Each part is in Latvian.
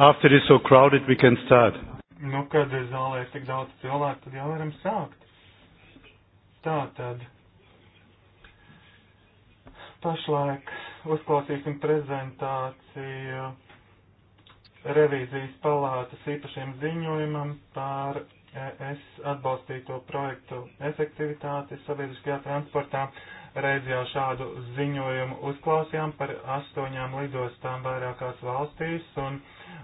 After it is so crowded, we can start. Nu, kad zālē ir tik daudz cilvēku, tad jau varam sākt. Tā tad. Pašlaik uzklausīsim prezentāciju revīzijas palātas īpašiem ziņojumam par ES atbalstīto projektu efektivitāti sabiedriskajā transportā. Reiz jau šādu ziņojumu uzklausījām par astoņām lidostām vairākās valstīs, un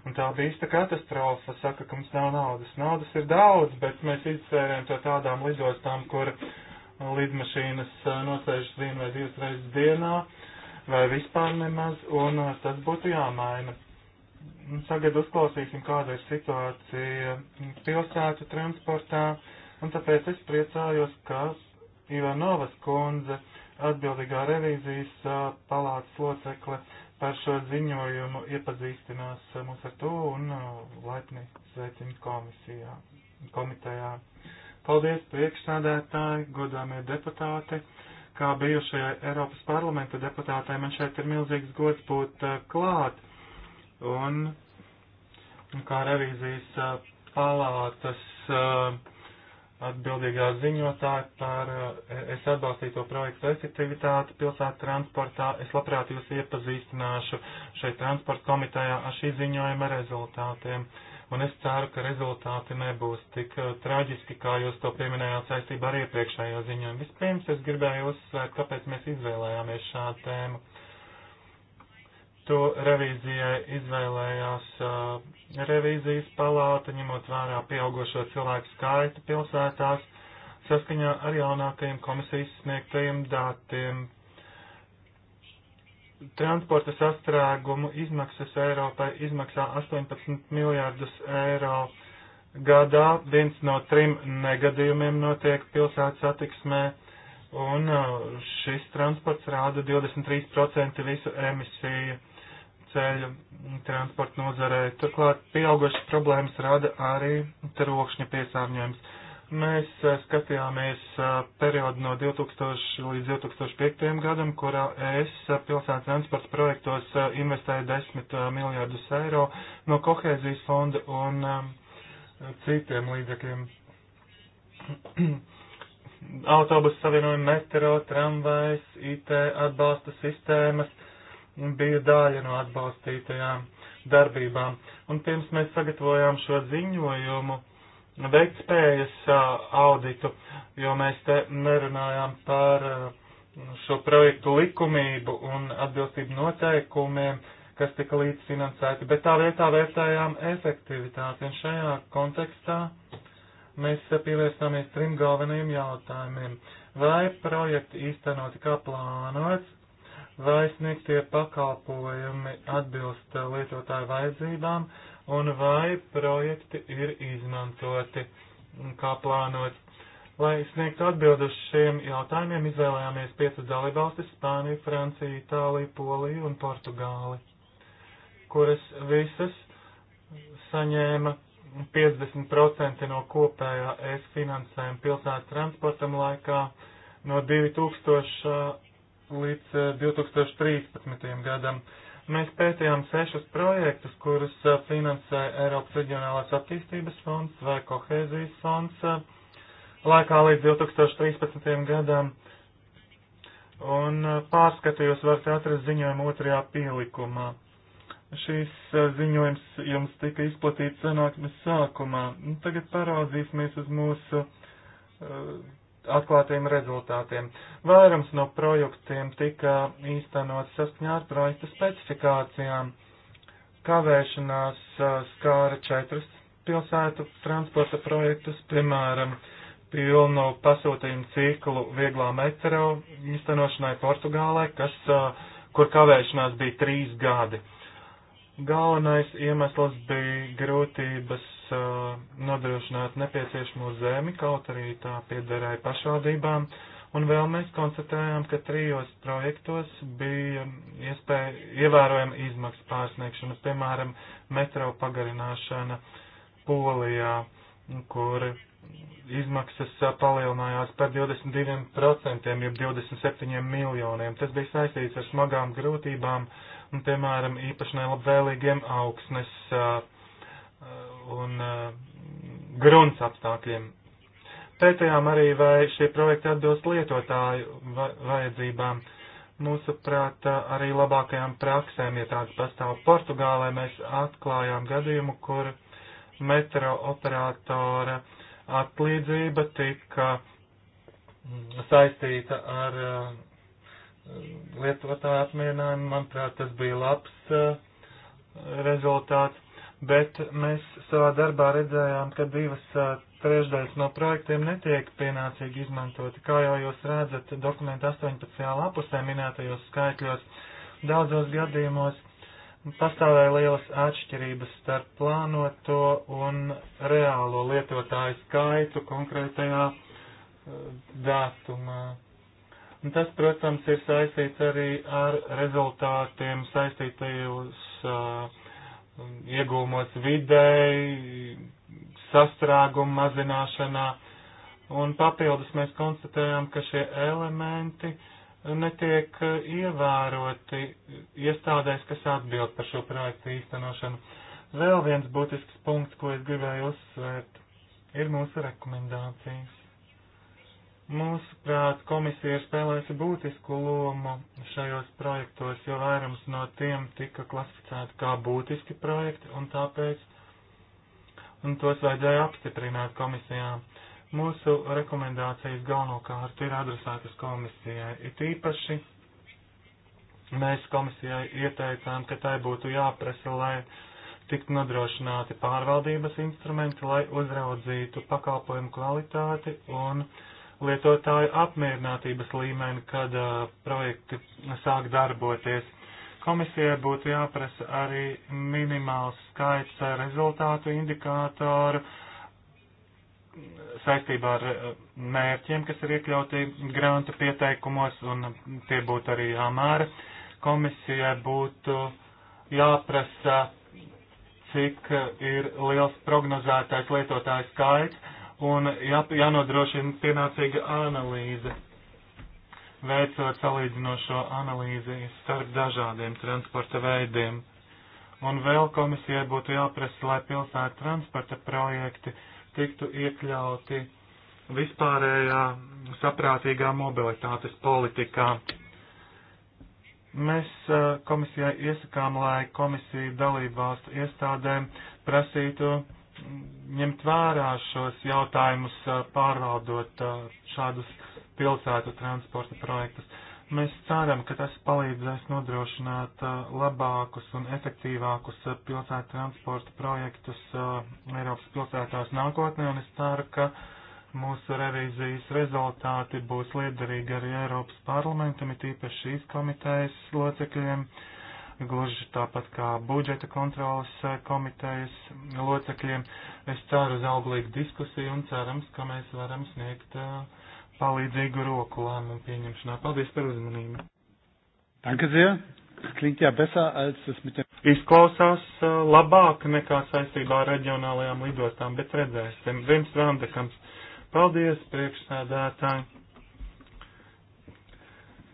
Un tā bija īsta katastrofa. Saka, ka mums nav naudas. Naudas ir daudz, bet mēs izsērējam to tādām lidostām, kur lidmašīnas nosēžas vienu vai divas reizes dienā, vai vispār nemaz, un tas būtu jāmaina. Tagad uzklausīsim, kāda ir situācija pilsētu transportā, un tāpēc es priecājos, ka Ivanovas kundze, atbildīgā revīzijas palātas locekle, par šo ziņojumu iepazīstinās mūs ar to un uh, laipni sveicinu komisijā, komitejā. Paldies priekšsādētāji, godāmie deputāti. Kā bijušajai Eiropas parlamenta deputātai man šeit ir milzīgs gods būt uh, klāt un, un kā revīzijas uh, palātas uh, atbildīgā ziņotāja par eh, es atbalstīto projektu efektivitāti pilsētu transportā. Es labprāt jūs iepazīstināšu šeit transporta komitejā ar šī ziņojuma rezultātiem. Un es ceru, ka rezultāti nebūs tik eh, traģiski, kā jūs to pieminējāt saistībā ar iepriekšējo ziņojumu. Vispirms es gribēju uzsvērt, kāpēc mēs izvēlējāmies šādu tēmu To revīzijai izvēlējās uh, revīzijas palāta, ņemot vērā pieaugušo cilvēku skaitu pilsētās, saskaņā ar jaunākajiem komisijas sniegtajiem datiem. Transporta sastrēgumu izmaksas Eiropai izmaksā 18 miljārdus eiro gadā. Viens no trim negadījumiem notiek pilsētas attiksmē, un šis transports rāda 23% visu emisiju ceļu transporta nozarē. Turklāt pieaugušas problēmas rada arī trokšņa piesārņojums. Mēs eh, skatījāmies eh, periodu no 2000 līdz 2005 gadam, kurā es eh, pilsētas transporta projektos investēju 10 miljārdus eiro no kohēzijas fonda un citiem līdzekļiem. Autobusu savienojumi, metro, tramvajs, IT atbalsta sistēmas bija daļa no atbalstītajām darbībām. Un pirms mēs sagatavojām šo ziņojumu, veiktspējas auditu, jo mēs te nerunājām par šo projektu likumību un atbilstību noteikumiem, kas tika līdzfinansēti, bet tā vietā vērtējām efektivitāti. Un šajā kontekstā mēs pievērsāmies trim galvenajiem jautājumiem. Vai projekti īstenoti kā plānots, vai sniegtie pakalpojumi atbilst lietotāju vajadzībām un vai projekti ir izmantoti kā plānots. Lai sniegtu atbildi uz šiem jautājumiem, izvēlējāmies piecas dalībvalstis - Spāniju, Franciju, Itāliju, Poliju un Portugāli, kuras visas saņēma 50% no kopējā es finansējuma pilsētas transportam laikā no 2000 līdz 2013. Eh, gadam. Mēs pētījām sešus projektus, kurus eh, finansē Eiropas reģionālās attīstības fonds vai kohēzijas fonds eh, laikā līdz 2013. gadam. Un pārskatījos varat atrast ziņojumu otrajā pielikumā. Šīs ziņojums jums tika izplatīts sanāksmes sākumā. Nu, tagad paraudzīsimies uz mūsu uh, atklātiem rezultātiem. Vairums no projektiem tika īstenot saskaņā ar projekta specifikācijām. Kavēšanās skāra četrus pilsētu transporta projektus, piemēram, pilnu pasūtījumu ciklu vieglā metro īstenošanai Portugālē, kas, kur kavēšanās bija trīs gadi. Galvenais iemesls bija grūtības Uh, nodrošināt nepieciešamo zemi, kaut arī tā piederēja pašvaldībām, un vēl mēs konstatējām, ka trijos projektos bija iespēja ievērojama izmaksu pārsniegšanas, piemēram, metro pagarināšana Polijā, kur izmaksas uh, palielinājās par 22%, jeb 27 miljoniem. Tas bija saistīts ar smagām grūtībām un, piemēram, īpaši nelabvēlīgiem augsnes uh, un uh, grunts apstākļiem. Pētējām arī, vai šie projekti atbilst lietotāju vajadzībām. Mūsuprāt, arī labākajām praksēm, ja tāds pastāv Portugālē, mēs atklājām gadījumu, kur metro operātora atlīdzība tika mm, saistīta ar uh, lietotāju apmierinājumu. Manuprāt, tas bija labs uh, rezultāts bet mēs savā darbā redzējām, ka divas trešdaļas no projektiem netiek pienācīgi izmantoti. Kā jau jūs redzat, dokumenta 18. lapusē minētajos skaitļos daudzos gadījumos pastāvēja lielas atšķirības starp plānoto un reālo lietotāju skaitu konkrētajā datumā. Un tas, protams, ir saistīts arī ar rezultātiem saistītajos uh, iegūmos videi, sastrāguma mazināšanā, un papildus mēs konstatējām, ka šie elementi netiek e, ievēroti iestādēs, kas atbild par šo projektu īstenošanu. Vēl viens būtisks punkts, ko es gribēju uzsvērt, ir mūsu rekomendācijas. Mūsuprāt, komisija ir spēlējusi būtisku lomu šajos projektos, jo vairums no tiem tika klasificēti kā būtiski projekti, un tāpēc un tos vajadzēja apstiprināt komisijā. Mūsu rekomendācijas galvenokārt ir adresētas komisijai. It īpaši mēs komisijai ieteicām, ka tai būtu jāprasa, lai tiktu nodrošināti pārvaldības instrumenti, lai uzraudzītu pakalpojumu kvalitāti un uh, lietotāju apmierinātības līmeni, kad uh, projekti sāk darboties. Komisijai būtu jāprasa arī minimāls skaits rezultātu indikātoru saistībā ar mērķiem, kas ir iekļauti grāntu pieteikumos, un tie būtu arī jāmēra. Komisijai būtu jāprasa, cik ir liels prognozētais lietotāju skaits, un jā, jānodrošina pienācīga analīze, veicot salīdzinošo analīzi starp dažādiem transporta veidiem. Un vēl komisijai būtu jāprasa, lai pilsētu transporta projekti tiktu iekļauti vispārējā saprātīgā mobilitātes politikā. Mēs komisijai iesakām, lai komisija dalībvalstu iestādēm prasītu ņemt vērā šos jautājumus, pārvaldot šādus pilsētu transporta projektus. Mēs ceram, ka tas palīdzēs nodrošināt labākus un efektīvākus pilsētu transporta projektus Eiropas pilsētās nākotnē, un es ceru, ka mūsu revīzijas rezultāti būs liederīgi arī Eiropas parlamentam, it īpaši šīs komitejas locekļiem. Uh, gluži tāpat kā budžeta kontrolas eh, komitejas locekļiem. Es ceru uz auglīgu diskusiju un cerams, ka mēs varam sniegt eh, palīdzīgu roku lēmumu pieņemšanā. Paldies par uzmanību. Danke sehr. Klingt ja besser als es mit dem. Izklausās eh, labāk nekā saistībā ar reģionālajām lidostām, bet redzēsim. Vims Vandekams. Paldies, priekšsēdētāji.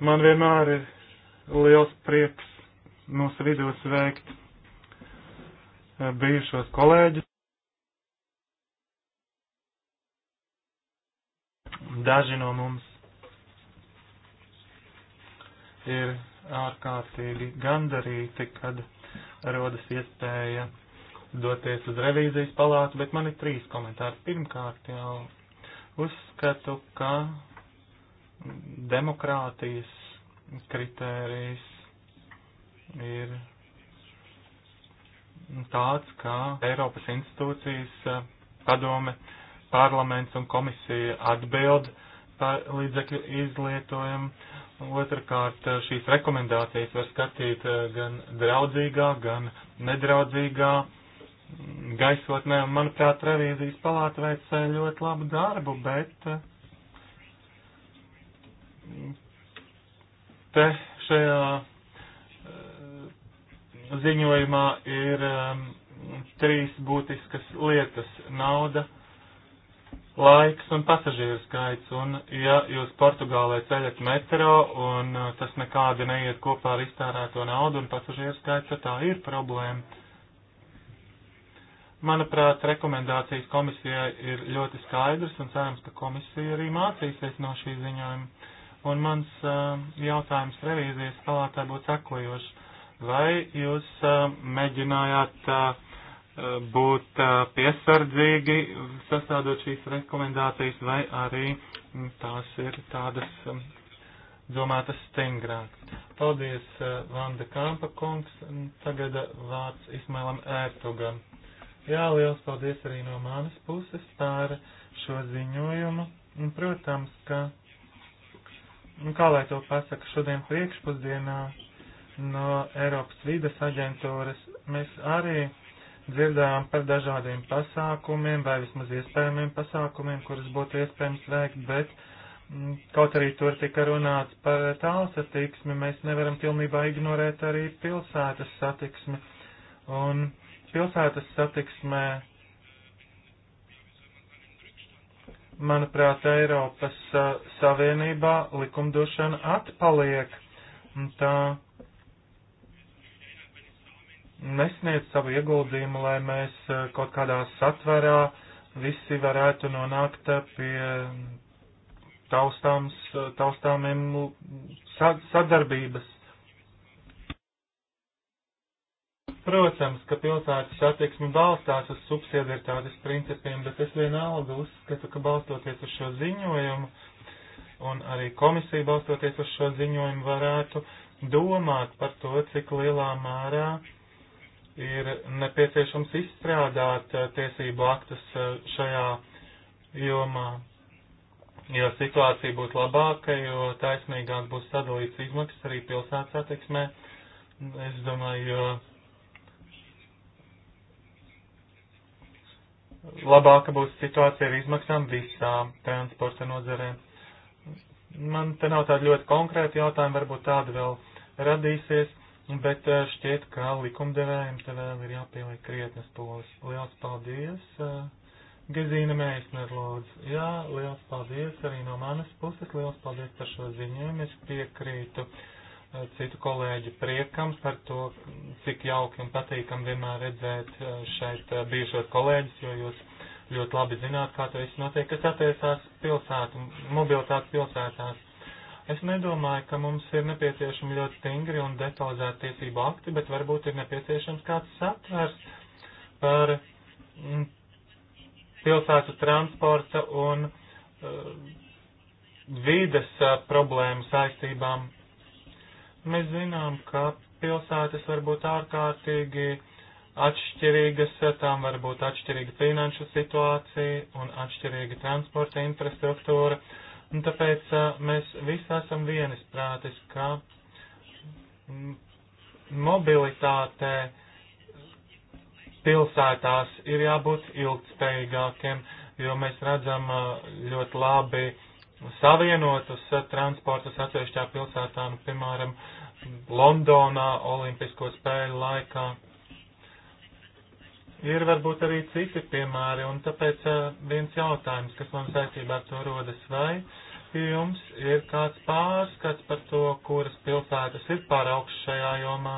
Man vienmēr ir liels prieks mūsu vidū sveikt eh, bijušos kolēģus. Daži no mums ir ārkārtīgi gandarīti, kad rodas iespēja doties uz revīzijas palātu, bet man ir trīs komentāri. Pirmkārt jau uzskatu, ka demokrātijas kritērijs ir tāds, ka Eiropas institūcijas, eh, padome, parlaments un komisija atbild par līdzekļu izlietojumu. Otrakārt, eh, šīs rekomendācijas var skatīt eh, gan draudzīgā, gan nedraudzīgā gaisotnē, un, manuprāt, revīzijas palāta veic ļoti labu darbu, bet te šajā ziņojumā ir um, trīs būtiskas lietas - nauda, laiks un pasažieru skaits. Un, ja jūs Portugālē ceļat metro un uh, tas nekādi neiet kopā ar iztērēto naudu un pasažieru skaitu, tad tā ir problēma. Manuprāt, rekomendācijas komisijai ir ļoti skaidrs un cerams, ka komisija arī mācīsies no šī ziņojuma. Un mans uh, jautājums revīzijas palātā būtu sekojošs Vai jūs mēģinājāt būt piesardzīgi sastādot šīs rekomendācijas, vai arī tās ir tādas domātas stingrāk? Paldies, Vanda Kampa kungs. Tagad vārds Ismailam Ērtugam. Jā, liels paldies arī no manas puses par šo ziņojumu. Un, protams, ka, kā lai to pasaka, šodien priekšpusdienā no Eiropas vides aģentūras mēs arī dzirdējām par dažādiem pasākumiem vai vismaz iespējamiem pasākumiem, kurus būtu iespējams veikt, bet mm, kaut arī tur tika runāts par tālu satiksmi, mēs nevaram pilnībā ignorēt arī pilsētas satiksmi. Un pilsētas satiksmē, manuprāt, Eiropas uh, Savienībā likumdošana atpaliek. Un tā nesniedz savu ieguldījumu, lai mēs eh, kaut kādā satverā visi varētu nonākt eh, pie taustāms, eh, taustāmiem sadarbības. Protams, ka pilsētas attieksme balstās uz subsidiaritātes principiem, bet es vienalga uzskatu, ka balstoties uz šo ziņojumu un arī komisija balstoties uz šo ziņojumu varētu domāt par to, cik lielā mērā uh, ir nepieciešams izstrādāt eh, tiesību aktus eh, šajā jomā, jo situācija būs labāka, jo taisnīgāk būs sadalīts izmaksas arī pilsētas attieksmē. Es domāju, jo labāka būs situācija ar izmaksām visām transporta nozarēm. Man te nav tādi ļoti konkrēti jautājumi, varbūt tādi vēl radīsies Nu, bet eh, šķiet, ka likumdevējiem te vēl ir jāpieliek krietnes polis. Liels paldies, eh, Gezīna Meisner, lūdzu. Jā, liels paldies arī no manas puses, liels paldies par šo ziņojumu. Es piekrītu eh, citu kolēģu priekam par to, cik jauki un patīkam vienmēr redzēt šeit bijušos kolēģus, jo jūs ļoti labi zināt, kā tas viss notiek, kas attiecās pilsētu, mobilitātes pilsētās Es nedomāju, ka mums ir nepieciešami ļoti stingri un detalizēti tiesību akti, bet varbūt ir nepieciešams kāds satvers par mm, pilsētu transporta un uh, vides uh, problēmu saistībām. Mēs zinām, ka pilsētas var būt ārkārtīgi atšķirīgas, tām var būt atšķirīga finanšu situācija un atšķirīga transporta infrastruktūra. Uh, Un tāpēc mēs visi esam vienisprātis, ka mobilitātē pilsētās ir jābūt ilgspējīgākiem, jo mēs redzam ļoti labi savienotus transportus atsevišķā pilsētā, nu, piemēram, Londonā Olimpisko spēļu laikā. Ir varbūt arī citi piemēri, un tāpēc eh, viens jautājums, kas man saistībā ar to rodas, vai jums ir kāds pārskats par to, kuras pilsētas ir pāraugšas šajā jomā?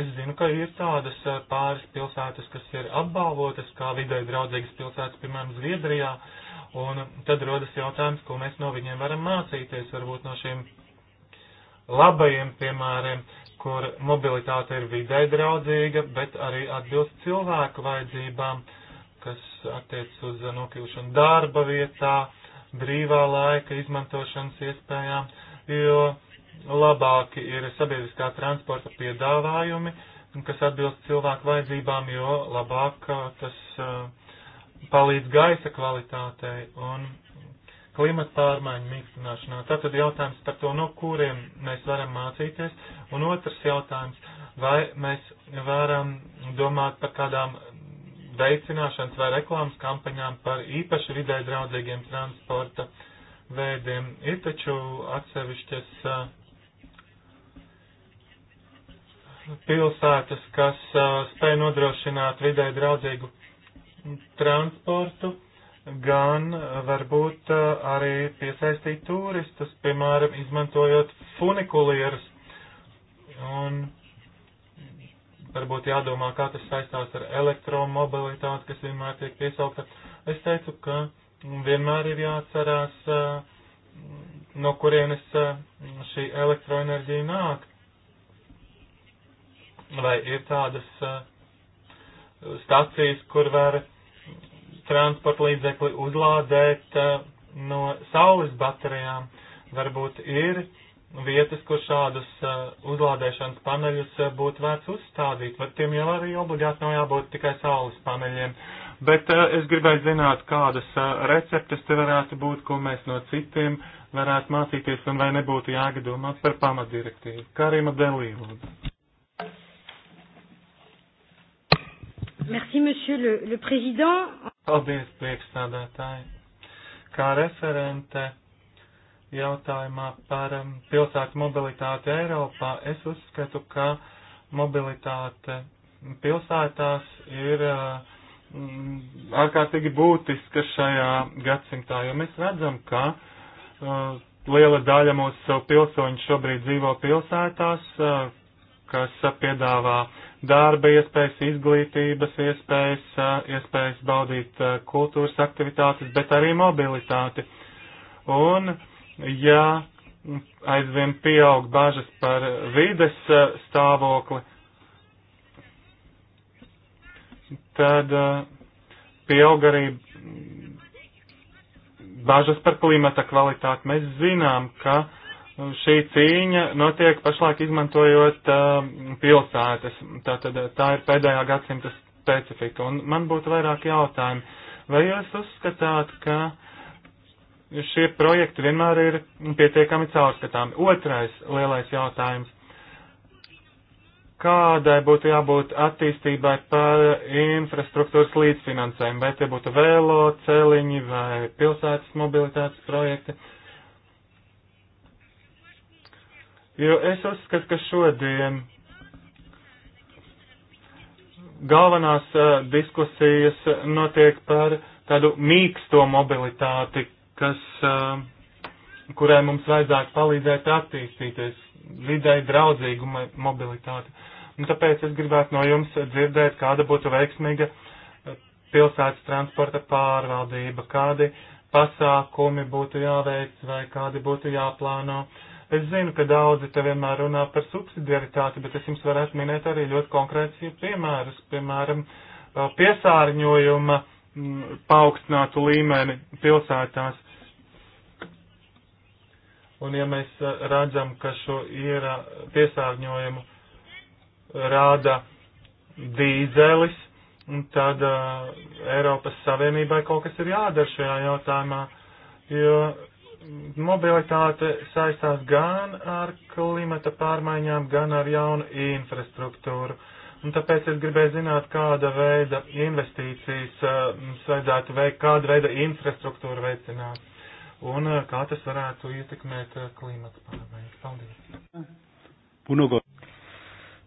Es zinu, ka ir tādas eh, pāris pilsētas, kas ir apbalvotas kā vidē draudzīgas pilsētas, piemēram, Zviedrijā, un tad rodas jautājums, ko mēs no viņiem varam mācīties, varbūt no šiem labajiem piemēriem, kur mobilitāte ir vidē draudzīga, bet arī atbilst cilvēku vajadzībām, kas attiec uz nokļūšanu darba vietā, brīvā laika izmantošanas iespējām, jo labāki ir sabiedriskā transporta piedāvājumi, kas atbilst cilvēku vajadzībām, jo labāk uh, tas uh, palīdz gaisa kvalitātei un klimata pārmaiņu mīkstināšanā. Tātad jautājums par to, no kuriem mēs varam mācīties, un otrs jautājums, vai mēs varam domāt par kādām veicināšanas vai reklāmas kampaņām par īpaši vidē draudzīgiem transporta veidiem. Ir taču atsevišķas uh, pilsētas, kas uh, spēj nodrošināt vidē draudzīgu transportu gan varbūt uh, arī piesaistīt turistus, piemēram, izmantojot funikulierus. Un varbūt jādomā, kā tas saistās ar elektromobilitāti, kas vienmēr tiek piesaukta. Es teicu, ka vienmēr ir jāatcerās, uh, no kurienes uh, šī elektroenerģija nāk. Vai ir tādas stācijas, kur var transporta līdzekli uzlādēt eh, no saules baterijām. Varbūt ir vietas, kur šādus eh, uzlādēšanas paneļus eh, būtu vērts uzstādīt, bet tiem jau arī obligāti nav jābūt tikai saules paneļiem. Bet es gribēju zināt, kādas receptes te varētu būt, ko mēs no citiem varētu mācīties un vai nebūtu jāgadomā par pamatdirektīvu. Karima Delī, lūdzu. Merci, Monsieur le, le Président. Paldies, priekšstādātāji. Kā referente jautājumā par um, pilsētu mobilitāti Eiropā, es uzskatu, ka mobilitāte pilsētās ir uh, mm, ārkārtīgi būtiska šajā gadsimtā, jo mēs redzam, ka uh, liela daļa mūsu pilsoņu šobrīd dzīvo pilsētās, uh, kas piedāvā uh, darba iespējas, izglītības iespējas, iespējas baudīt kultūras aktivitātes, bet arī mobilitāti. Un, ja aizvien pieaug bažas par vides stāvokli, tad pieaug arī bažas par klimata kvalitāti. Mēs zinām, ka šī cīņa notiek pašlaik izmantojot uh, pilsētas. Tātad uh, tā ir pēdējā gadsimta specifika. Un man būtu vairāk jautājumu. Vai jūs uzskatāt, ka šie projekti vienmēr ir pietiekami caurskatāmi? Otrais lielais jautājums. Kādai būtu jābūt attīstībai par infrastruktūras līdzfinansējumu? Vai tie būtu vēlo, celiņi vai pilsētas mobilitātes projekti? Uh, Jo es uzskatu, ka šodien galvenās uh, diskusijas notiek par tādu mīksto mobilitāti, kas, uh, kurai mums vajadzētu palīdzēt attīstīties, vidēji draudzīgu mobilitāti. Un tāpēc es gribētu no jums dzirdēt, kāda būtu veiksmīga pilsētas transporta pārvaldība, kādi pasākumi būtu jāveic vai kādi būtu jāplāno. Uh, Es zinu, ka daudzi te vienmēr runā par subsidiaritāti, bet es jums varētu minēt arī ļoti konkrēts piemērus, piemēram, piesārņojuma mm, paaugstinātu līmeni pilsētās. Un ja mēs redzam, ka šo iera piesārņojumu rāda dīzelis, tad uh, Eiropas Savienībai kaut kas ir jādara šajā jautājumā, jo mobilitāte saistās gan ar klimata pārmaiņām, gan ar jaunu infrastruktūru. Un tāpēc es gribēju zināt, kāda veida investīcijas eh, mums vajadzētu veikt, kāda veida infrastruktūra veicināt un eh, kā tas varētu ietekmēt eh, klimata pārmaiņas. Paldies! Punogo.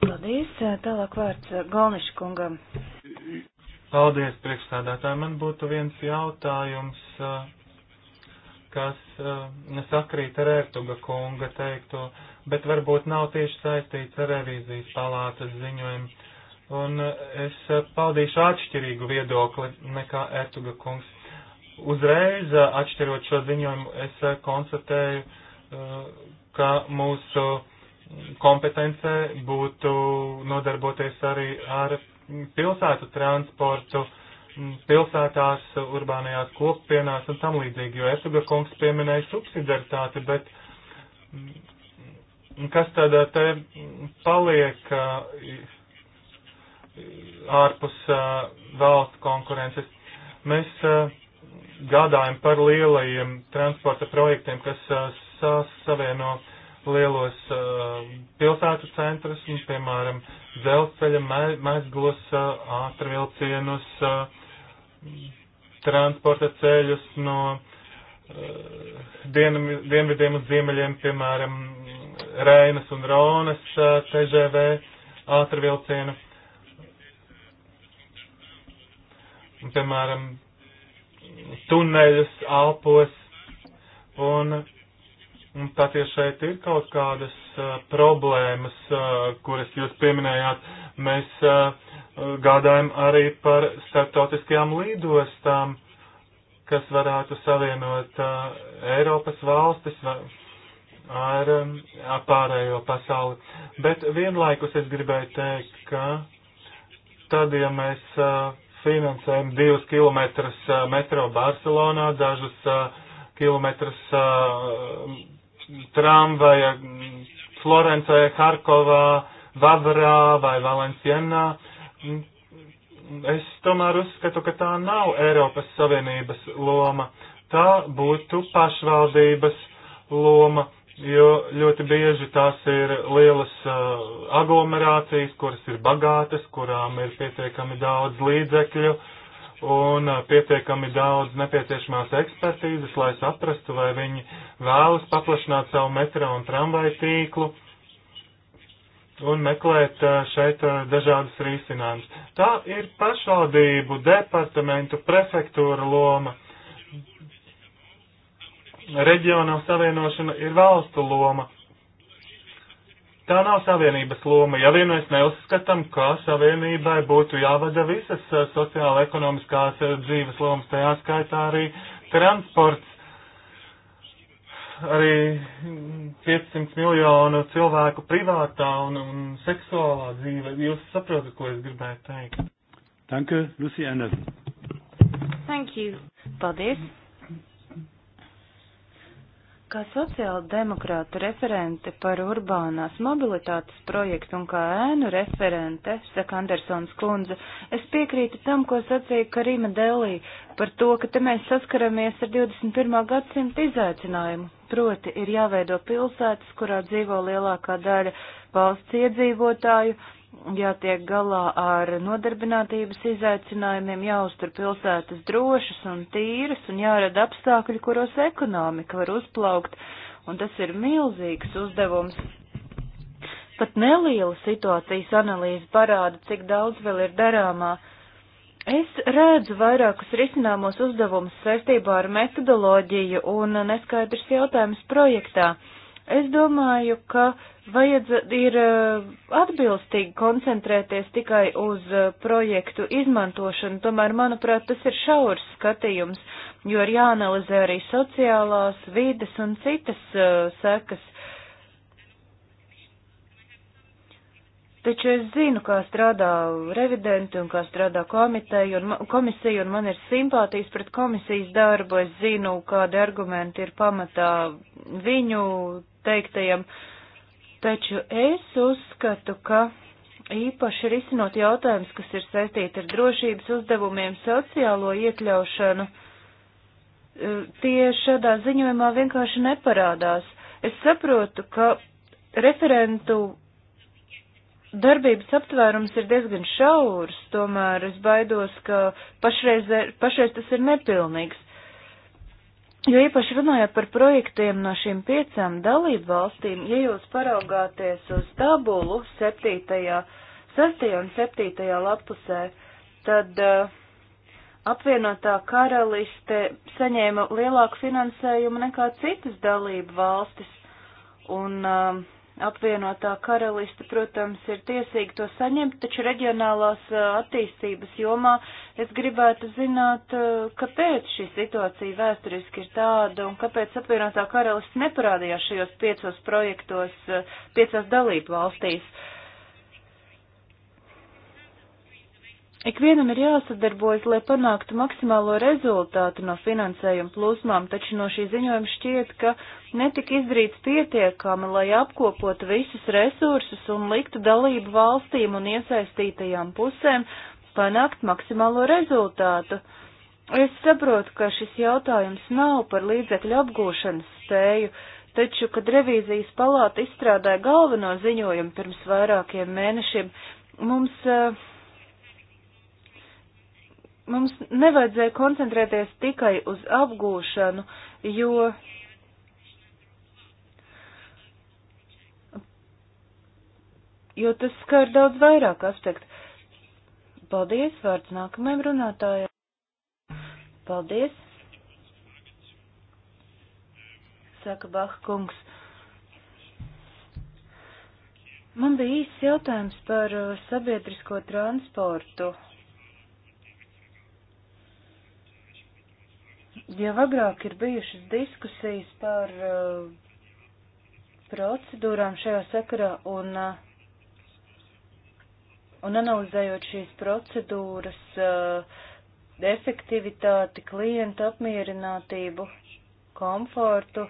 Paldies! Tālāk vārds Galniša kungam. Paldies, priekšstādātāji. Man būtu viens jautājums. Uh, kas uh, sakrīt ar Ertuga kunga teikto, bet varbūt nav tieši saistīts ar revīzijas palātas ziņojumu. Un uh, es uh, paldīšu atšķirīgu viedokli nekā Ertuga kungs. Uzreiz uh, atšķirot šo ziņojumu, es uh, konstatēju, uh, ka mūsu kompetence būtu nodarboties arī ar pilsētu transportu. Uh, pilsētās, urbānajās kopienās un tam līdzīgi, jo Ertuga kungs pieminēja subsidaritāti, bet mm, kas tad uh, te paliek uh, ārpus uh, valsts konkurences? Mēs gādājam par lielajiem transporta projektiem, kas savieno lielos pilsētu centrus, un, piemēram, dzelzceļa mezglos, ātrvilcienus, uh, transporta ceļus no uh, eh, dien, dienvidiem uz ziemeļiem, piemēram, Reinas un Ronas uh, TGV ātrvilcienu. Un, piemēram, tuneļus Alpos un Un pat ja šeit ir kaut kādas uh, problēmas, uh, kuras jūs pieminējāt, mēs uh, gādājam arī par starptautiskajām līdostām, kas varētu savienot uh, Eiropas valstis ar um, pārējo pasauli. Bet vienlaikus es gribēju teikt, ka tad, ja mēs uh, finansējam divus kilometrus uh, metro Barcelonā, dažus uh, kilometrus uh, tramvaja Florencē, Harkovā, Vavarā vai Valencienā, uh, Es tomēr uzskatu, ka tā nav Eiropas Savienības loma. Tā būtu pašvaldības loma, jo ļoti bieži tās ir lielas uh, aglomerācijas, kuras ir bagātas, kurām ir pietiekami daudz līdzekļu un uh, pietiekami daudz nepieciešamās ekspertīzes, lai saprastu, vai viņi vēlas paplašināt savu metro un tramvaju tīklu. Uh, un meklēt šeit dažādas risinājumus. Tā ir pašvaldību departamentu prefektūra loma. Reģionā savienošana ir valstu loma. Tā nav savienības loma, ja vien mēs neuzskatām, ka savienībai būtu jāvada visas sociāla ekonomiskās dzīves lomas, tajā skaitā arī transports arī 500 miljonu cilvēku privātā un, un seksuālā dzīve. Jūs saprotat, ko es gribēju teikt. Danke, Lucy Anderson. Thank you. Paldies. Kā sociāla demokrāta referente par urbānās mobilitātes projektu un kā ēnu referente, saka Andersons kundze, es piekrītu tam, ko sacīja Karima Delī par to, ka te mēs saskaramies ar 21. gadsimta izaicinājumu. Proti ir jāveido pilsētas, kurā dzīvo lielākā daļa valsts iedzīvotāju, jātiek galā ar nodarbinātības izaicinājumiem, jāuztur pilsētas drošas un tīras un jārada apstākļi, kuros ekonomika var uzplaukt, un tas ir milzīgs uzdevums. Pat neliela situācijas analīze parāda, cik daudz vēl ir darāmā. Es redzu vairākus risināmos uzdevumus saistībā ar metodoloģiju un neskaidrs jautājums projektā. Uh, Es domāju, ka vajadz ir eh, atbilstīgi koncentrēties tikai uz eh, projektu izmantošanu, tomēr, manuprāt, tas ir šaurs skatījums, jo ir jāanalizē arī sociālās, vides un citas uh, sekas. Taču es zinu, kā strādā revidenti un kā strādā komiteja un komisija, un man ir simpātijas pret komisijas darbu. Es zinu, kādi argumenti ir pamatā viņu teiktajam, taču es uzskatu, ka īpaši risinot jautājumus, kas ir saistīti ar drošības uzdevumiem, sociālo iekļaušanu, eh, tie šādā ziņojumā vienkārši neparādās. Es saprotu, ka referentu darbības aptvērums ir diezgan šaurs, tomēr es baidos, ka pašreiz, pašreiz tas ir nepilnīgs. Jo īpaši runājot par projektiem no šīm piecām dalību valstīm, ja jūs paraugāties uz tabulu 7., 6. un 7. lapusē, tad uh, apvienotā karaliste saņēma lielāku finansējumu nekā citas dalību valstis, un uh, Apvienotā karaliste, protams, ir tiesīga to saņemt, taču reģionālās attīstības jomā es gribētu zināt, kāpēc šī situācija vēsturiski ir tāda un kāpēc apvienotā karaliste neparādījās šajos piecos projektos, piecās dalību valstīs. Uh, Ikvienam ir jāsadarbojas, lai panāktu maksimālo rezultātu no finansējuma plūsmām, taču no šī ziņojuma šķiet, ka netika izdarīts pietiekami, lai apkopotu visus resursus un liktu dalību valstīm un iesaistītajām pusēm panākt maksimālo rezultātu. Es saprotu, ka šis jautājums nav par līdzekļu apgūšanas spēju, taču, kad revīzijas palāta izstrādāja galveno ziņojumu pirms vairākiem mēnešiem, mums uh, mums nevajadzēja koncentrēties tikai uz apgūšanu, jo jo tas skar daudz vairāk aspektu. Paldies, vārds nākamajam runātājam. Paldies. Saka Baha kungs. Man bija īsts jautājums par uh, sabiedrisko transportu Jau agrāk ir bijušas diskusijas par uh, procedūrām šajā sakarā un, uh, un analizējot šīs procedūras uh, efektivitāti, klientu apmierinātību, komfortu,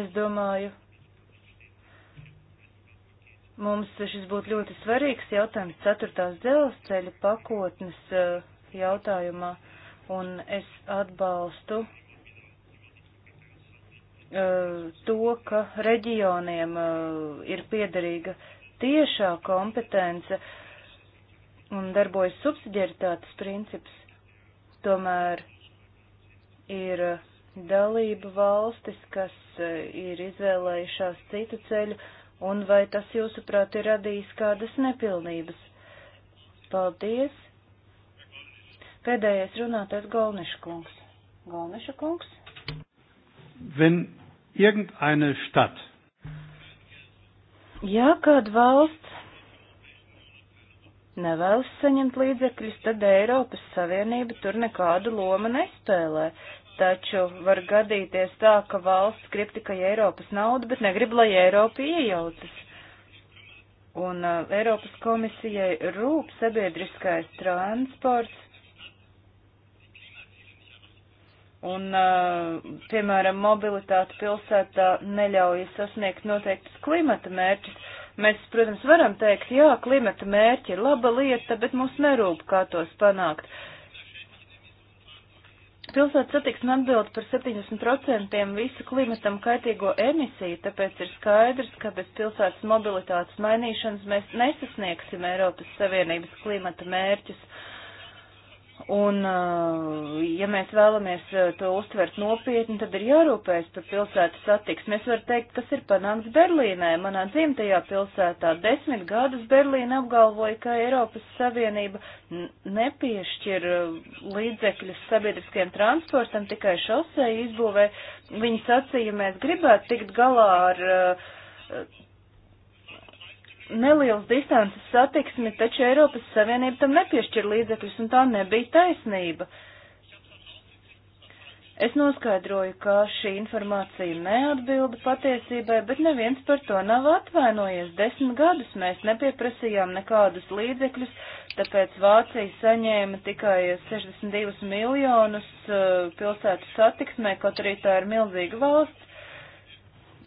es domāju, mums šis būtu ļoti svarīgs jautājums ceturtās dzelzceļa pakotnes jautājumā un es atbalstu uh, to, ka reģioniem uh, ir piederīga tiešā kompetence un darbojas subsidiaritātes princips. Tomēr ir dalība valstis, kas uh, ir izvēlējušās citu ceļu, un vai tas, jūsuprāt, ir radījis kādas nepilnības? Paldies! Pēdējais runātais Golniša kungs. Golniša kungs. Wenn irgendeine Stadt. Ja kāda valsts nevēlas saņemt līdzekļus, tad Eiropas Savienība tur nekādu lomu nespēlē. Taču var gadīties tā, ka valsts grib tikai Eiropas naudu, bet negrib, lai Eiropa iejaucas. Un uh, Eiropas komisijai rūp sabiedriskais transports, Un, uh, piemēram, mobilitāte pilsētā neļauj sasniegt noteiktus klimata mērķus. Mēs, protams, varam teikt, jā, klimata mērķi ir laba lieta, bet mums nerūp, kā tos panākt. Pilsētas satiksme atbild par 70% visu klimatam kaitīgo emisiju, tāpēc ir skaidrs, ka bez pilsētas mobilitātes mainīšanas mēs nesasniegsim Eiropas Savienības klimata mērķus. Uh, Un, eh, ja mēs vēlamies eh, to uztvert nopietni, tad ir jārūpējas par pilsētas satiksmi. Es varu teikt, kas ir panāks Berlīnē. Manā dzimtajā pilsētā desmit gadus Berlīna apgalvoja, ka Eiropas Savienība nepiešķir eh, līdzekļus sabiedriskajam transportam, tikai šosei izbūvē. Viņi sacīja, mēs gribētu tikt galā ar uh, nelielas distances satiksmi, taču Eiropas Savienība tam nepiešķir līdzekļus, un tā nebija taisnība. Es noskaidroju, ka šī informācija neatbilda patiesībai, bet neviens par to nav atvainojies. Desmit gadus mēs nepieprasījām nekādus līdzekļus, tāpēc Vācija saņēma tikai 62 miljonus uh, pilsētu satiksmē, kaut arī tā ir milzīga valsts.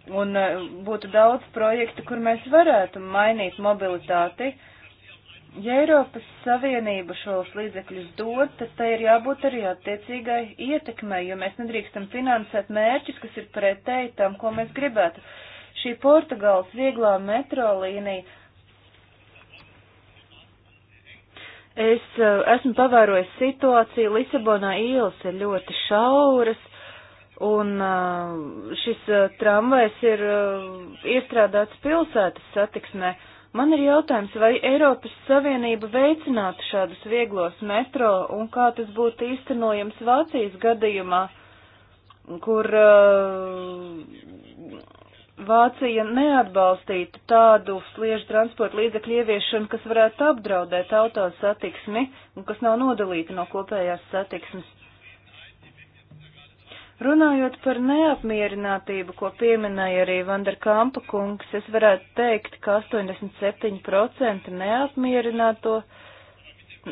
Un eh, būtu daudz projektu, kur mēs varētu mainīt mobilitāti. Ja Eiropas Savienība šos līdzekļus dod, tad tai ir jābūt arī attiecīgai ietekmei, jo mēs nedrīkstam finansēt mērķus, kas ir pretēji tam, ko mēs gribētu. Šī Portugāles vieglā metro līnija. Es eh, esmu pavērojis situāciju, Lisabonā ielas ir ļoti šauras, Un uh, šis uh, tramvajs ir uh, iestrādāts pilsētas satiksmē. Man ir jautājums, vai Eiropas Savienība veicinātu šādus vieglos metro un kā tas būtu īstenojams Vācijas gadījumā, kur uh, Vācija neatbalstītu tādu sliežu transporta līdzekļu ieviešanu, kas varētu apdraudēt autosatiksmi un kas nav nodalīta no kopējās satiksmes. Runājot par neapmierinātību, ko pieminēja arī Vanderkampa kungs, es varētu teikt, ka 87% neapmierināto,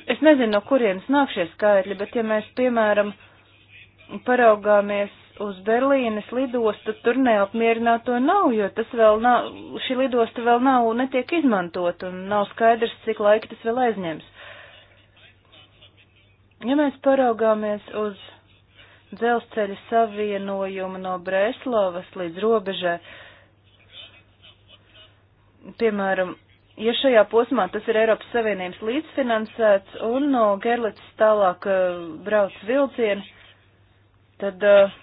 es nezinu, no kurienes nāk šie skaitļi, bet ja mēs, piemēram, paraugāmies uz Berlīnes lidostu, tur neapmierināto nav, jo tas vēl nav, šī lidosta vēl nav, netiek izmantot un nav skaidrs, cik laika tas vēl aizņems. Ja mēs paraugāmies uz dzelzceļa savienojumu no Breslovas līdz robežai. Piemēram, ja šajā posmā tas ir Eiropas Savienības līdzfinansēts un no Gerlits tālāk uh, brauc vilcieni, tad. Uh,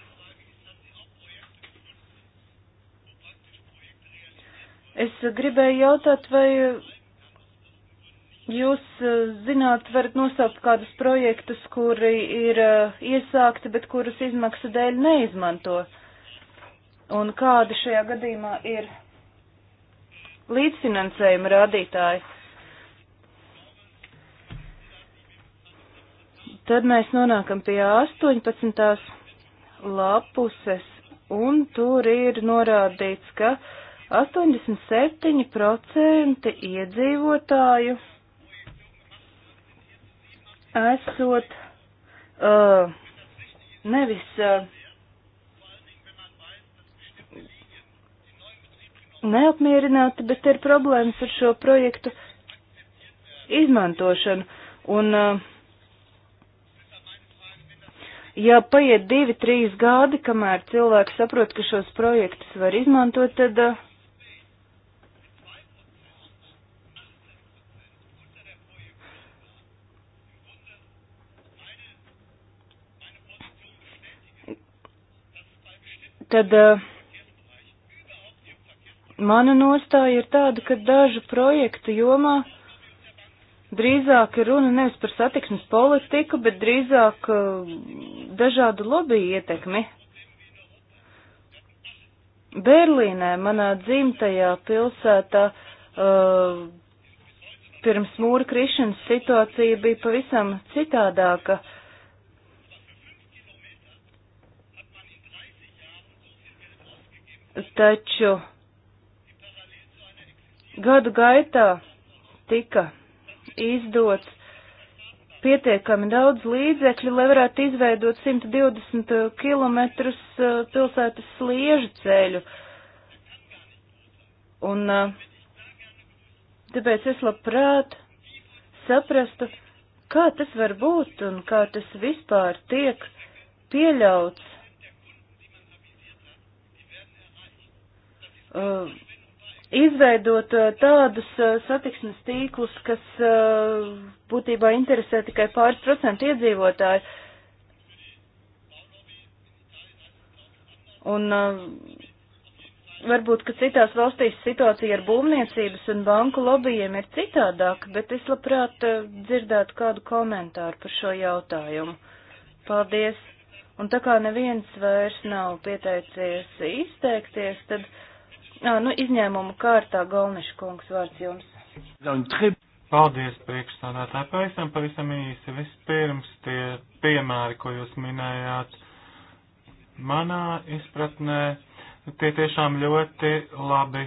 es gribēju jautāt, vai Jūs eh, zināt, varat nosaukt kādus projektus, kuri ir eh, iesākti, bet kurus izmaksu dēļ neizmanto. Un kādi šajā gadījumā ir līdzfinansējuma rādītāji? Tad mēs nonākam pie 18. lapuses, un tur ir norādīts, ka 87% iedzīvotāju esot uh, nevis uh, neapmierināti, bet ir problēmas ar šo projektu izmantošanu. Un, uh, ja paiet divi, trīs gadi, kamēr cilvēki saprot, ka šos projektus var izmantot, tad uh, tad eh, mana nostāja ir tāda, ka dažu projektu jomā drīzāk ir runa nevis par satiksmes politiku, bet drīzāk eh, dažādu lobby ietekmi. Berlīnē, manā dzimtajā pilsētā, eh, pirms mūra krišanas situācija bija pavisam citādāka. taču gadu gaitā tika izdots pietiekami daudz līdzekļu, lai varētu izveidot 120 km uh, pilsētas sliežu ceļu. Un uh, tāpēc es labprāt saprastu, kā tas var būt un kā tas vispār tiek pieļauts Uh, izveidot uh, tādus uh, satiksmes tīklus, kas būtībā interesē tikai pāris procentu iedzīvotāju. Un varbūt, ka citās valstīs situācija ar būvniecības un banku lobbyiem ir citādāka, bet es labprāt dzirdētu kādu komentāru par šo jautājumu. Paldies! Un tā kā neviens vairs nav pieteicies izteikties, tad uh, Ā, nu, izņēmumu kārtā Galniša kungs vārds jums. Paldies, priekšstādātāji. Pavisam, pavisam īsi. Vispirms tie piemēri, ko jūs minējāt, manā izpratnē, tie tiešām ļoti labi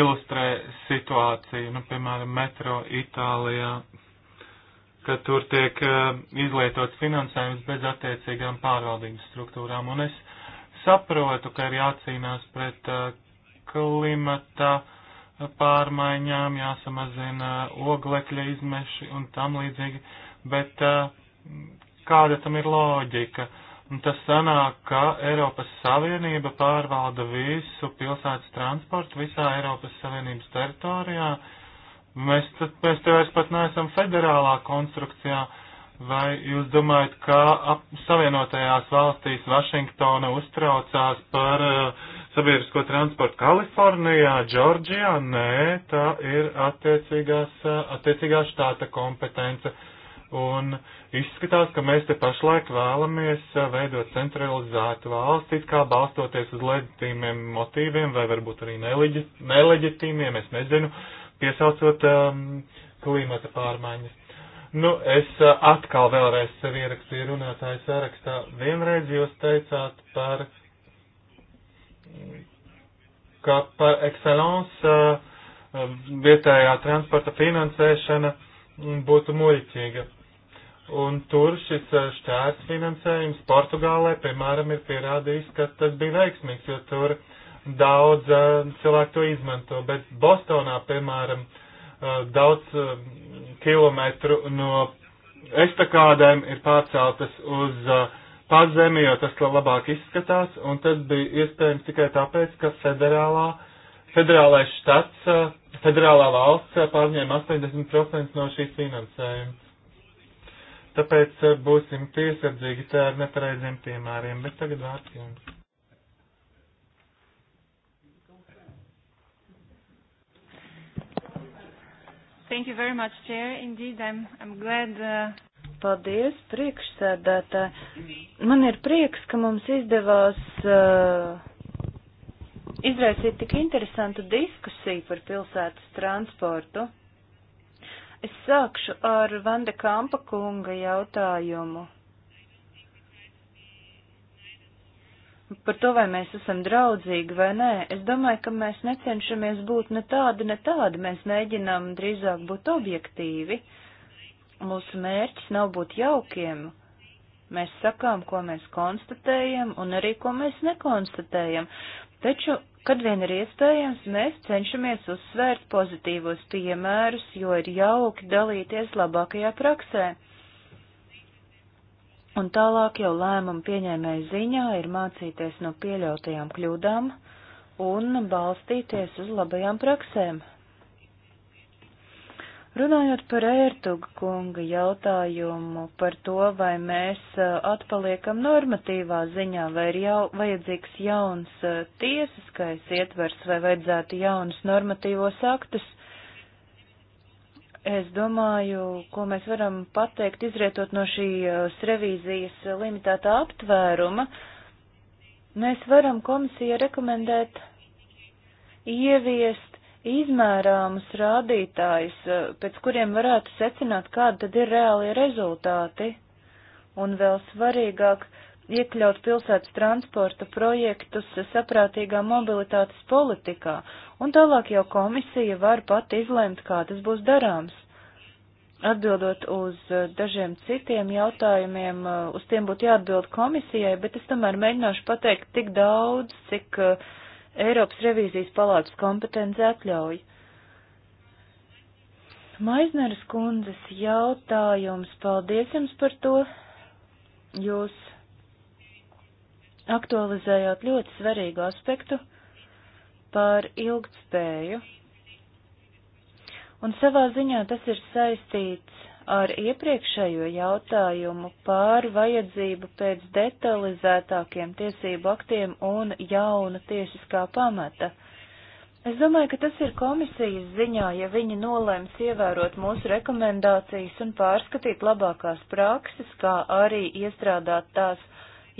ilustrē situāciju, nu, piemēram, metro Itālijā, ka tur tiek uh, izlietots finansējums bez attiecīgām pārvaldības struktūrām. Un es saprotu, ka ir jācīnās pret uh, klimata pārmaiņām, jāsamazina uh, oglekļa izmeši un tam līdzīgi, bet uh, kāda tam ir loģika? Un tas sanāk, ka Eiropas Savienība pārvalda visu pilsētas transportu visā Eiropas Savienības teritorijā. Mēs, mēs te vairs pat neesam federālā konstrukcijā. Uh, Vai jūs domājat, ka ap, Savienotajās valstīs Vašingtona uztraucās par uh, sabiedrisko transportu Kalifornijā, Džordžijā? Nē, tā ir attiecīgās, eh, attiecīgā štāta kompetence. Un izskatās, ka mēs te pašlaik vēlamies eh, veidot centralizētu valsti, kā balstoties uz leģitīmiem motīviem vai varbūt arī neleģitīmiem, es nezinu, piesaucot um, klimata pārmaiņas. Nu, es uh, atkal vēlreiz sevi ierakstīju runātāju sarakstā. Vienreiz jūs teicāt par, ka par excellence uh, um, vietējā transporta finansēšana būtu muļķīga. Un tur šis uh, šķērs finansējums Portugālē, piemēram, ir pierādījis, ka tas bija veiksmīgs, jo tur daudz cilvēku to izmanto. Bet Bostonā, piemēram, uh, Eh, daudz eh, kilometru no estakādēm ir pārceltas uz eh, pārzemi, jo tas labāk izskatās, un tas bija iespējams tikai tāpēc, ka federālā, federālais štats, federālā valsts pārņēma 80% no šīs finansējuma. Tāpēc būsim piesardzīgi tā ar nepareiziem piemēriem, bet tagad vārds jums. Thank you very much, Chair. Indeed, I'm, I'm glad. Uh... Paldies, priekšsēdētāji. Man ir prieks, ka mums izdevās uh, izraisīt tik interesantu diskusiju par pilsētas transportu. Es sākšu ar Vanda Kampa kunga jautājumu. par to, vai mēs esam draudzīgi vai nē. Es domāju, ka mēs necenšamies būt ne tādi, ne tādi. Mēs mēģinām drīzāk būt objektīvi. Mūsu mērķis nav būt jaukiem. Mēs sakām, ko mēs konstatējam un arī, ko mēs nekonstatējam. Taču, kad vien ir iespējams, mēs cenšamies uzsvērt pozitīvos piemērus, jo ir jauki dalīties labākajā praksē. Un tālāk jau lēmumu pieņēmēju ziņā ir mācīties no pieļautajām kļūdām un balstīties uz labajām praksēm. Runājot par ērtuga kunga jautājumu par to, vai mēs uh, atpaliekam normatīvā ziņā, vai ir jau, vajadzīgs jauns uh, tiesiskais ietvers, vai vajadzētu jaunus normatīvos aktus, Es domāju, ko mēs varam pateikt, izrietot no šīs eh, revīzijas limitētā aptvēruma, mēs varam komisijai rekomendēt ieviest izmērāmus rādītājus, eh, pēc kuriem varētu secināt, kādi tad ir reālie rezultāti, un vēl svarīgāk iekļaut pilsētas transporta projektus saprātīgā mobilitātes politikā un tālāk jau komisija var pat izlemt, kā tas būs darāms. Atbildot uz eh, dažiem citiem jautājumiem, eh, uz tiem būtu jāatbild komisijai, bet es tomēr mēģināšu pateikt tik daudz, cik eh, Eiropas revīzijas palātas kompetence atļauj. Maizneres kundzes jautājums, paldies jums par to. Jūs aktualizējāt ļoti svarīgu aspektu par ilgtspēju. Un savā ziņā tas ir saistīts ar iepriekšējo jautājumu par vajadzību pēc detalizētākiem tiesību aktiem un jauna tiesiskā pamata. Es domāju, ka tas ir komisijas ziņā, ja viņi nolēms ievērot mūsu rekomendācijas un pārskatīt labākās prakses, kā arī iestrādāt tās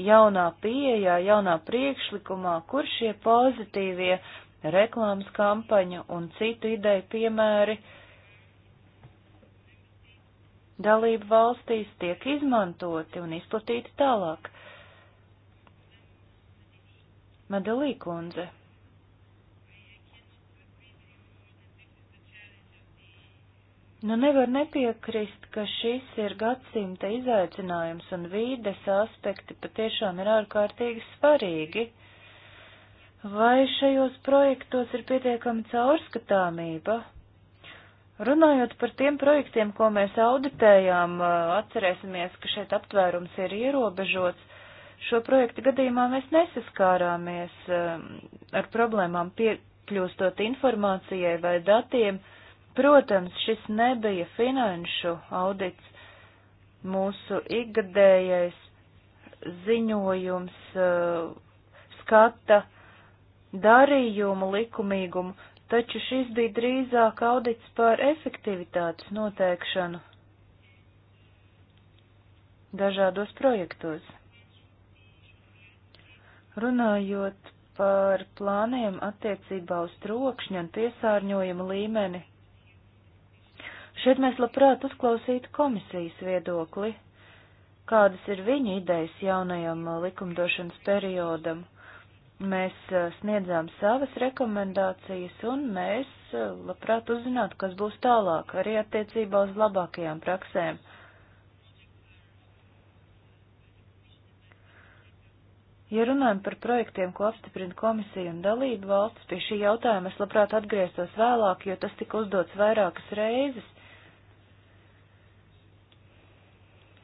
jaunā pieejā, jaunā priekšlikumā, kur šie pozitīvie reklāmas kampaņu un citu ideju piemēri dalību valstīs tiek izmantoti un izplatīti tālāk. Medelī kundze. Nu nevar nepiekrist, ka šis ir gadsimta izaicinājums un vīdes aspekti patiešām ir ārkārtīgi svarīgi. Vai šajos projektos ir pietiekami caurskatāmība? Runājot par tiem projektiem, ko mēs auditējām, atcerēsimies, ka šeit aptvērums ir ierobežots. Šo projektu gadījumā mēs nesaskārāmies um, ar problēmām piekļūstot informācijai vai datiem. Protams, šis nebija finanšu audits. Mūsu ikgadējais ziņojums uh, skata darījumu likumīgumu, taču šis bija drīzāk audits par efektivitātes noteikšanu dažādos projektos. Runājot par plāniem attiecībā uz trokšņa un piesārņojuma līmeni, šeit mēs labprāt uzklausītu komisijas viedokli, kādas ir viņa idejas jaunajam likumdošanas periodam. Mēs eh, sniedzām savas rekomendācijas un mēs eh, labprāt uzzinātu, kas būs tālāk, arī attiecībā uz labākajām praksēm. Ja runājam par projektiem, ko apstiprina komisija un dalība valsts, pie šī jautājuma es labprāt atgrieztos vēlāk, jo tas tika uzdots vairākas reizes.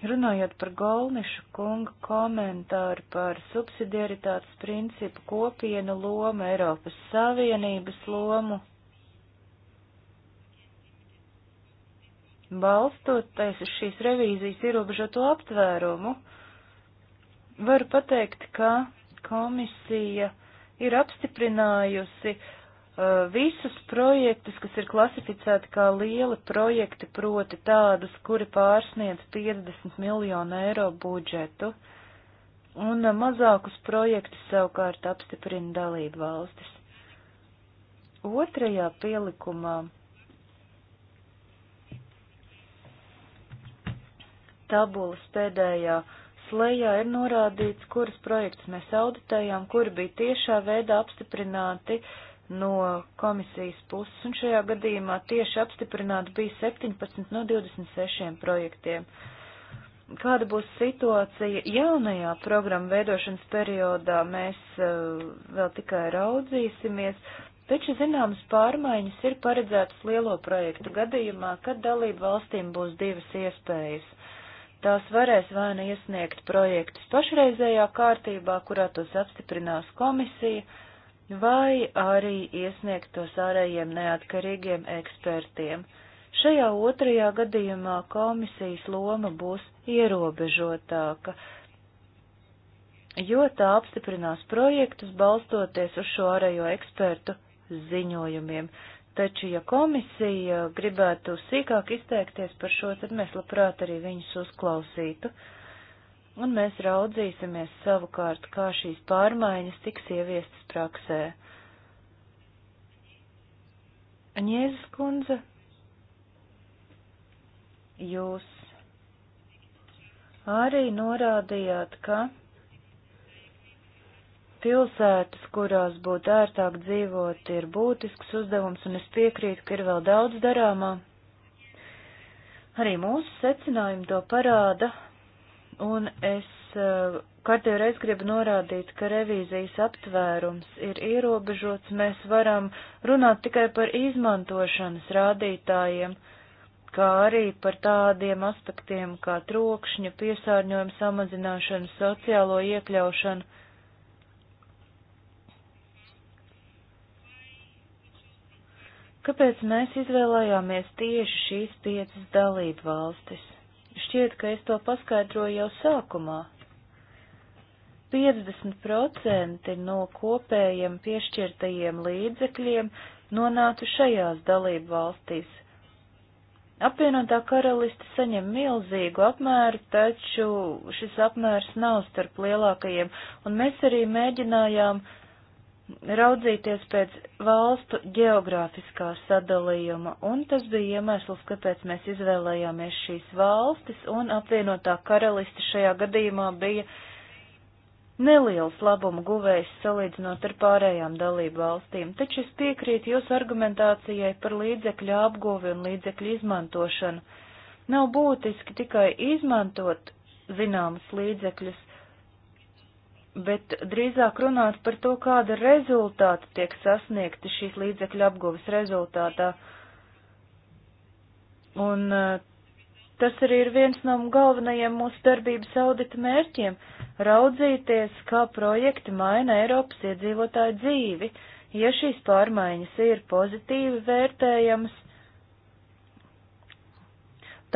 Runājot par Golniša kunga komentāru par subsidiaritātes principu kopienu lomu, Eiropas Savienības lomu, balstoties uz šīs revīzijas ierobežoto aptvērumu, varu pateikt, ka komisija ir apstiprinājusi uh, visus projektus, kas ir klasificēti kā lieli projekti, proti tādus, kuri pārsniedz 50 miljonu eiro budžetu, un mazākus projektus savukārt apstiprina dalību valstis. Otrajā pielikumā tabulas pēdējā slējā ir norādīts, kuras projektus mēs auditējām, kuri bija tiešā veidā apstiprināti uh, no komisijas puses, un šajā gadījumā tieši apstiprināti bija 17 no 26 projektiem. Kāda būs situācija jaunajā programmu veidošanas periodā, mēs uh, vēl tikai raudzīsimies, taču zināmas pārmaiņas ir paredzētas lielo projektu gadījumā, kad dalību valstīm būs divas iespējas. Tās varēs vai nu iesniegt projektus pašreizējā kārtībā, kurā tos apstiprinās komisija, uh, vai arī iesniegt tos ārējiem neatkarīgiem ekspertiem. Šajā otrajā gadījumā komisijas loma būs ierobežotāka, jo tā apstiprinās projektus balstoties uz šo ārējo ekspertu ziņojumiem. Taču, ja komisija gribētu sīkāk izteikties par šo, tad mēs labprāt arī viņus uzklausītu. Uh, un mēs raudzīsimies savukārt, kā šīs pārmaiņas tiks ieviestas praksē. Aņēzes kundze, jūs arī norādījāt, ka pilsētas, kurās būtu ērtāk dzīvot, ir būtisks uzdevums, un es piekrītu, ka ir vēl daudz darāmā. Arī mūsu secinājumi to parāda, Un es eh, kārtējo reizi gribu norādīt, ka revīzijas aptvērums ir ierobežots, mēs varam runāt tikai par izmantošanas rādītājiem, kā arī par tādiem aspektiem kā trokšņa, piesārņojuma samazināšana, sociālo iekļaušanu. Kāpēc mēs izvēlējāmies tieši šīs piecas dalību valstis? Šķiet, ka es to paskaidroju jau sākumā. 50% no kopējiem piešķirtajiem līdzekļiem nonāca šajās dalību valstīs. Apvienotā karaliste saņem milzīgu apmēru, taču šis apmērs nav starp lielākajiem, un mēs arī mēģinājām uh, raudzīties pēc valstu geogrāfiskā sadalījuma, un tas bija iemesls, kāpēc mēs izvēlējāmies šīs valstis, un apvienotā karaliste šajā gadījumā bija neliels labuma guvējs salīdzinot ar pārējām dalību valstīm, taču es piekrītu jūsu argumentācijai par līdzekļu apguvi un līdzekļu izmantošanu. Nav būtiski tikai izmantot zināmas līdzekļus, bet drīzāk runāt par to, kāda rezultāta tiek sasniegta šīs līdzekļu apguves rezultātā. Un eh, tas arī ir viens no galvenajiem mūsu darbības audita mērķiem - raudzīties, kā projekti maina Eiropas iedzīvotāju dzīvi. Ja šīs pārmaiņas ir pozitīvi vērtējamas,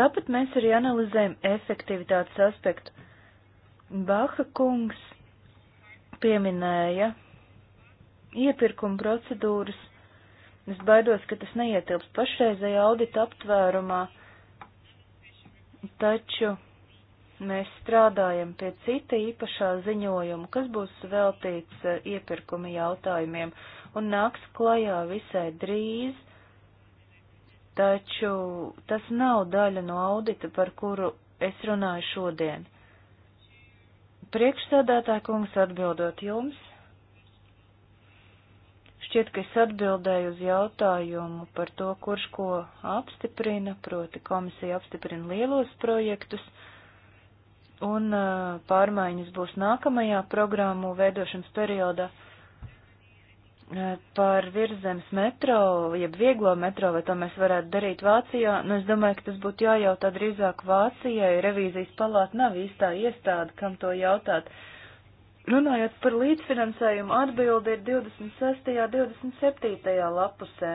tāpat mēs arī analizējam efektivitātes aspektu. Baha kungs pieminēja iepirkuma procedūras. Es baidos, ka tas neietilps pašreizējā audita aptvērumā, taču mēs strādājam pie cita īpašā ziņojuma, kas būs veltīts eh, iepirkuma jautājumiem un nāks klajā visai drīz, taču tas nav daļa no audita, par kuru es runāju šodien. Priekšsēdētā kungs atbildot jums. Šķiet, ka es atbildēju uz jautājumu par to, kurš ko apstiprina, proti komisija apstiprina lielos projektus, un uh, pārmaiņas būs nākamajā programmu veidošanas periodā par virzemes metro, jeb vieglo metro, vai to mēs varētu darīt Vācijā. Nu, es domāju, ka tas būtu jājautā drīzāk Vācijai. Revīzijas palāta nav īstā iestāde, kam to jautāt. Runājot par līdzfinansējumu, atbildi ir 26. un 27. lapusē,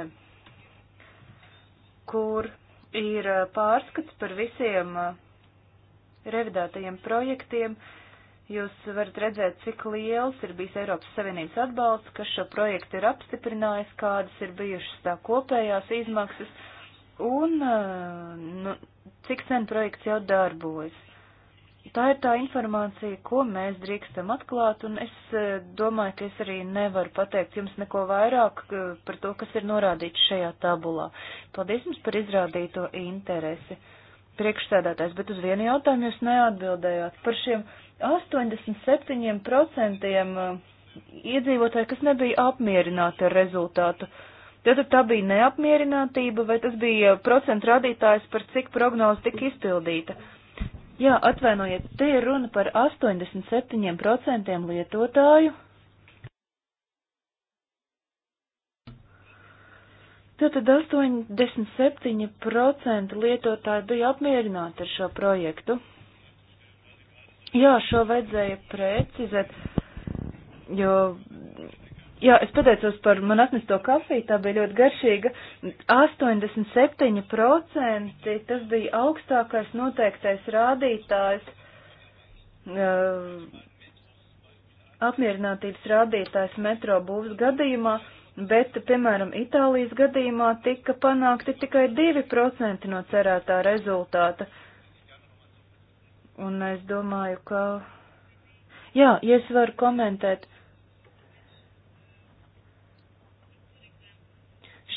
kur ir pārskats par visiem revidētajiem projektiem, uh, Jūs varat redzēt, cik liels ir bijis Eiropas Savienības atbalsts, kas šo projektu ir apstiprinājis, kādas ir bijušas tā kopējās izmaksas un eh, nu, cik sen projekts jau darbojas. Tā ir tā informācija, ko mēs drīkstam atklāt, un es eh, domāju, ka es arī nevaru pateikt jums neko vairāk eh, par to, kas ir norādīts šajā tabulā. Paldies jums par izrādīto interesi. Priekšsēdētājs, bet uz vienu jautājumu jūs neatbildējāt par šiem 87% uh, iedzīvotāji, kas nebija apmierināti ar rezultātu. Tātad tā bija neapmierinātība, vai tas bija procentu rādītājs, par cik prognoze tika izpildīta? Jā, atvainojiet, te ir runa par 87% lietotāju. Tātad 87% lietotāji bija apmierināti ar šo projektu. Jā, šo vajadzēja precizēt, jo, jā, es pateicos par man atnesto kafiju, tā bija ļoti garšīga. 87% tas bija augstākais noteiktais rādītājs, uh, apmierinātības rādītājs metro būvas gadījumā bet, piemēram, Itālijas gadījumā tika panākti tikai 2% no cerētā rezultāta. Un es domāju, ka. Jā, ja es varu komentēt.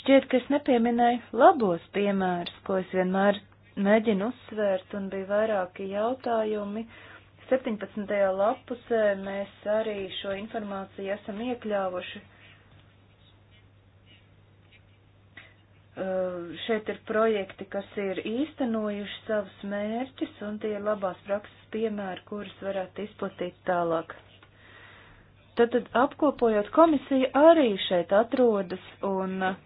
Šķiet, ka es nepieminēju labos piemērus, ko es vienmēr mēģinu uzsvērt, un bija vairāki jautājumi. 17. lapusē mēs arī šo informāciju esam iekļāvuši Eh, šeit ir projekti, kas ir īstenojuši savus mērķus, un tie ir labās prakses piemēri, kurus varētu izplatīt tālāk. Tad, tad apkopojot, komisija arī šeit atrodas, un eh,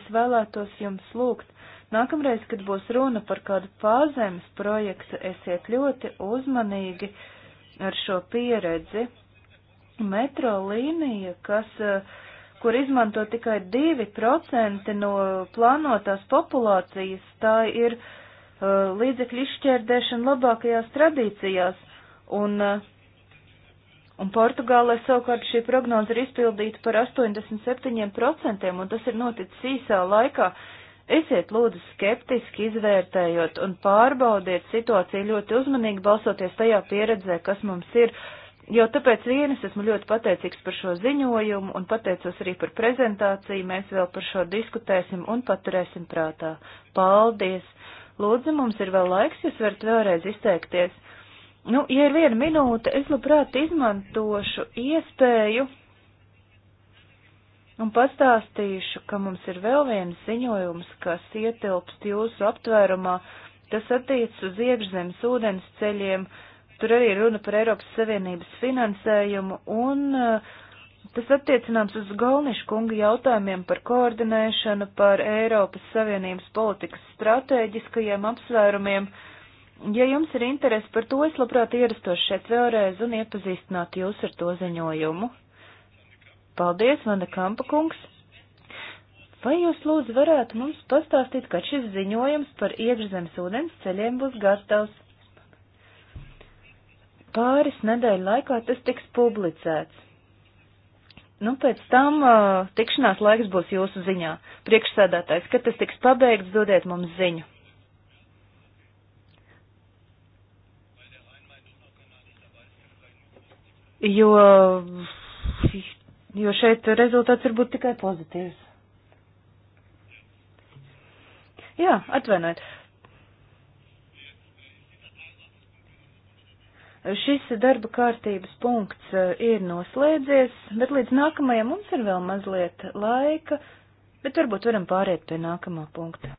es vēlētos jums lūgt, nākamreiz, kad būs runa par kādu pāzemes projektu, esiet ļoti uzmanīgi ar šo pieredzi. Metro līnija, kas uh, kur izmanto tikai 2% no plānotās populācijas, tā ir uh, līdzekļu izšķērdēšana labākajās tradīcijās. Un, uh, un Portugālē savukārt šī prognoze ir izpildīta par 87%, un tas ir noticis īsā laikā. Esiet lūdzu skeptiski izvērtējot un pārbaudiet situāciju ļoti uzmanīgi, balsoties tajā pieredzē, kas mums ir. Uh, Jau tāpēc vienas esmu ļoti pateicīgs par šo ziņojumu un pateicos arī par prezentāciju. Mēs vēl par šo diskutēsim un paturēsim prātā. Paldies! Lūdzu, mums ir vēl laiks, jūs varat vēlreiz izteikties. Nu, ja ir viena minūte, es labprāt izmantošu iespēju un pastāstīšu, ka mums ir vēl viens ziņojums, kas ietilpst jūsu aptvērumā. Tas attiec uz iekšzemes ūdens ceļiem Tur arī runa par Eiropas Savienības finansējumu un eh, tas attiecināms uz Galnišu kunga jautājumiem par koordinēšanu, par Eiropas Savienības politikas stratēģiskajiem apsvērumiem. Ja jums ir interesi par to, es labprāt ierastos šeit vēlreiz un iepazīstinātu jūs ar to ziņojumu. Paldies, Vanda Kampa kungs! Vai jūs lūdzu varētu mums pastāstīt, kad šis ziņojums par iekšzemes ūdens ceļiem būs gatavs? pāris nedēļu laikā tas tiks publicēts. Nu, pēc tam uh, tikšanās laiks būs jūsu ziņā. Priekšsēdētājs, kad tas tiks pabeigts, dodiet mums ziņu. Jo, jo šeit rezultāts var būt tikai pozitīvs. Jā, atvainojiet. Šis darba kārtības punkts eh, ir noslēdzies, bet līdz nākamajam mums ir vēl mazliet laika, bet varbūt varam pāriet pie nākamā punkta.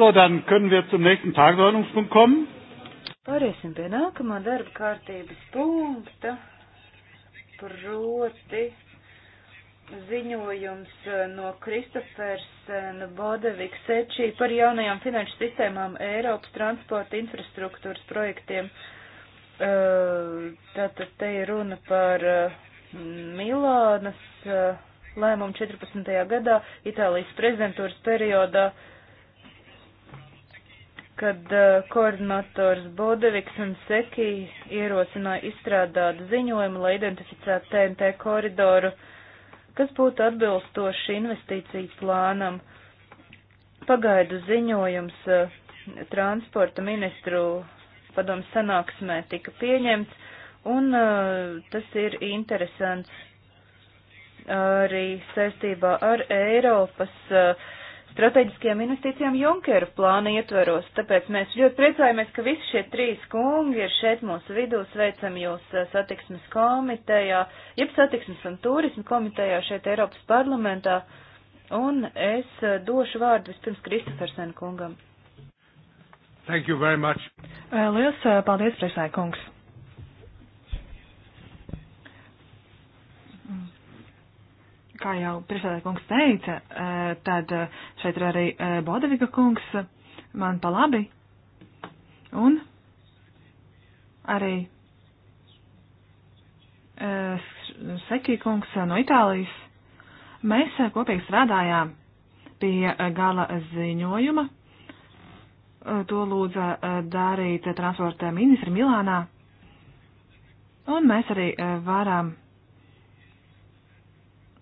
So, dann können wir zum nächsten Tagesordnungspunkt kommen. Pāriesim pie nākamā darba kārtības punkta, proti ziņojums eh, no Kristofers eh, Bodeviks Sečī par jaunajām finanšu sistēmām Eiropas transporta infrastruktūras projektiem. Eh, tātad te ir runa par Milānas lēmumu 14. gadā, Itālijas prezidentūras periodā kad uh, koordinators Bodeviks un Seki ierosināja izstrādāt ziņojumu, lai identificētu TNT koridoru, kas būtu atbilstoši investīciju plānam. Pagaidu ziņojums uh, transporta ministru padomu sanāksmē tika pieņemts, un uh, tas ir interesants arī saistībā ar Eiropas uh, strateģiskajām investīcijām Junkera plāna ietveros. Tāpēc mēs ļoti priecājamies, ka visi šie trīs kungi ir šeit mūsu vidū. Sveicam jūs eh, satiksmes komitejā, jeb satiksmes un turismu komitejā šeit Eiropas parlamentā. Un es eh, došu vārdu vispirms Kristofersen kungam. Thank you very much. Eh, Lielas paldies, priekšsēkungs. kungs. kā jau priekšsēdētāja kungs teica, e, tad e, šeit ir arī e, Bodevika kungs man pa labi. Un arī Sekī kungs no Itālijas. Mēs kopīgi strādājām pie gala ziņojuma. To lūdza darīt transporta ministri Milānā. Un mēs arī varam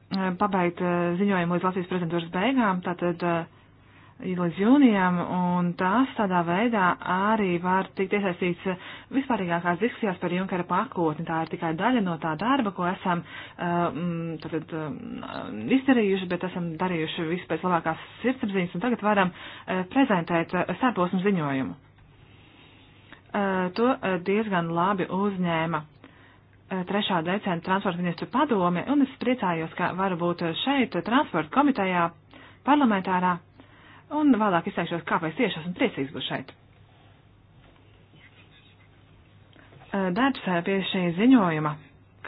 Eh, pabeigt eh, ziņojumu līdz Latvijas prezidentūras beigām, tātad eh, līdz jūnijam, un tās tādā veidā arī var tikt iesaistīts vispārīgākās diskusijās par Junkara pakotni. Tā ir tikai daļa no tā darba, ko esam mm, tātad, izdarījuši, bet esam darījuši visu pēc labākās sirdsapziņas, un tagad varam prezentēt starposmu ziņojumu. To diezgan labi uzņēma 3. Eh, decembra transporta ministru padome, un es priecājos, ka varu būt šeit transporta komitejā, parlamentārā, un vēlāk izteikšos, kāpēc tieši esmu priecīgs būt šeit. Eh, darbs eh, pie šī ziņojuma,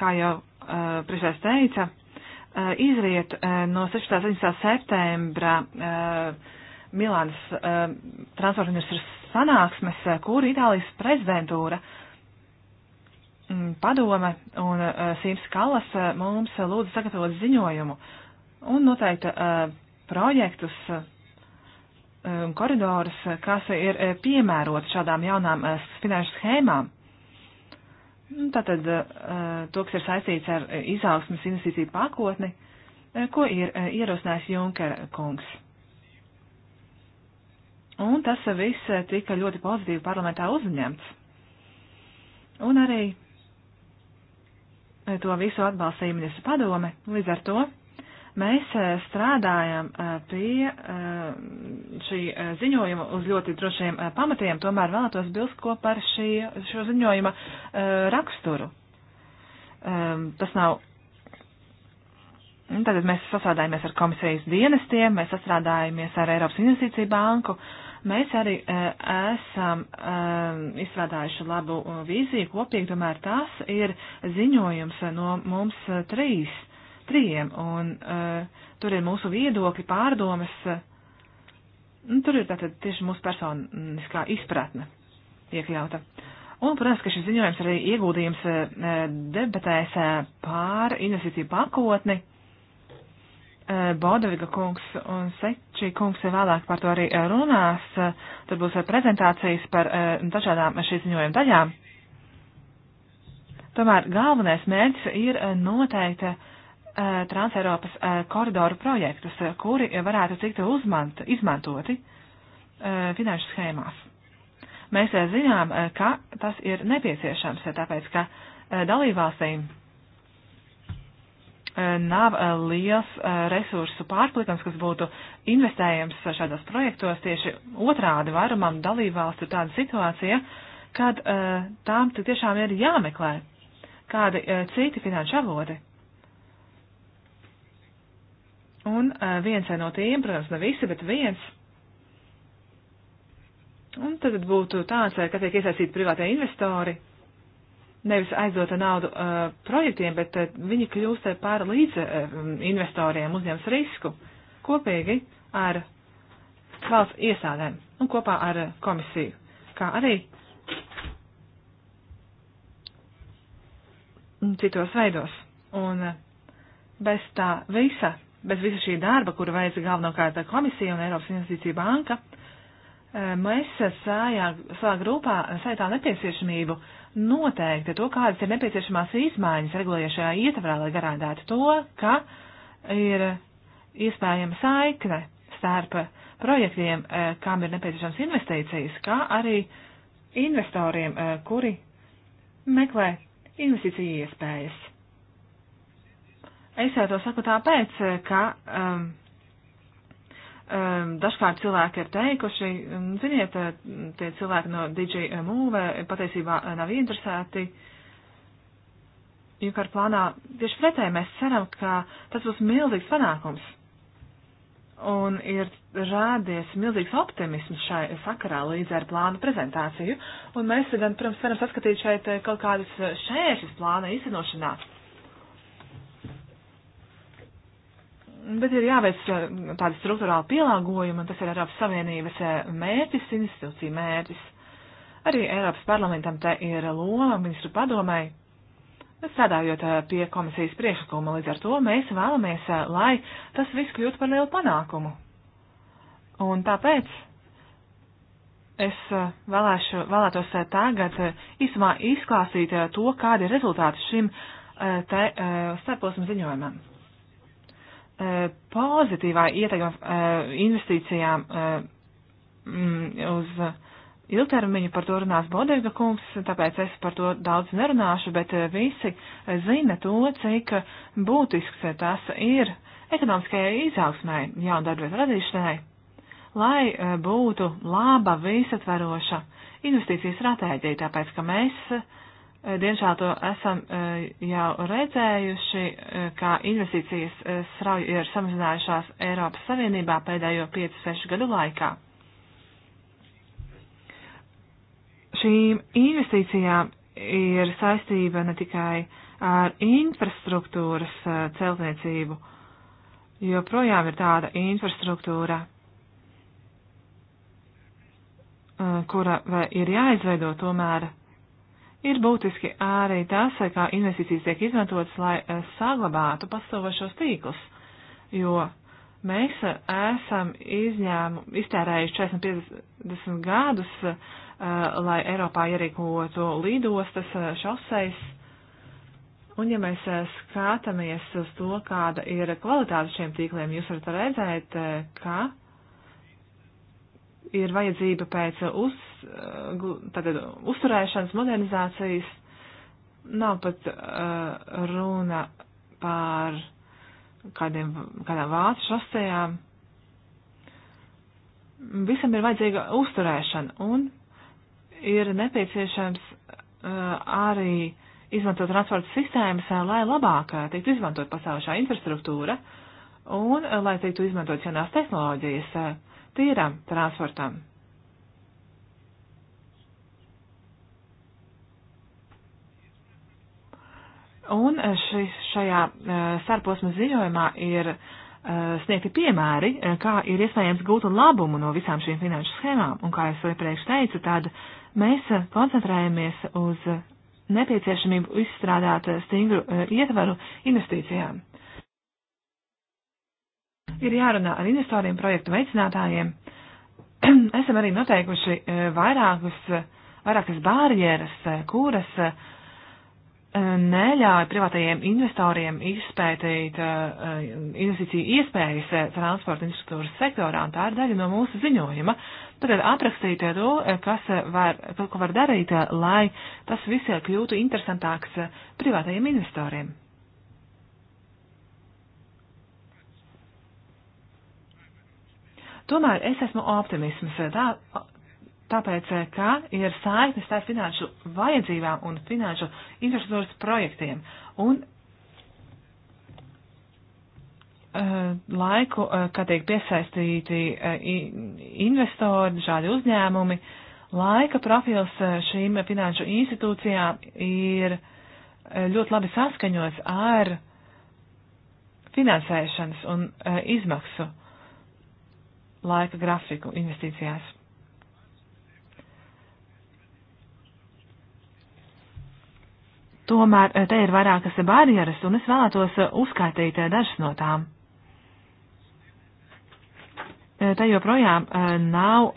kā jau uh, priekšēs teica, uh, izriet uh, no 16. 17. septembra Milānas transporta ministru sanāksmes, kur Itālijas prezidentūra uh, Mm, padome un eh, Sīrs Kalas eh, mums lūdza sagatavot ziņojumu un noteikti eh, projektus un koridorus, kas ir piemēroti šādām jaunām finanšu schēmām. Nu, tātad to, kas ir saistīts ar izaugsmas investīciju pakotni, ko ir ierosinājis Junker kungs. Un tas viss tika ļoti pozitīvi parlamentā uzņemts. Un arī to visu atbalsta ministru padome. Līdz ar to mēs e, strādājam e, pie e, šī ziņojuma uz ļoti drošiem pamatiem, tomēr vēlētos bilst ko par šī, šo ziņojuma raksturu. Tas nav. Tātad mēs sasādājamies ar komisijas dienestiem, mēs sasādājamies ar Eiropas investīciju banku, uh, Mēs arī e, esam e, izstrādājuši labu e, vīziju kopīgi, tomēr tas ir ziņojums no mums trīs, trījiem, un tur ir mūsu viedokļi, pārdomas, nu, tur ir tātad tieši mūsu personiskā izpratne iekļauta. Un, protams, ka šis ziņojums arī ieguldījums debatēs pār investīciju pakotni Eh, Bodeviga kungs un Seči kungs vēlāk par to arī eh, runās. Eh, tur būs prezentācijas par dažādām šī ziņojuma daļām. Tomēr galvenais mērķis ir noteikti Transeiropas koridoru projektus, kuri varētu tikt uzmant, izmantoti finanšu schēmās. Mēs zinām, ka tas ir nepieciešams, tāpēc ka dalībvalstīm nav eh, liels eh, resursu pārplikums, kas būtu investējams šādos projektos. Tieši otrādi vairumam dalībvalstu tāda situācija, kad eh, tām tiešām ir jāmeklē kādi citi finanšu avoti. Un viens no tiem, protams, ne visi, bet viens. Un tad būtu tāds, ka tiek iesaistīti privātie investori, nevis aizdota naudu uh, projektiem, bet uh, viņi kļūst par līdz uh, investoriem, uzņems risku kopīgi ar valsts iestādēm un kopā ar uh, komisiju, kā arī citos veidos. Un uh, bez tā visa, bez visa šī darba, kuru veic galvenokārt komisija un Eiropas investīcija banka, uh, mēs sājā, savā grupā saitā nepieciešamību uh, noteikti to, kādas ir nepieciešamās izmaiņas regulējušajā ietvarā, lai garantētu to, ka ir iespējama saikne starp projektiem, eh, kam ir nepieciešams investīcijas, kā arī investoriem, eh, kuri meklē investīciju iespējas. Es jau to saku tāpēc, eh, ka um, Ehm, dažkārt cilvēki ir teikuši, mm, ziniet, eh, tie cilvēki no DJ Move eh, patiesībā eh, nav interesēti. Junkārt plānā tieši pretēji mēs ceram, ka tas būs milzīgs panākums. Un ir rādies milzīgs optimisms šai sakarā līdz ar plānu prezentāciju, un mēs gan, protams, varam saskatīt šeit kaut kādas šķēršļas plāna īstenošanā. Bet ir jāveic uh, tāda struktūrāla pielāgojuma, un tas ir Eiropas Savienības uh, mērķis, institūcija mērķis. Arī Eiropas parlamentam te ir loma ministru padomai, strādājot uh, pie komisijas priekšlikuma. Līdz ar to mēs vēlamies, lai tas viss kļūtu par lielu panākumu. Un tāpēc es vēlēšu, vēlētos tagad īsumā izklāstīt to, kādi ir rezultāti šim te starposmu ziņojumam. E, pozitīvā ietekme e, investīcijām e, mm, uz ilgtermiņu, par to runās Bodega kungs, tāpēc es par to daudz nerunāšu, bet visi zina to, cik būtisks tas ir ekonomiskajai izaugsmai, jaunu darbvietu radīšanai, lai būtu laba visatveroša investīcija stratēģija, tāpēc ka mēs uh, Eh, diemžēl to esam eh, jau redzējuši, eh, kā investīcijas strauji ir samazinājušās Eiropas Savienībā pēdējo 5-6 gadu laikā. Šīm investīcijām ir saistība ne tikai ar infrastruktūras celtniecību, jo projām ir tāda infrastruktūra, kura ir jāizveido tomēr Ir būtiski arī tas, kā investīcijas tiek izmantotas, lai eh, saglabātu pasauvošos tīklus, jo mēs eh, esam izņēmu, iztērējuši 40-50 gadus, eh, lai Eiropā ierīkotu lidostas, šoseis. Un ja mēs skatāmies uz to, kāda ir kvalitāte šiem tīkliem, jūs varat redzēt, ka ir vajadzība pēc uz, tātad, uzturēšanas, modernizācijas. Nav pat uh, runa par kādiem, kādām vācu šosejām. Visam ir vajadzīga uzturēšana un ir nepieciešams uh, arī izmantot transporta sistēmas, uh, lai labāk uh, tiktu izmantot pasaušā infrastruktūra un uh, lai tiktu izmantot jaunās tehnoloģijas. Uh, tīram transportam. Un eh, šis, šajā eh, starposma ziņojumā ir eh, sniegti piemēri, kā ir iespējams gūt labumu no visām šīm finanšu schēmām. Un kā es iepriekš teicu, tad mēs koncentrējamies uz nepieciešamību izstrādāt stingru ietvaru investīcijām. Ir jārunā ar investoriem, projektu veicinātājiem. Esam arī noteikuši e, vairākus, vairākas bārjeras, e, kuras e, neļauj privātajiem investoriem izpētīt investīciju iespējas transporta infrastruktūras sektorā, un tā ir daļa no mūsu ziņojuma. Tagad aprakstīt to, kas var, ko var darīt, lai tas viss kļūtu interesantāks privātajiem investoriem. Tomēr es esmu optimisms, tā, tāpēc, ka ir saiknes starp finanšu vajadzībām un finanšu infrastruktūras projektiem un uh, laiku, uh, kad tiek piesaistīti uh, investori, šādi uzņēmumi, laika profils šīm finanšu institūcijām ir ļoti labi saskaņots ar finansēšanas un izmaksu laika grafiku investīcijās. Tomēr eh, te ir vairākas barjeras, un es vēlētos eh, uzskaitīt eh, dažas no tām. Te joprojām nav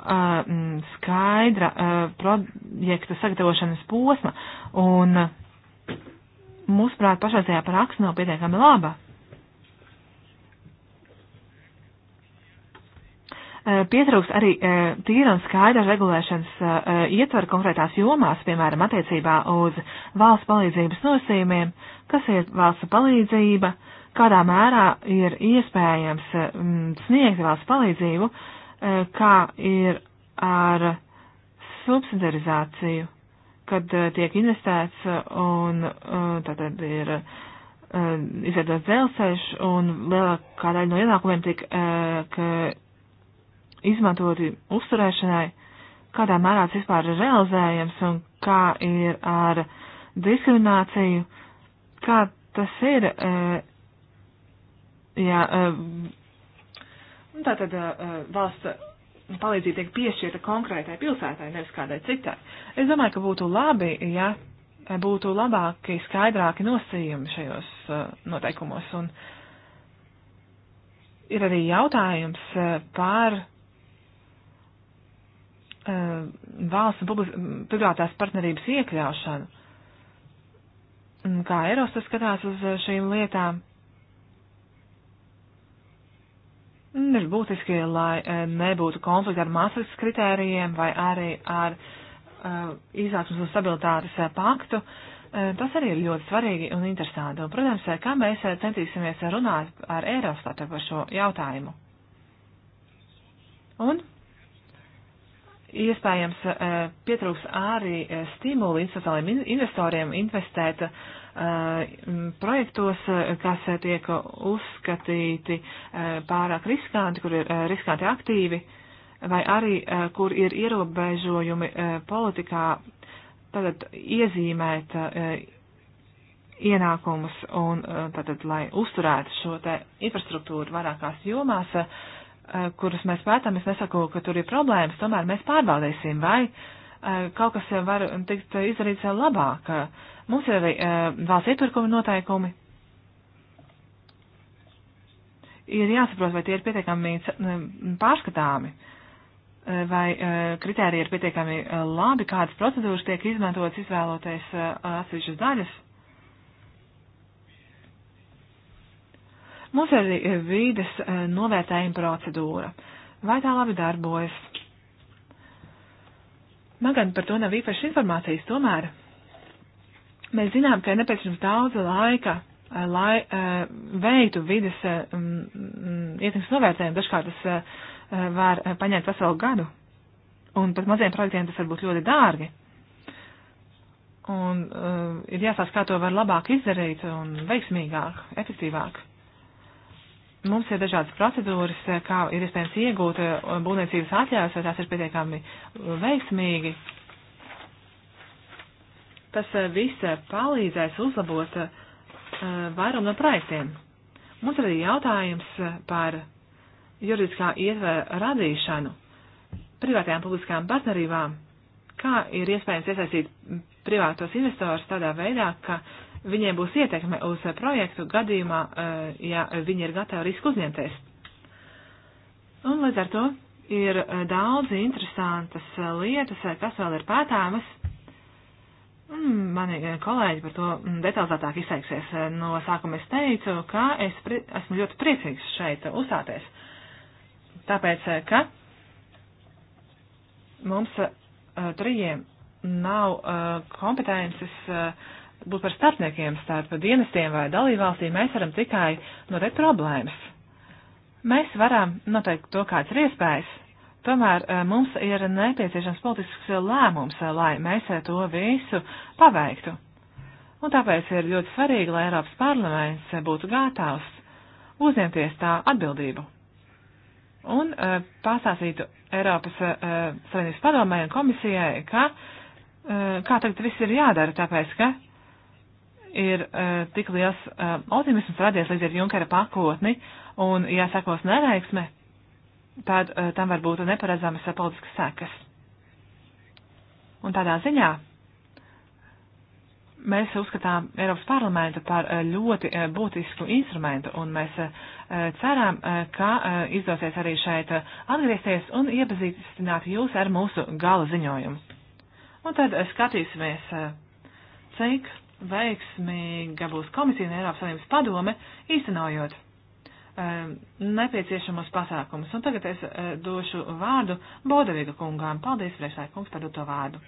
skaidra projekta sagatavošanas posma, un mūsuprāt, pašreizējā praksa nav pietiekami laba. Eh, pietrūks arī eh, tīra un skaidra regulēšanas eh, ietvara konkrētās jomās, piemēram, attiecībā uz valsts palīdzības nosīmiem, kas ir valsts palīdzība, kādā mērā ir iespējams sniegt valsts palīdzību, kā ir ar subsidiarizāciju, kad tiek investēts un tātad ir izveidots dzelzceļš un lielākā daļa no ienākumiem tiek izmantoti uzturēšanai, kādā mērā tas vispār ir realizējams un kā ir ar diskrimināciju, kā tas ir, e, ja e, tātad e, valsts palīdzība tiek piešķirta konkrētai pilsētai, nevis kādai citai. Es domāju, ka būtu labi, ja būtu labāki, skaidrāki nosacījumi šajos noteikumos. Un ir arī jautājums par Uh, valsts un privātās partnerības iekļaušanu. Kā Eirosta skatās uz uh, šīm lietām? Ir būtiski, lai uh, nebūtu konflikti ar māsas kritērijiem vai arī ar uh, izaugsmas un stabilitātes paktu. Tas arī ir ļoti svarīgi un interesanti. Un, protams, kā mēs centīsimies runāt ar Eirostatu par šo jautājumu. Un iespējams eh, pietrūks arī eh, stimuli institucionāliem investoriem investēt eh, projektos, kas tiek uzskatīti pārāk riskanti, kur ir riskanti aktīvi, vai arī kur ir ierobežojumi politikā, tad iezīmēt ienākumus un tātad, lai uzturētu šo te infrastruktūru vairākās jomās, uh, Eh, kurus mēs pētām, es nesaku, ka tur ir problēmas, tomēr mēs pārbaudīsim, vai eh, kaut kas var tikt izdarīts labāk. Mums ir arī eh, valsts iepirkuma noteikumi. Ir jāsaprot, vai tie ir pietiekami pārskatāmi, vai kritēriji ir pietiekami labi, kādas procedūras tiek izmantotas izvēloties atsevišķas daļas. Mums ir arī eh, vīdes eh, novērtējuma procedūra. Vai tā labi darbojas? Man gan par to nav īpaši informācijas, tomēr mēs zinām, ka ir nepieciešams daudz laika, eh, lai uh, veiktu vides uh, ietekmes novērtējumu. Dažkārt tas uh, var paņemt veselu gadu, un pat maziem projektiem tas var būt ļoti dārgi. Un uh, ir jāsāsaka, kā to var labāk izdarīt un veiksmīgāk, efektīvāk. Mums ir dažādas procedūras, eh, kā ir iespējams iegūt eh, būvniecības atļaujas, vai tās ir pietiekami eh, veiksmīgi. Tas viss palīdzēs uzlabot vairumu no projektiem. Mums arī jautājums par juridiskā ietvera radīšanu privātajām publiskajām partnerībām. Kā ir iespējams iesaistīt privātos investors tādā veidā, ka uh, viņiem būs ietekme uz eh, projektu gadījumā, eh, ja viņi ir gatavi risku uzņemties. Un līdz ar to ir eh, daudz interesantas lietas, kas vēl ir pētāmas. Mani kolēģi par to mm, detalizētāk izteiksies. No sākuma es teicu, ka es pri, esmu ļoti priecīgs šeit uzstāties. Tāpēc, ka mums trijiem nav kompetences uh, būt par starpniekiem starp dienestiem vai dalībvalstīm, mēs varam tikai noteikt problēmas. Mēs varam noteikt to, kāds ir iespējas. Tomēr eh, mums ir nepieciešams politisks lēmums, eh, lai mēs eh, to visu paveiktu. Un tāpēc ir ļoti svarīgi, lai Eiropas parlaments būtu gatavs uzņemties tā atbildību un uh, pastāstītu Eiropas uh, Savienības padomē un komisijai, ka uh, kā tagad viss ir jādara, tāpēc, ka ir uh, tik liels uh, optimisms radies līdz ar Junkera pakotni, un, ja sekos neveiksme, tad uh, tam var būt neparedzamas uh, politiskas sekas. Un tādā ziņā mēs uzskatām Eiropas parlamentu par uh, ļoti uh, būtisku instrumentu, un mēs uh, ceram, uh, ka uh, izdosies arī šeit uh, atgriezties un iepazīstināt jūs ar mūsu gala ziņojumu. Un tad uh, skatīsimies, uh, cik veiksmīga būs komisija un Eiropas Savienības padome īstenojot um, nepieciešamos pasākumus. Un tagad es uh, došu vārdu Bodavīga kungām. Paldies, priekšsēd kungs, par doto vārdu.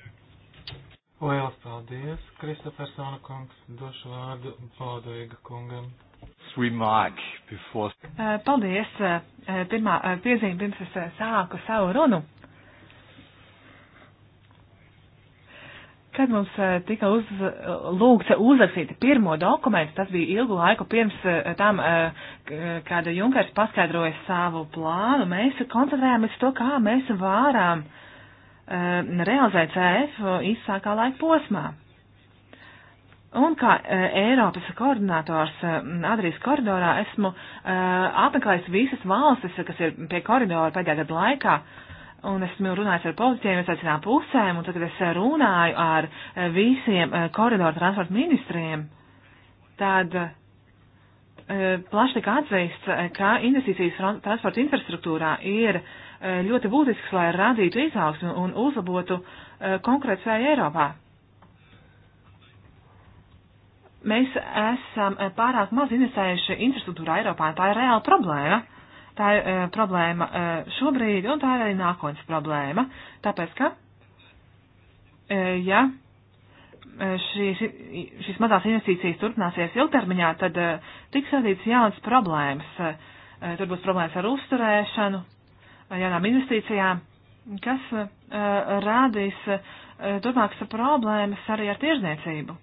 Lielas paldies, Kristofersona kungs. Došu vārdu Bodavīga kungam. Eh, paldies. Eh, pirmā piezīme, pirms es sāku savu runu Kad mums eh, tika uz, lūgts uzrakstīt pirmo dokumentu, tas bija ilgu laiku pirms eh, tam, eh, kad Junkers paskaidroja savu plānu, mēs koncentrējāmies to, kā mēs varam realizēt CF īsākā laika posmā. Un kā Eiropas koordinators Adrijas koridorā esmu apmeklējis visas valstis, kas ir pie koridora pēdējā gada laikā. Uh, un esmu runājis ar policijiem iesaistītām pusēm, un tad, kad es runāju ar eh, visiem eh, koridoru transporta ministriem, tad eh, plaši tika atzīsts, ka investīcijas transporta infrastruktūrā ir ļoti būtisks, lai radītu izaugsmu un uzlabotu konkurētspēju Eiropā. Mēs esam pārāk maz investējuši infrastruktūrā Eiropā, tā ir reāla problēma. Tā ir uh, problēma uh, šobrīd, un tā ir arī nākotnes problēma. Tāpēc, ka, uh, ja šīs, šīs mazās investīcijas turpināsies ilgtermiņā, tad uh, tiks radīts jaunas problēmas. Uh, tur būs problēmas ar uzturēšanu, uh, jaunām investīcijām, kas uh, radīs uh, turpmākas problēmas arī ar tiežniecību.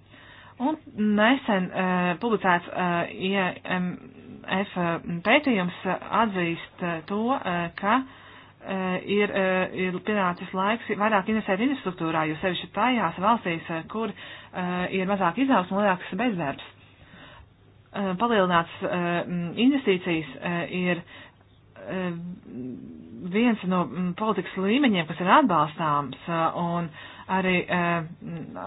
Un nesen uh, publicēts uh, IMF F mm, pētījums uh, atzīst uh, to, uh, ka ir, ir pienācis laiks vairāk investēt infrastruktūrā, jo sevišķi tajās valstīs, kur ir mazāk izaugsme un lielāks bezdarbs. Palielināts mm, investīcijas ir viens no mm, politikas līmeņiem, kas ir atbalstāms, un uh, arī eh, mm,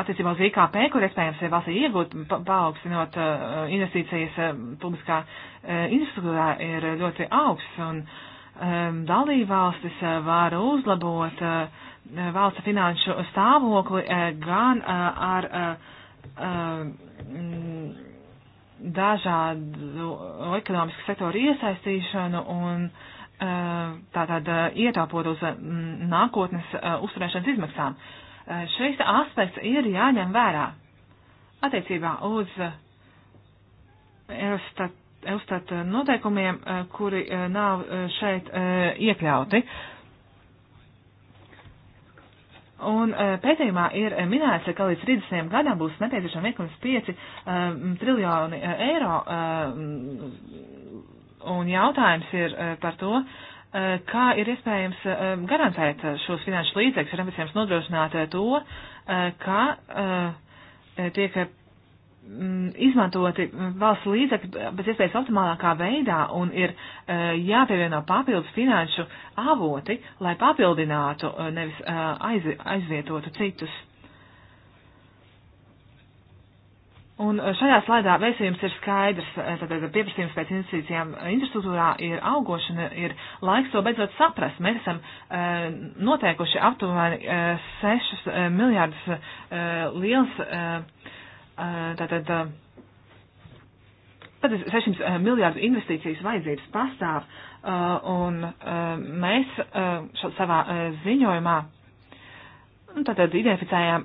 attiecībā uz IKP, kur iespējams valstī iegūt, paaugstinot eh, investīcijas eh, publiskā infrastruktūrā, ir ļoti augsts. Un dalībvalstis var uzlabot valsts finanšu stāvokli gan ar dažādu ekonomisku sektoru iesaistīšanu un uh, Uh, tātad uh, ietaupot uz mm, nākotnes uh, uzturēšanas izmaksām. Šis aspekts ir jāņem vērā attiecībā uz Eurostat, Eurostat noteikumiem, kuri nav šeit iekļauti. Un pētījumā ir minēts, ka līdz 30 gadam būs nepieciešami 1,5 triljoni eiro Un jautājums ir eh, par to, eh, kā ir iespējams eh, garantēt šos finanšu līdzekļus, ir nepieciešams nodrošināt to, ka tiek izmantoti valsts līdzekļi pēc iespējas optimālākā veidā un ir jāpievieno papildus finanšu avoti, lai papildinātu, nevis aiz, aizvietotu citus. Un eh, šajā slaidā vēstījums ir skaidrs, eh, tātad pieprasījums pēc investīcijām eh, infrastruktūrā ir augošana, ir laiks to beidzot saprast. Mēs esam uh, noteikuši aptuveni uh, 6 uh, miljārdus uh, liels, uh, tātad uh, 600 miljārdu investīcijas vajadzības pastāv, uh, un uh, mēs uh, šo, savā uh, ziņojumā uh, Tātad identificējām,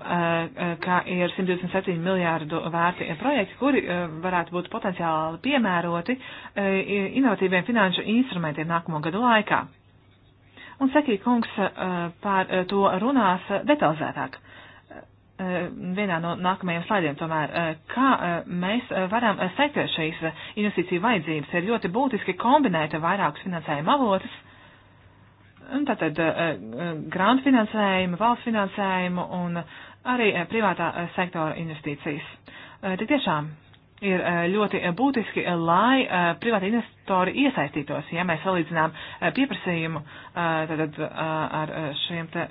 ka ir 127 miljārdu vērti projekti, kuri varētu būt potenciāli piemēroti inovatīviem finanšu instrumentiem nākamo gadu laikā. Un Sekī kungs par to runās detalizētāk. Vienā no nākamajiem slaidiem tomēr, kā mēs varam sekot šīs investīciju vajadzības, ir ļoti būtiski kombinēt vairākus finansējuma avotus Nu, tātad eh, eh, grāntu finansējumu, valsts finansējumu un arī eh, privātā sektora investīcijas. Tik tiešām ir ļoti būtiski, lai privāti investori iesaistītos, ja mēs salīdzinām pieprasījumu tātad, ar šiem te.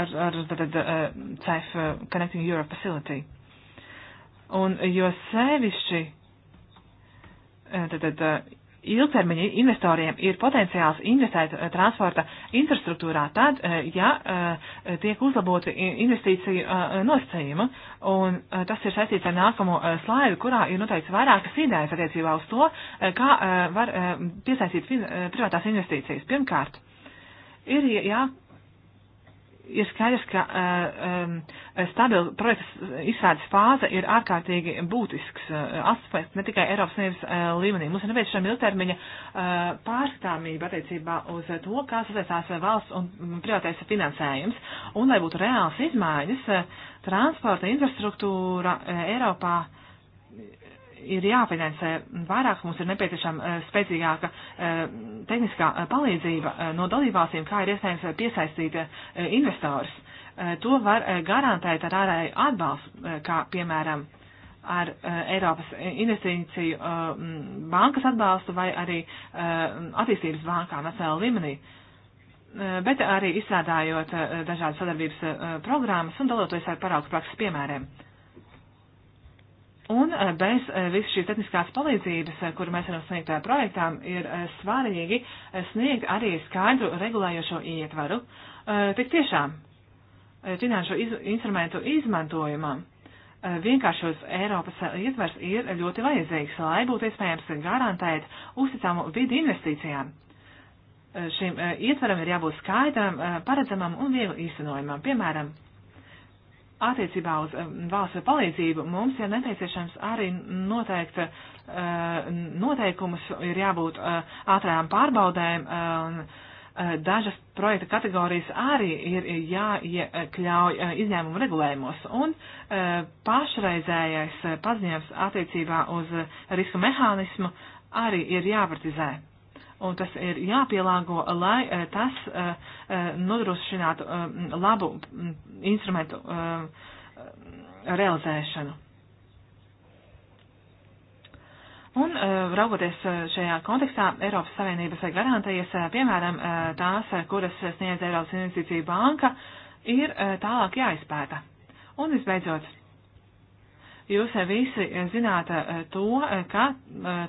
Ar, ar tātad, CEF Connecting Europe Facility. Un jo sevišķi tātad, ilgtermiņa investoriem ir potenciāls investēt eh, transporta infrastruktūrā tad, eh, ja eh, tiek uzlaboti investīciju nosacījumi. Un tas ir saistīts ar nākamo slaidu, kurā ir noteikts vairākas idejas attiecībā uz to, kā var piesaistīt privātās investīcijas. Pirmkārt, ir jā ir skaidrs, ka uh, um, stabila projekta izstrādes fāze ir ārkārtīgi būtisks uh, aspekts ne tikai Eiropas Savienības uh, līmenī. Mums ir nepieciešama ilgtermiņa uh, pārskatāmība attiecībā uz to, kā sasaistās valsts un privātais finansējums. Un, lai būtu reāls izmaiņas, uh, transporta infrastruktūra uh, Eiropā uh, ir jāfinansē vairāk, mums ir nepieciešama eh, spēcīgāka eh, tehniskā eh, palīdzība no dalībvalstīm, kā ir iespējams piesaistīt investors. To var garantēt ar ārēju atbalstu, kā piemēram ar Eiropas investīciju bankas atbalstu vai arī attīstības bankā nacionāla līmenī bet arī izstrādājot dažādas sadarbības programmas un daloties ar paraugu prakses piemēriem. Un eh, bez eh, visas šīs tehniskās palīdzības, eh, kuru mēs varam sniegt projektām, ir svarīgi sniegt arī skaidru regulējošo ietvaru. Tik tiešām finanšu iz, instrumentu izmantojumam vienkāršos Eiropas ietvers ir ļoti vajadzīgs, lai būtu iespējams garantēt uzticamu vidu investīcijām. Šim ietveram ir jābūt skaidram, paredzamam un viegli īstenojumam. Piemēram, attiecībā uz um, valsts palīdzību mums ir nepieciešams arī noteikta uh, noteikumus, ir jābūt uh, ātrām pārbaudēm, un uh, dažas projekta kategorijas arī ir jāiekļauj izņēmumu regulējumos. Un pašreizējais paziņojums attiecībā uz risku mehānismu arī ir jāpartizē un tas ir jāpielāgo, lai eh, tas eh, eh, nodrošinātu labu mm, instrumentu realizēšanu. Un raugoties šajā kontekstā, Eiropas Savienības garantējas, piemēram, tās, kuras sniedz Eiropas Investīcija banka, ir tālāk jāizpēta. Un visbeidzot, Jūs eh, visi eh, zināt eh, to, ka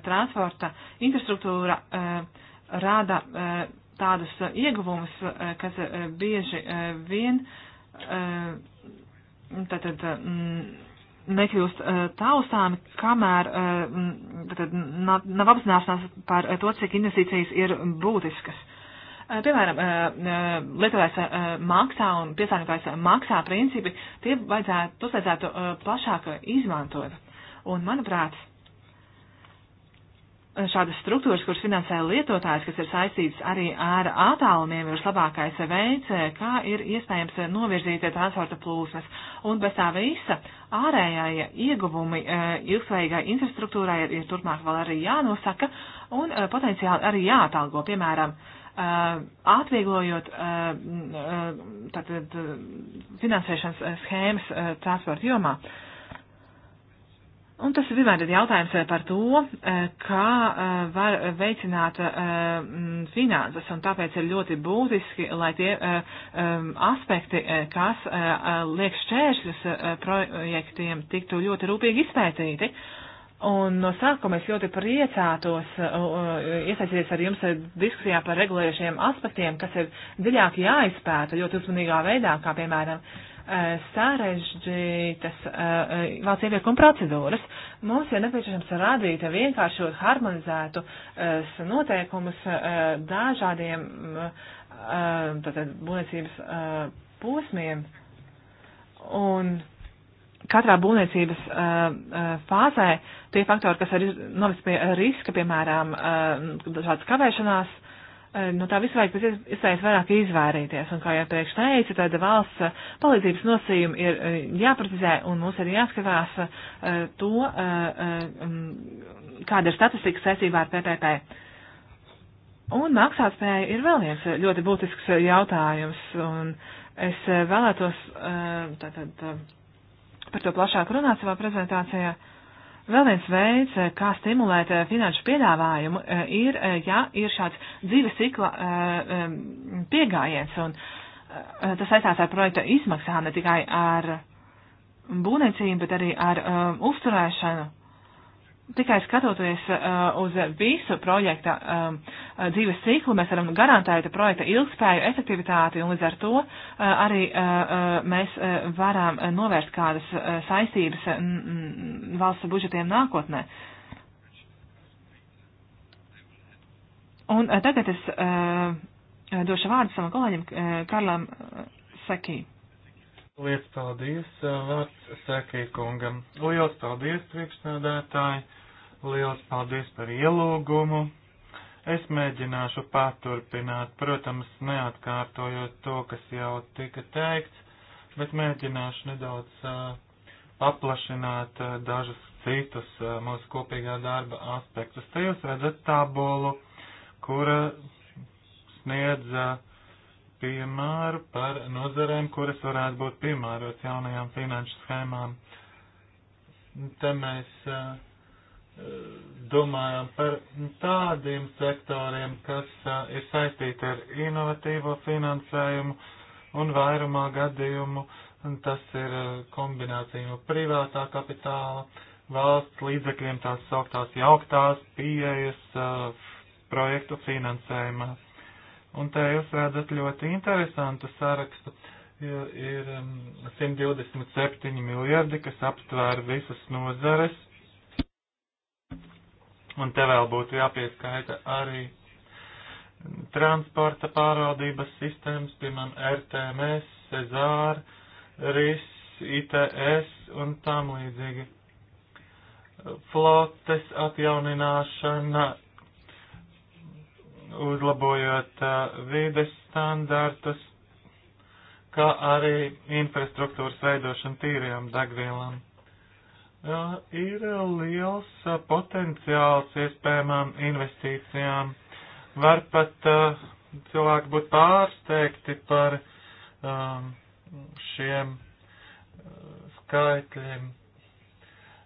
transporta infrastruktūra rāda tādus ieguvumus, kas bieži vien tātad, nekļūst taustāmi, kamēr tātad, nav apzināšanās par to, cik investīcijas ir būtiskas. Eh, piemēram, eh, eh, lietotājs maksā un piesārņotājs maksā principi, tie vajadzētu, tos vajadzētu plašāk izmantot. Un, manuprāt, šādas struktūras, kuras finansē lietotājs, kas ir saistītas arī ar attālumiem, ir labākais veids, kā ir iespējams novirzīt transporta plūsmas. Un bez tā visa ārējā ieguvumi ilgspējīgai infrastruktūrai ir, ir turpmāk vēl arī jānosaka un potenciāli arī jāatalgo, piemēram, Uh, atvieglojot uh, mm, uh, tātad, finansēšanas schēmas transporta jomā. Un tas vienmēr ir jautājums par to, kā var veicināt mm, finanses, un tāpēc ir ļoti būtiski, lai tie um, aspekti, kas liek šķēršļus projektiem, tiktu ļoti rūpīgi izpētīti. Uh, Un no sākuma es ļoti priecātos uh, uh, iesaistīties ar jums uh, diskusijā par regulējušiem aspektiem, kas ir dziļāk jāizpēta ļoti uzmanīgā veidā, kā piemēram sarežģītas valsts iepirkuma procedūras. Mums ir nepieciešams radīt vienkāršot, harmonizētu noteikumus dažādiem tātad būvniecības posmiem. Un katrā būvniecības fāzē tie faktori, kas ir novest pie riska, piemēram, dažādas kavēšanās, no tā visu vajag pēc iespējas vairāk izvairīties. Un, kā jau priekš teicu, tāda valsts palīdzības nosījuma ir jāprecizē un mums ir jāskatās to, kāda ir statistika saistībā ar PPP. Un maksātspēja ir vēl viens ļoti būtisks jautājums, un es vēlētos tātad. Tā, tā, par to plašāk runāt savā prezentācijā. Vēl viens veids, eh, kā stimulēt eh, finanšu piedāvājumu, eh, ir, ja ir šāds dzīves cikla piegājiens, un tas saistās ar projekta izmaksām, ne tikai ar būvniecību, bet arī ar uzturēšanu tikai skatoties uh, uz visu projekta um, uh, dzīves ciklu, mēs varam garantēt projekta ilgspēju, efektivitāti un līdz ar to uh, arī uh, uh mēs uh, varam novērst kādas uh, saistības mm, valsts budžetiem nākotnē. Un uh, tagad es uh, došu vārdu savam kolēģim uh, Karlam uh, Sekī. Lielas paldies, uh, vārds Sekī kungam. Lielas paldies, priekšnādātāji. Uh, Liels paldies par ielūgumu. Es mēģināšu paturpināt, protams, neatkārtojot to, kas jau tika teikts, bet mēģināšu nedaudz uh, paplašināt uh, dažus citus uh, mūsu kopīgā darba aspektus. Te jūs redzat tabulu, kura sniedz piemēru par nozarēm, kuras varētu būt piemērots jaunajām finanšu schēmām. Te mēs uh, domājam par tādiem sektoriem, kas uh, ir saistīti ar inovatīvo finansējumu un vairumā gadījumu, un tas ir kombinācija no privātā kapitāla, valsts līdzekļiem tās sauktās jauktās pieejas uh, projektu finansējumā. Un te jūs redzat ļoti interesantu sarakstu. Ir um, 127 miljardi, kas aptvēr visas nozares, Un te vēl būtu jāpieskaita arī transporta pārvaldības sistēmas, piemēram, RTMS, Cezār, RIS, ITS un tam līdzīgi. Flotes atjaunināšana, uzlabojot vides standartus, kā arī infrastruktūras veidošana tīrajām degvielām ir liels potenciāls iespējamām investīcijām. Var pat cilvēki būt pārsteigti par šiem skaitļiem.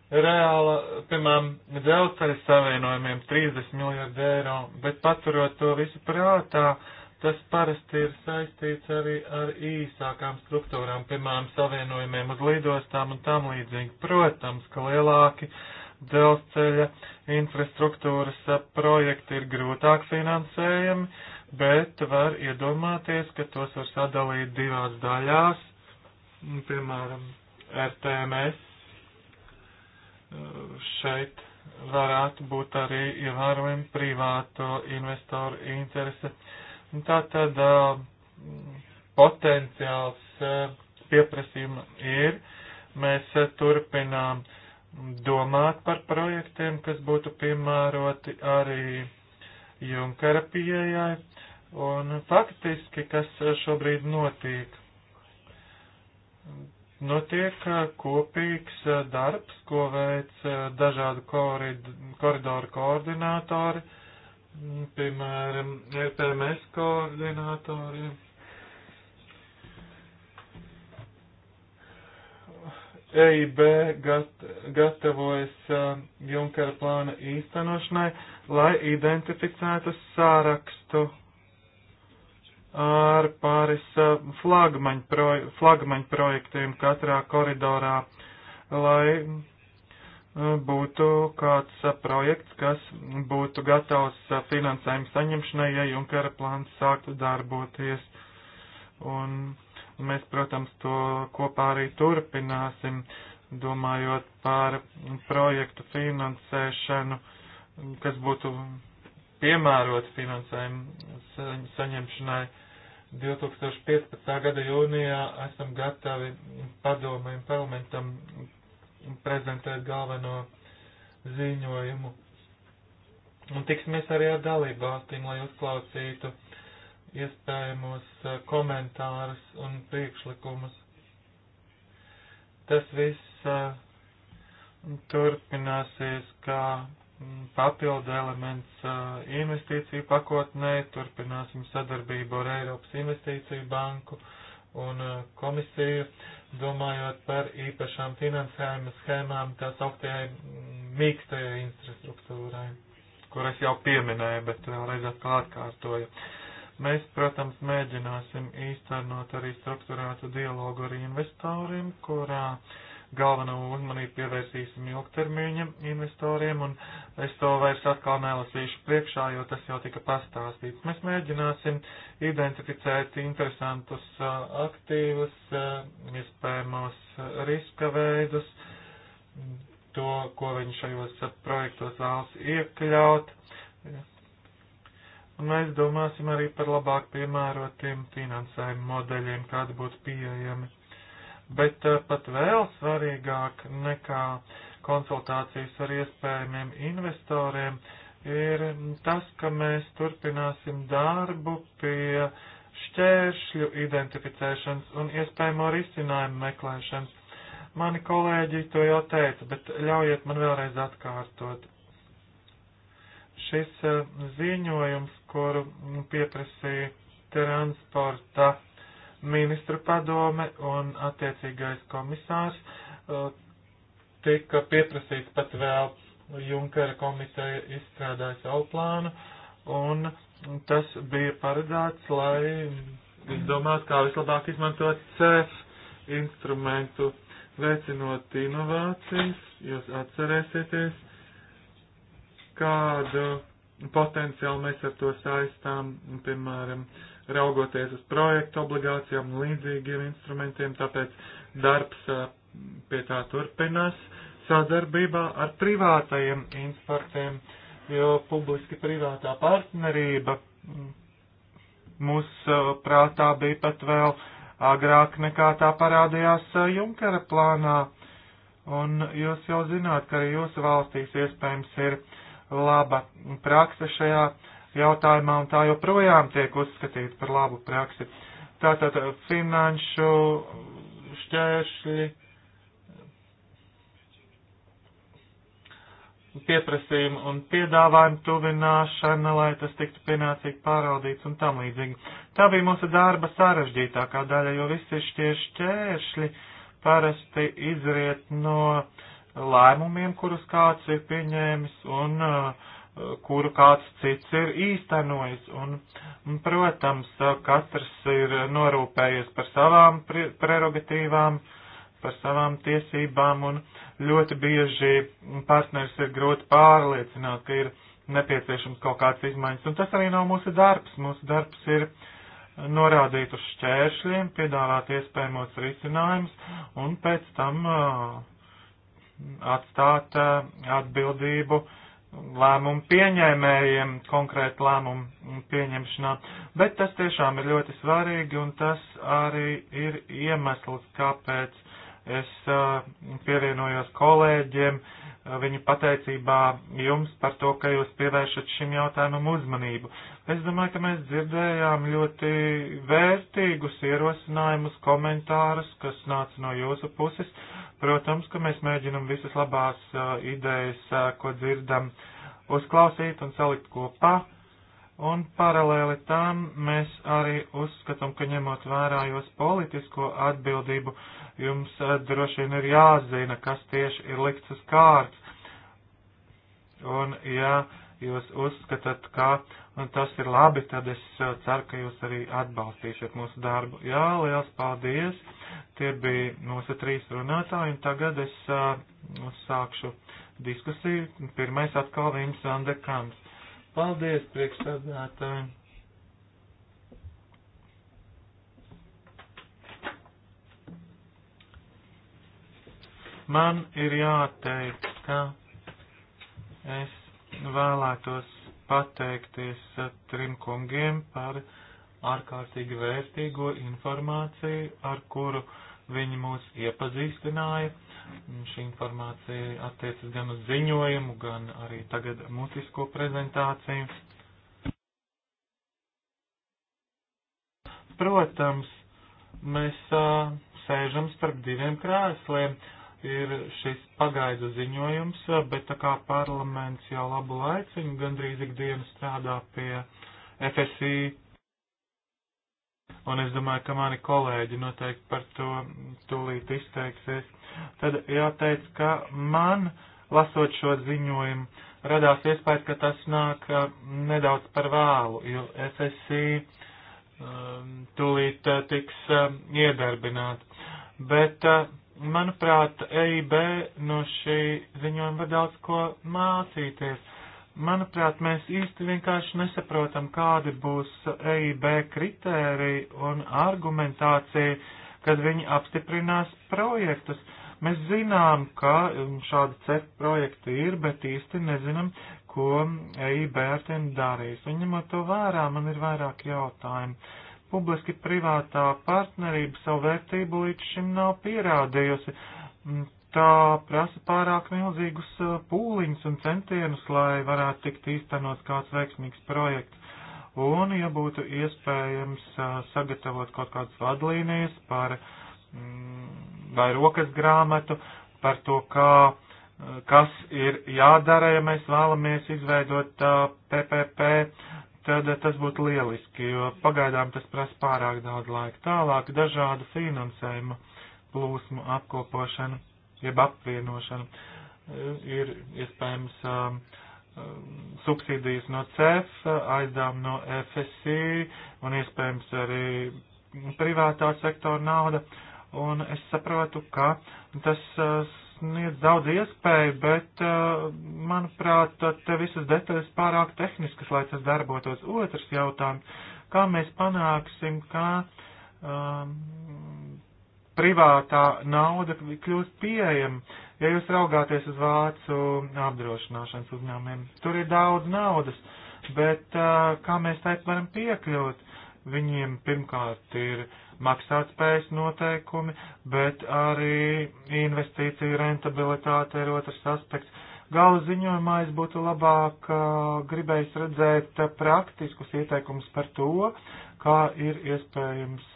Reāla, piemēram, dzelzceļa savienojumiem 30 miljardi eiro, bet paturot to visu prātā, Tas parasti ir saistīts arī ar īsākām struktūrām, piemēram, savienojumiem uz lidostām un tam līdzīgi. Protams, ka lielāki dzelzceļa infrastruktūras projekti ir grūtāk finansējami, bet var iedomāties, ka tos var sadalīt divās daļās, piemēram, RTMS. Uh, šeit varētu būt arī ievērojami privāto investoru interese. Uh, Nu, tā tad potenciāls pieprasījuma ir. Mēs turpinām domāt par projektiem, kas būtu piemēroti arī Junkara pieejai. Un faktiski, kas šobrīd notiek? Notiek kopīgs darbs, ko veic dažādu koridoru koordinātori Mm, piemēram, RPMS e koordinātoriem. EIB gat, gatavojas uh, Junkera plāna īstenošanai, lai identificētu sārakstu ar pāris uh, flagmaņu, proje, flagmaņu projektiem katrā koridorā, lai būtu kāds uh, projekts, kas būtu gatavs uh, finansējumu saņemšanai, ja Junkara plāns sāktu darboties. Un mēs, protams, to kopā arī turpināsim, domājot par projektu finansēšanu, kas būtu piemērots finansējumu saņemšanai. 2015. gada jūnijā esam gatavi padomēm parlamentam prezentēt galveno ziņojumu. Un tiksimies arī ar dalību valstīm, lai uzklausītu iespējamos eh, komentārus un priekšlikumus. Tas viss eh, turpināsies kā mm, papildu elements eh, investīciju pakotnē, turpināsim sadarbību ar Eiropas investīciju banku un komisiju domājot par īpašām finansējuma schēmām, tā sauktajai mm, mīkstajai infrastruktūrai, kuras jau pieminēju, bet vēlreiz atkal atkārtoju. Mēs, protams, mēģināsim īstenot arī struktūrētu dialogu ar investoriem, kurā uh, galveno uzmanību pievērsīsim ilgtermiņa investoriem, un es to vairs atkal nelasīšu priekšā, jo tas jau tika pastāstīts. Mēs mēģināsim identificēt interesantus aktīvus, iespējamos riska veidus, to, ko viņi šajos projektos vēlas iekļaut. Un mēs domāsim arī par labāk piemērotiem finansējuma modeļiem, kādi būtu pieejami bet eh, pat vēl svarīgāk nekā konsultācijas ar iespējamiem investoriem ir tas, ka mēs turpināsim darbu pie šķēršļu identificēšanas un iespējamo risinājumu meklēšanas. Mani kolēģi to jau teica, bet ļaujiet man vēlreiz atkārtot. Šis eh, ziņojums, kuru pieprasīja transporta ministru padome un attiecīgais komisārs uh, tika pieprasīts pat vēl Junkera komiteja izstrādāja savu plānu, un tas bija paredzēts, lai izdomātu, kā vislabāk izmantot CEF instrumentu, veicinot inovācijas, jūs atcerēsieties, kādu potenciāli mēs ar to saistām, piemēram, uh, raugoties uz projektu obligācijām un līdzīgiem instrumentiem, tāpēc darbs pie tā turpinās sadarbībā ar privātajiem instrumentiem, jo publiski privātā partnerība mūs prātā bija pat vēl agrāk nekā tā parādījās Junkera plānā. Un jūs jau zināt, ka arī jūsu valstīs iespējams ir laba praksa šajā jautājumā, un tā joprojām tiek uzskatīta par labu praksi. Tātad finanšu šķēršļi. pieprasījumu un piedāvājumu tuvināšana, lai tas tiktu pienācīgi pāraudīts un tam līdzīgi. Tā bija mūsu darba sarežģītākā daļa, jo visi šie šķēršļi parasti izriet no lēmumiem, kurus kāds ir pieņēmis un uh, kuru kāds cits ir īstenojis. Un, protams, katrs ir norūpējies par savām prerogatīvām, par savām tiesībām, un ļoti bieži partneris ir grūti pārliecināt, ka ir nepieciešams kaut kāds izmaiņas. Un tas arī nav mūsu darbs. Mūsu darbs ir norādīt uz šķēršļiem, piedāvāt iespējamos risinājumus un pēc tam uh, atstāt uh, atbildību uh, lēmumu pieņēmējiem, konkrēti lēmumu pieņemšanā, bet tas tiešām ir ļoti svarīgi un tas arī ir iemesls, kāpēc es uh, pievienojos kolēģiem uh, viņu pateicībā jums par to, ka jūs pievēršat šim jautājumam uzmanību. Es domāju, ka mēs dzirdējām ļoti vērtīgus ierosinājumus, komentārus, kas nāca no jūsu puses Protams, ka mēs mēģinam visas labās uh, idejas, uh, ko dzirdam, uzklausīt un salikt kopā. Un paralēli tam mēs arī uzskatām, ka ņemot vērā jūs politisko atbildību, jums uh, droši vien ir jāzina, kas tieši ir likts uz kārts. Un ja jūs uzskatāt, ka un tas ir labi, tad es eh, ceru, ka jūs arī atbalstīsiet mūsu darbu. Jā, liels paldies! Tie bija mūsu trīs runātāji, un tagad es eh, sākšu diskusiju. Pirmais atkal Vīms Andekams. Paldies, priekšsādātāji! Man ir jāteic, ka es vēlētos pateikties eh, trim kungiem par ārkārtīgi vērtīgo informāciju, ar kuru viņi mūs iepazīstināja. Šī informācija attiecas gan uz ziņojumu, gan arī tagad mutisko prezentāciju. Protams, mēs uh, sēžam starp diviem krēsliem. Uh, ir šis pagaidu ziņojums, bet tā kā parlaments jau labu laiciņu gandrīz ikdienu strādā pie FSI, un es domāju, ka mani kolēģi noteikti par to tūlīt izteiksies, tad jāteic, ka man, lasot šo ziņojumu, radās iespējas, ka tas nāk uh, nedaudz par vēlu, jo FSI um, tūlīt uh, tiks um, iedarbināt. Bet uh, Manuprāt, EIB no šī ziņojuma var daudz ko mācīties. Manuprāt, mēs īsti vienkārši nesaprotam, kādi būs EIB kritēriji un argumentācija, kad viņi apstiprinās projektus. Mēs zinām, ka šādi CEF projekti ir, bet īsti nezinām, ko EIB ar tiem darīs. Un ņemot to vērā, man ir vairāk jautājumu publiski privātā partnerība savu vērtību līdz šim nav pierādījusi. Mm, Tā prasa pārāk milzīgus uh, pūliņus un centienus, lai varētu tikt īstenots kāds veiksmīgs projekts. Un, ja būtu iespējams uh, sagatavot kaut kādas vadlīnijas par mm, vai rokas grāmatu, par to, kā, uh, kas ir jādara, ja mēs vēlamies izveidot PPP, tad tas būtu lieliski, jo pagaidām tas prasa pārāk daudz laika. Tālāk dažādu finansējumu plūsmu apkopošana, jeb apvienošana e, ir iespējams um, um subsīdijas no CEF, aizdām no FSI un iespējams arī privātā sektora nauda. Un es saprotu, ka tas uh, sniedz daudz iespēju, bet, uh, manuprāt, te visas detaļas pārāk tehniskas, lai tas darbotos. Otrs jautājums - kā mēs panāksim, ka um, privātā nauda kļūst pieejama? Ja jūs raugāties uz vācu apdrošināšanas uzņēmumiem, tur ir daudz naudas, bet uh, kā mēs tai varam piekļūt? Viņiem pirmkārt ir uh, maksātspējas noteikumi, bet arī investīciju rentabilitāte ir otrs aspekts. Gala ziņojumā es būtu labāk gribējis redzēt praktiskus ieteikumus par to, kā ir iespējams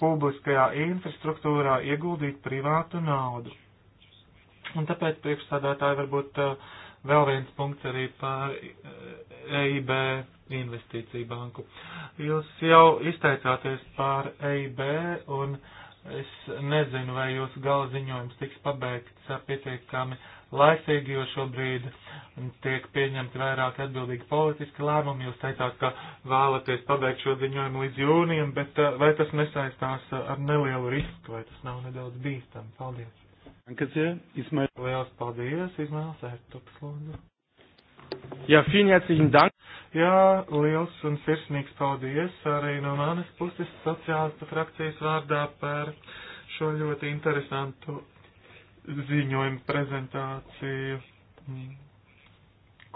publiskajā infrastruktūrā ieguldīt privātu naudu. Un tāpēc priekšsādātāji varbūt uh, Vēl viens punkts arī par EIB eh, e investīciju banku. Jūs jau izteicāties par EIB un es nezinu, vai jūsu gala ziņojums tiks pabeigts pietiekami laicīgi, jo šobrīd tiek pieņemti vairāk atbildīgi politiski lēmumi. Jūs teicāt, ka vēlaties pabeigt šo ziņojumu līdz jūnijam, bet eh, vai tas nesaistās ar nelielu risku, vai tas nav nedaudz bīstami? Paldies! Kas ir? Izmēr. Liels paldies, Izmēls Ertuks, lūdzu. Jā, vielen herzlichen Dank. Jā, liels un sirsnīgs paldies arī no manas puses sociālistu frakcijas vārdā par šo ļoti interesantu ziņojumu prezentāciju,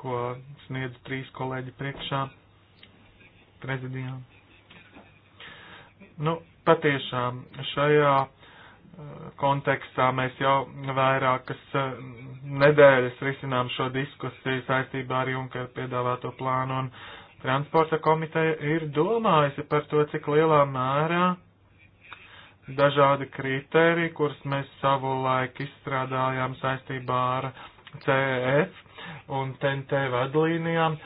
ko sniedz trīs kolēģi priekšā prezidijām. Nu, patiešām šajā kontekstā mēs jau vairākas eh, nedēļas risinām šo diskusiju saistībā ar Junkeru piedāvāto plānu, un transporta komiteja ir domājusi par to, cik lielā mērā dažādi kriteriji, kurus mēs savu laiku izstrādājām saistībā ar CEF un TNT vadlīnijām,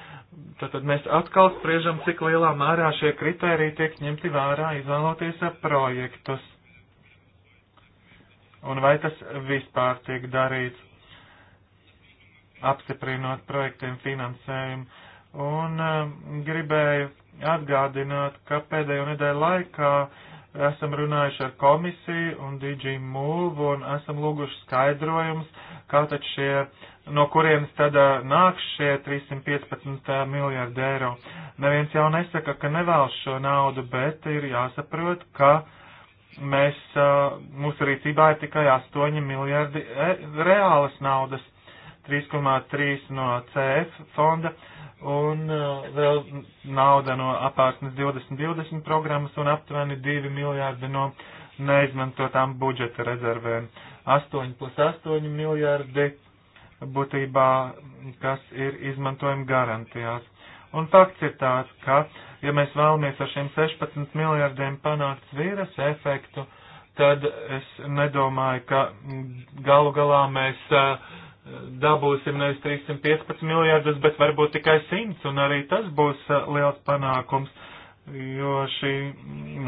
tad mēs atkal spriežam, cik lielā mērā šie kriteriji tiek ņemti vērā, izvēloties projektus un vai tas vispār tiek darīts, apstiprinot projektiem finansējumu. Un uh, gribēju atgādināt, ka pēdējo nedēļu laikā esam runājuši ar komisiju un DG Move un esam lūguši skaidrojumus, kā tad šie, no kurienes tad uh, nāk šie 315 uh, miljārdi eiro. Neviens jau nesaka, ka nevēlas šo naudu, bet ir jāsaprot, ka uh, mēs, uh, mūsu rīcībā ir tikai 8 miljardi e, reālas naudas, 3,3 no CF fonda un uh, vēl nauda no apārsnes 2020 programmas un aptuveni 2 miljardi no neizmantotām budžeta rezervēm. 8 plus 8 miljardi būtībā, kas ir izmantojumi garantijās. Un fakts ir tāds, ka uh, Ja mēs vēlamies ar šiem 16 miljardiem panākt svīras efektu, tad es nedomāju, ka galu galā mēs dabūsim nevis 315 miljardus, bet varbūt tikai 100, un arī tas būs liels panākums, jo šī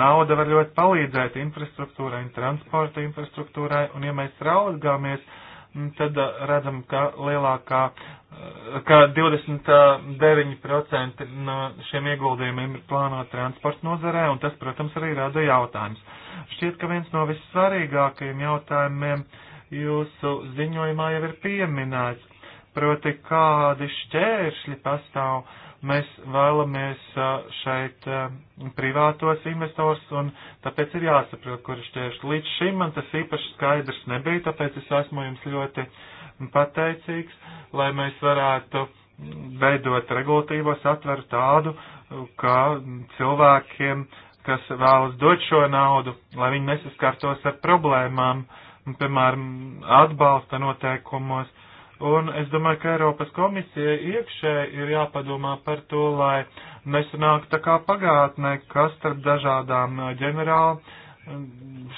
nauda var ļoti palīdzēt infrastruktūrai, transporta infrastruktūrai, un ja mēs raudgāmies, tad uh, redzam, ka lielākā, uh, ka 29% no šiem ieguldījumiem ir plānoti transporta nozarē, un tas, protams, arī rada jautājums. Šķiet, ka viens no vissvarīgākajiem jautājumiem jūsu ziņojumā jau ir pieminēts, proti kādi šķēršļi pastāv Mēs vēlamies šeit privātos investors, un tāpēc ir jāsaprot, kurš tieši līdz šim man tas īpaši skaidrs nebija, tāpēc es esmu jums ļoti pateicīgs, lai mēs varētu veidot regulatīvos atveru tādu, ka cilvēkiem, kas vēlas dot šo naudu, lai viņi nesaskartos ar problēmām, piemēram, atbalsta noteikumos, Un es domāju, ka Eiropas komisija iekšē ir jāpadomā par to, lai nesanāk tā kā pagātnē, kas starp dažādām uh, ģenerālu um,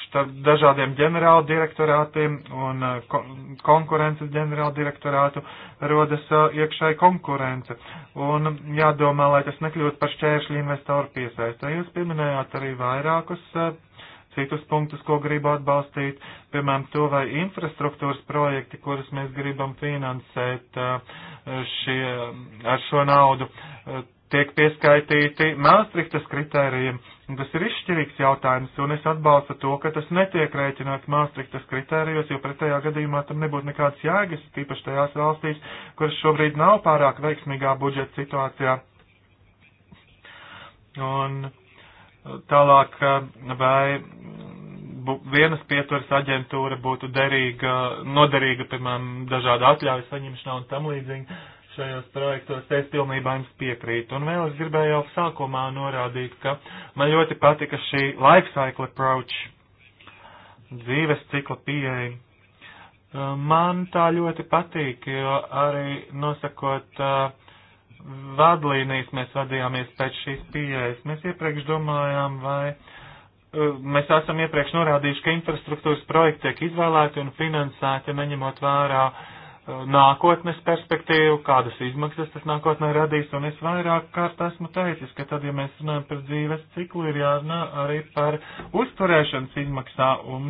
starp dažādiem ģenerāla direktorātiem un uh, ko konkurences ģenerāla direktorātu rodas uh, iekšai konkurence. Un jādomā, lai tas nekļūtu par šķēršļu investoru piesaistē. Jūs pieminējāt arī vairākus citus punktus, ko gribu atbalstīt, piemēram, to vai infrastruktūras projekti, kurus mēs gribam finansēt eh, šie, ar šo naudu, eh, tiek pieskaitīti Māstrihtas kritērijiem. Tas ir izšķirīgs jautājums, un es atbalstu to, ka tas netiek rēķināts Māstrihtas kritērijos, jo pretējā gadījumā tam nebūtu nekādas jēgas, tīpaši tajās valstīs, kuras šobrīd nav pārāk veiksmīgā budžeta situācijā. Un Tālāk, eh, vai vienas pieturas aģentūra būtu derīga, noderīga, piemēram, dažādu atļauju saņemšanā un tam līdzīgi šajos projektos, es pilnībā jums piekrītu. Un vēl es gribēju jau sākumā norādīt, ka man ļoti patika šī life cycle approach, dzīves cikla pieeja. Eh, man tā ļoti patīk, jo arī nosakot uh, vadlīnijas mēs vadījāmies pēc šīs pieejas. Mēs iepriekš domājām, vai eh, mēs esam iepriekš norādījuši, ka infrastruktūras projekti tiek izvēlēti un finansēti, neņemot vērā uh, Eh, nākotnes perspektīvu, kādas izmaksas tas nākotnē radīs, un es vairāk kārt esmu teicis, ka tad, ja mēs runājam par dzīves ciklu, ir jārunā arī par uzturēšanas izmaksā, un,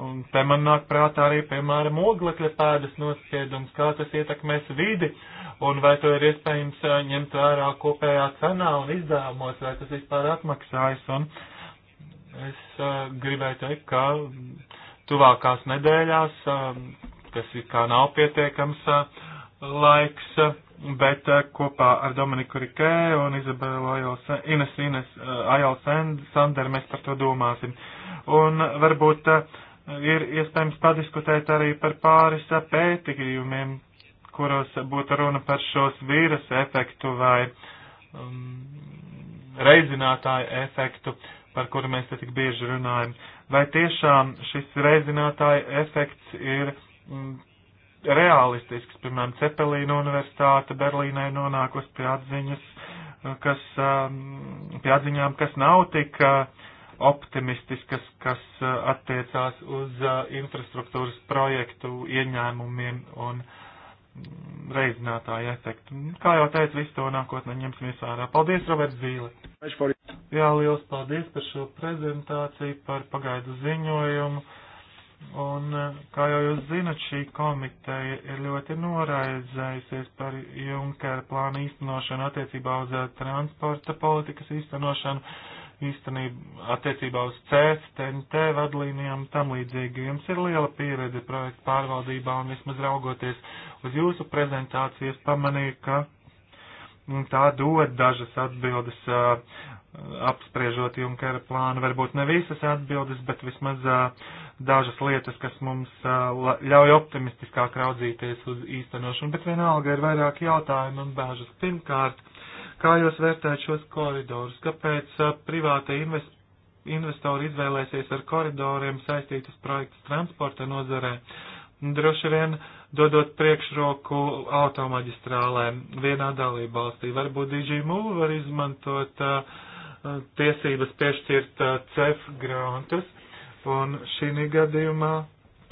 un te man nāk prātā arī, piemēram, oglekļa pēdas nospiedums, kā tas ietekmēs vidi, un vai to ir iespējams eh, ņemt vērā kopējā cenā un izdevumos, vai tas vispār atmaksājas, un es uh, gribēju teikt, ka tuvākās nedēļās uh, Tas ir kā nav pietiekams laiks, bet kopā ar Dominiku Rikē un Izabelu Ines, Ines Ajals Sander mēs par to domāsim. Un varbūt ir iespējams padiskutēt arī par pāris pētījumiem, kuros būtu runa par šos vīras efektu vai um, reizinātāju efektu, par kuru mēs te tik bieži runājam. Vai tiešām šis reizinātāju efekts ir Mm, realistisks. Piemēram, Cepelīna universitāte Berlīnē nonākusi pie atziņas, kas, um, pie atziņām, kas nav tik uh, optimistiskas, kas uh, attiecās uz uh, infrastruktūras projektu ieņēmumiem un mm, reizinātāju efektu. Kā jau teicu, visu to nākotnē ņemsimies vērā. Paldies, Roberts Zīle! Jā, liels paldies par šo prezentāciju, par pagaidu ziņojumu Un, e, kā jau jūs zinat, šī komiteja ir ļoti noraizējusies par Junkera plānu īstenošanu attiecībā uz e, transporta politikas īstenošanu, īstenību attiecībā uz CEF, TNT vadlīnijām un tam līdzīgi. Jums ir liela pieredze projektu pārvaldībā un vismaz raugoties uz jūsu prezentāciju, es pamanīju, ka mm, tā dod dažas atbildes e, apspriežot Junkera plānu. Varbūt ne visas atbildes, bet vismaz uh, dažas lietas, kas mums ļauj optimistiskāk raudzīties uz īstenošanu, bet vienalga ir vairāk jautājumu un bāžas. Pirmkārt, kā jūs vērtējat šos koridorus? Kāpēc privāta invest investori izvēlēsies ar koridoriem saistītas projektas transporta nozarē? Droši vien dodot priekšroku automaģistrālēm vienā dalībvalstī. Varbūt DigiMu var izmantot uh, tiesības piešķirt uh, CEF grantus, Un šī gadījumā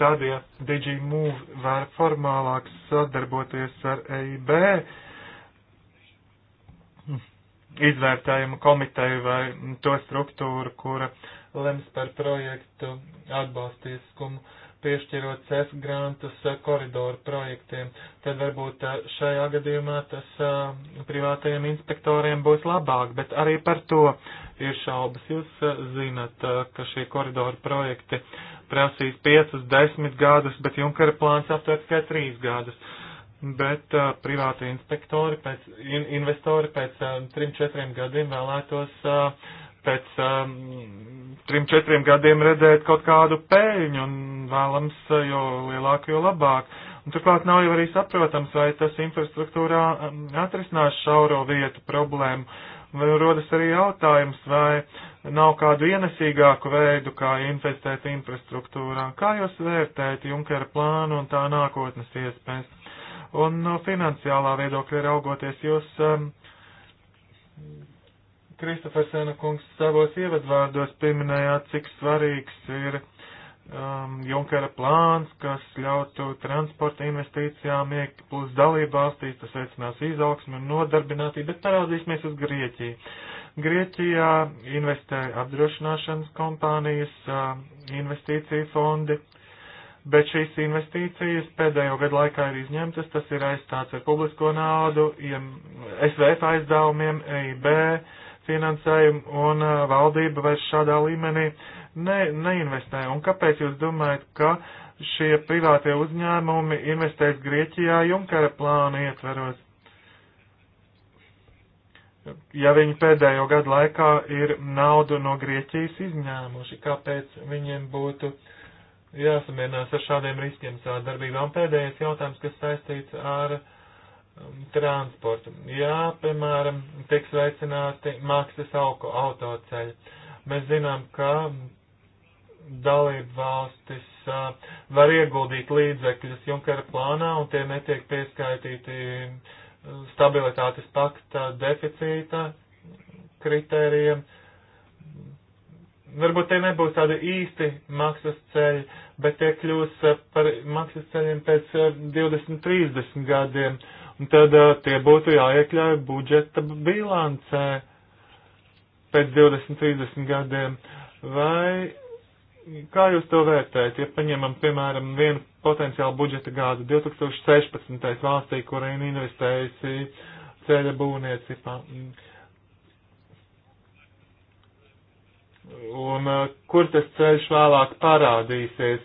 tad, ja DigiMove var formālāk sadarboties ar EIB, izvērtējuma komiteju vai to struktūru, kura lems par projektu atbalstīskumu, piešķirot CEF grantus eh, koridoru projektiem. Tad varbūt eh, šajā gadījumā tas eh, privātajiem inspektoriem būs labāk, bet arī par to ir šaubas. Jūs zinat, ka šie koridoru projekti prasīs 5, 10 gadus, bet Junkara plāns aptver tikai 3 gadus. Bet uh, privāti inspektori, pēc, in, investori pēc uh, 3-4 gadiem vēlētos uh, pēc um, trim, četriem gadiem redzēt kaut kādu peļņu un vēlams uh, jo lielāku, jo labāk. Un turklāt nav jau arī saprotams, vai tas infrastruktūrā um, atrisinās šauro vietu problēmu. Rodas arī jautājums, vai nav kādu ienesīgāku veidu, kā investēt infrastruktūrā. Kā jūs vērtējat Junkera plānu un tā nākotnes iespējas? Un no finansiālā viedokļa raugoties, jūs um, Kristofersēna kungs savos ievadvārdos pieminējāt, cik svarīgs ir um, Junkera plāns, kas ļautu transporta investīcijām iekt plus dalību valstīs, tas veicinās izaugsmi un nodarbinātību, bet parādīsimies uz Grieķiju. Grieķijā investē apdrošināšanas kompānijas, uh, um, investīciju fondi, bet šīs investīcijas pēdējo gadu laikā ir izņemtas, tas ir aizstāts ar publisko naudu, ja SVF aizdevumiem, EIB, uh, finansējumu, un uh, valdība vairs šādā līmenī ne, neinvestē. Un kāpēc jūs domājat, ka šie privātie uzņēmumi investēs Grieķijā Junkara plānu ietveros? Ja viņi pēdējo gadu laikā ir naudu no Grieķijas izņēmuši, kāpēc viņiem būtu jāsamierinās ar šādiem riskiem, šādām darbībām? Pēdējais jautājums, kas saistīts ar uh, Um, transportu. Jā, piemēram, tiks veicināti maksas auku autoceļi. Mēs zinām, ka dalību valstis uh, var ieguldīt līdzekļus Junkera plānā un tie netiek pieskaitīti uh, stabilitātes pakta deficīta kritērijiem. Varbūt tie nebūs tādi īsti maksas ceļi, bet tie kļūs uh, par maksas ceļiem pēc 20-30 uh, gadiem. Uh, tad uh, tie būtu jāiekļauj budžeta bilancē pēc 20, 30 gadiem. Vai kā jūs to vērtējat, ja paņemam, piemēram, vienu potenciālu budžeta gadu 2016. valstī, kurien investējusi ceļa būvniecībā? Un uh, kur tas ceļš vēlāk parādīsies?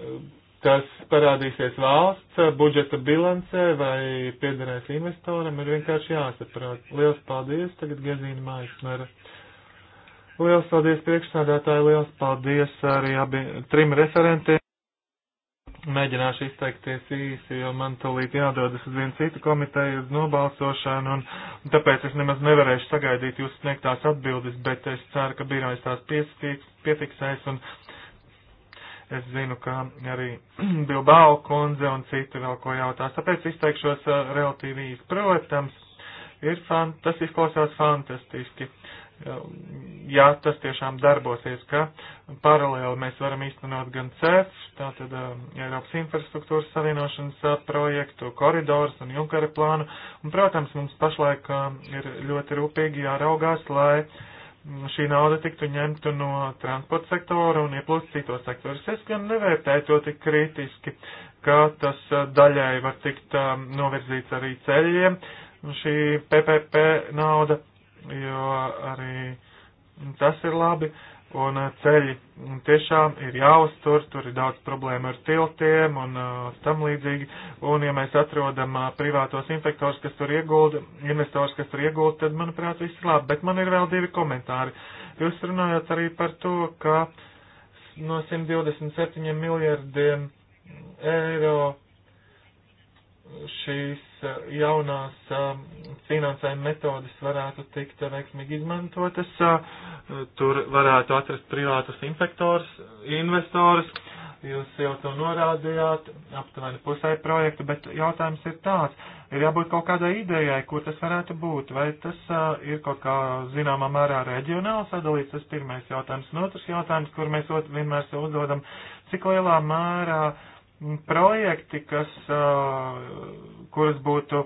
Uh, Tas parādīsies valsts budžeta bilancē vai piederēs investoram, ir vienkārši jāsaprot. Liels paldies, tagad Gezīna Maismera. Liels paldies priekšsādātāji, liels paldies arī abi trim referentiem. Mēģināšu izteikties īsi, jo man tūlīt jādodas uz vienu citu komiteju uz nobalsošanu, un tāpēc es nemaz nevarēšu sagaidīt jūs sniegtās atbildes, bet es ceru, ka birojs tās piefiksēs un Es zinu, ka arī Bilbao kundze un citi vēl ko jautās, tāpēc izteikšos uh, relatīvi īsti. Protams, ir fan, tas izklausās fantastiski. Jā, tas tiešām darbosies, ka paralēli mēs varam īstenot gan CEF, tātad uh, Eiropas infrastruktūras savienošanas uh, projektu, koridors un Junkara plānu. Un, protams, mums pašlaik ir ļoti rūpīgi jāraugās, lai uh, šī nauda tiktu ņemta no transporta sektora un ieplūst citos sektorus. Es gan nevērtēju to tik kritiski, kā tas eh, daļai var tikt um, novirzīts arī ceļiem, šī PPP nauda, jo arī tas ir labi. Uh, un eh, ceļi tiešām ir jāuztur, tur ir daudz problēmu ar tiltiem un uh, tam līdzīgi, un ja mēs atrodam uh, privātos infektors, kas tur iegulda, investors, kas tur iegulda, tad, manuprāt, viss ir labi, bet man ir vēl divi komentāri. Jūs runājat arī par to, ka no 127 miljardiem eiro šīs jaunās finansējuma metodas varētu tikt veiksmīgi izmantotas. Tur varētu atrast privātus infektorus, investorus. Jūs jau to norādījāt, aptuveni pusē projektu, bet jautājums ir tāds, ir jābūt kaut kādai idejai, kur tas varētu būt, vai tas uh, ir kaut kā zināmā mērā reģionāli sadalīts, tas pirmais jautājums. Un otrs jautājums, kur mēs vienmēr sev uzdodam, cik lielā mērā uh, projekti, kas uh, kuras būtu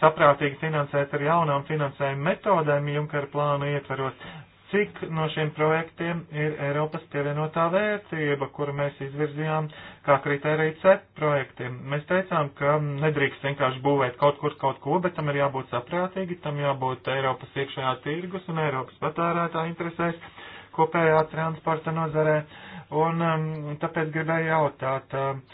saprātīgi finansēt ar jaunām finansējuma metodēm Junkara plānu ietveros. Cik no šiem projektiem ir Eiropas pievienotā vērtība, kuru mēs izvirzījām kā kritēriju CEP projektiem? Mēs teicām, ka nedrīkst vienkārši būvēt kaut kur kaut ko, bet tam ir jābūt saprātīgi, tam jābūt Eiropas iekšējā tirgus un Eiropas patērētā interesēs kopējā transporta nozarē. Un um, tāpēc gribēju jautāt. Um,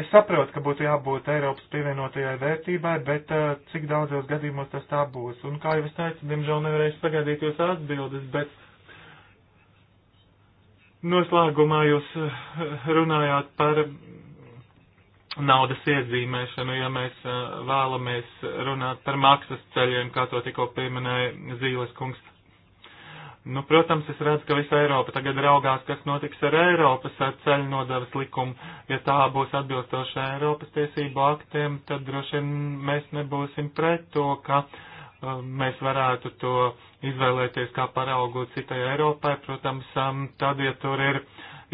Es saprotu, ka būtu jābūt Eiropas pievienotajai vērtībai, bet eh, cik daudzos gadījumos tas tā būs. Un kā jau es teicu, diemžēl nevarēšu sagaidīt jūs atbildes, bet noslēgumā jūs eh, runājāt par naudas iedzīmēšanu, ja mēs eh, vēlamies runāt par maksas ceļiem, kā to tikko pieminēja Zīles kungs. Nu, protams, es redzu, ka visa Eiropa tagad raugās, kas notiks ar Eiropas ar ceļu nodevas likumu. Ja tā būs atbilstoša Eiropas tiesību aktiem, tad droši vien mēs nebūsim pret to, ka um, mēs varētu to izvēlēties kā paraugu citai Eiropai. Protams, um, tad, ja tur ir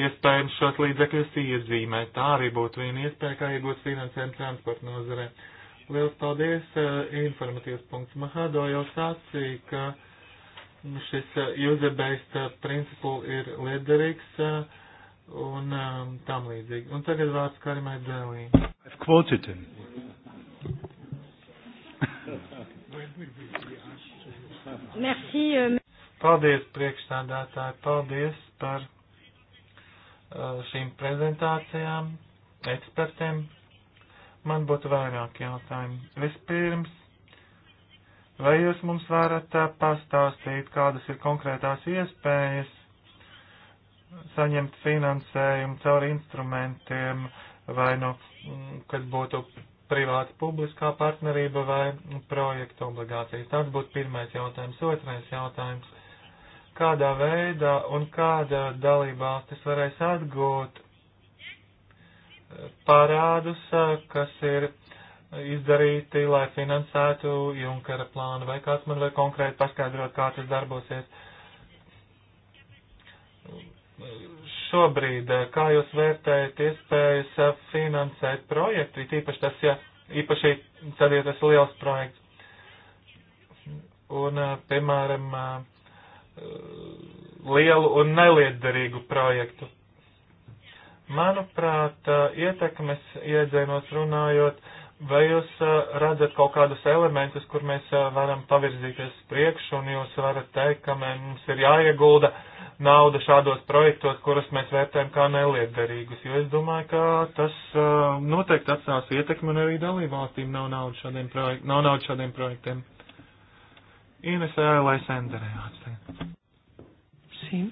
iespējams šos līdzekļus iezīmēt, tā arī būtu viena iespēja, kā iegūt finansējumu transporta nozarē. Liels paldies! Uh, informatīvs punkts Mahado jau sacīja, ka Šis uh, user-based uh, principu ir liederīgs uh, un um, tam līdzīgi. Un tagad vārds Karimai Dēlī. I've quoted him. Merci. Euh, paldies, priekšstādātāji, paldies par šīm prezentācijām, ekspertiem. Man būtu vairāk jautājumu. Vispirms Vai jūs mums varat pastāstīt, kādas ir konkrētās iespējas saņemt finansējumu caur instrumentiem, vai nu, mm, kas būtu privāta publiskā partnerība vai projekta obligācijas? Tas būtu pirmais jautājums. Otrais jautājums. Kādā veidā un kādā dalībvalstis varēs atgūt parādus, kas ir izdarīti, lai finansētu Junkara plānu, vai kāds man vai konkrēti paskaidrot, kā tas darbosies. Šobrīd, kā jūs vērtējat iespējas finansēt projektu, it īpaši tas, ja īpaši, tad, ja tas ir liels projekts. Un, piemēram, lielu un neliederīgu projektu. Manuprāt, ietekmes iedzēnos runājot, Vai jūs redzat kaut kādus elementus, kur mēs varam pavirzīties priekš, un jūs varat teikt, ka mums ir jāiegulda nauda šādos projektos, kurus mēs vērtējam kā nelietderīgus? Jo es domāju, ka tas noteikti atstās ietekmi, un arī dalībvalstīm nav naudas šādiem, projek nav naudas šādiem projektiem. Ines Ēlai Senderē atstājot. Sí.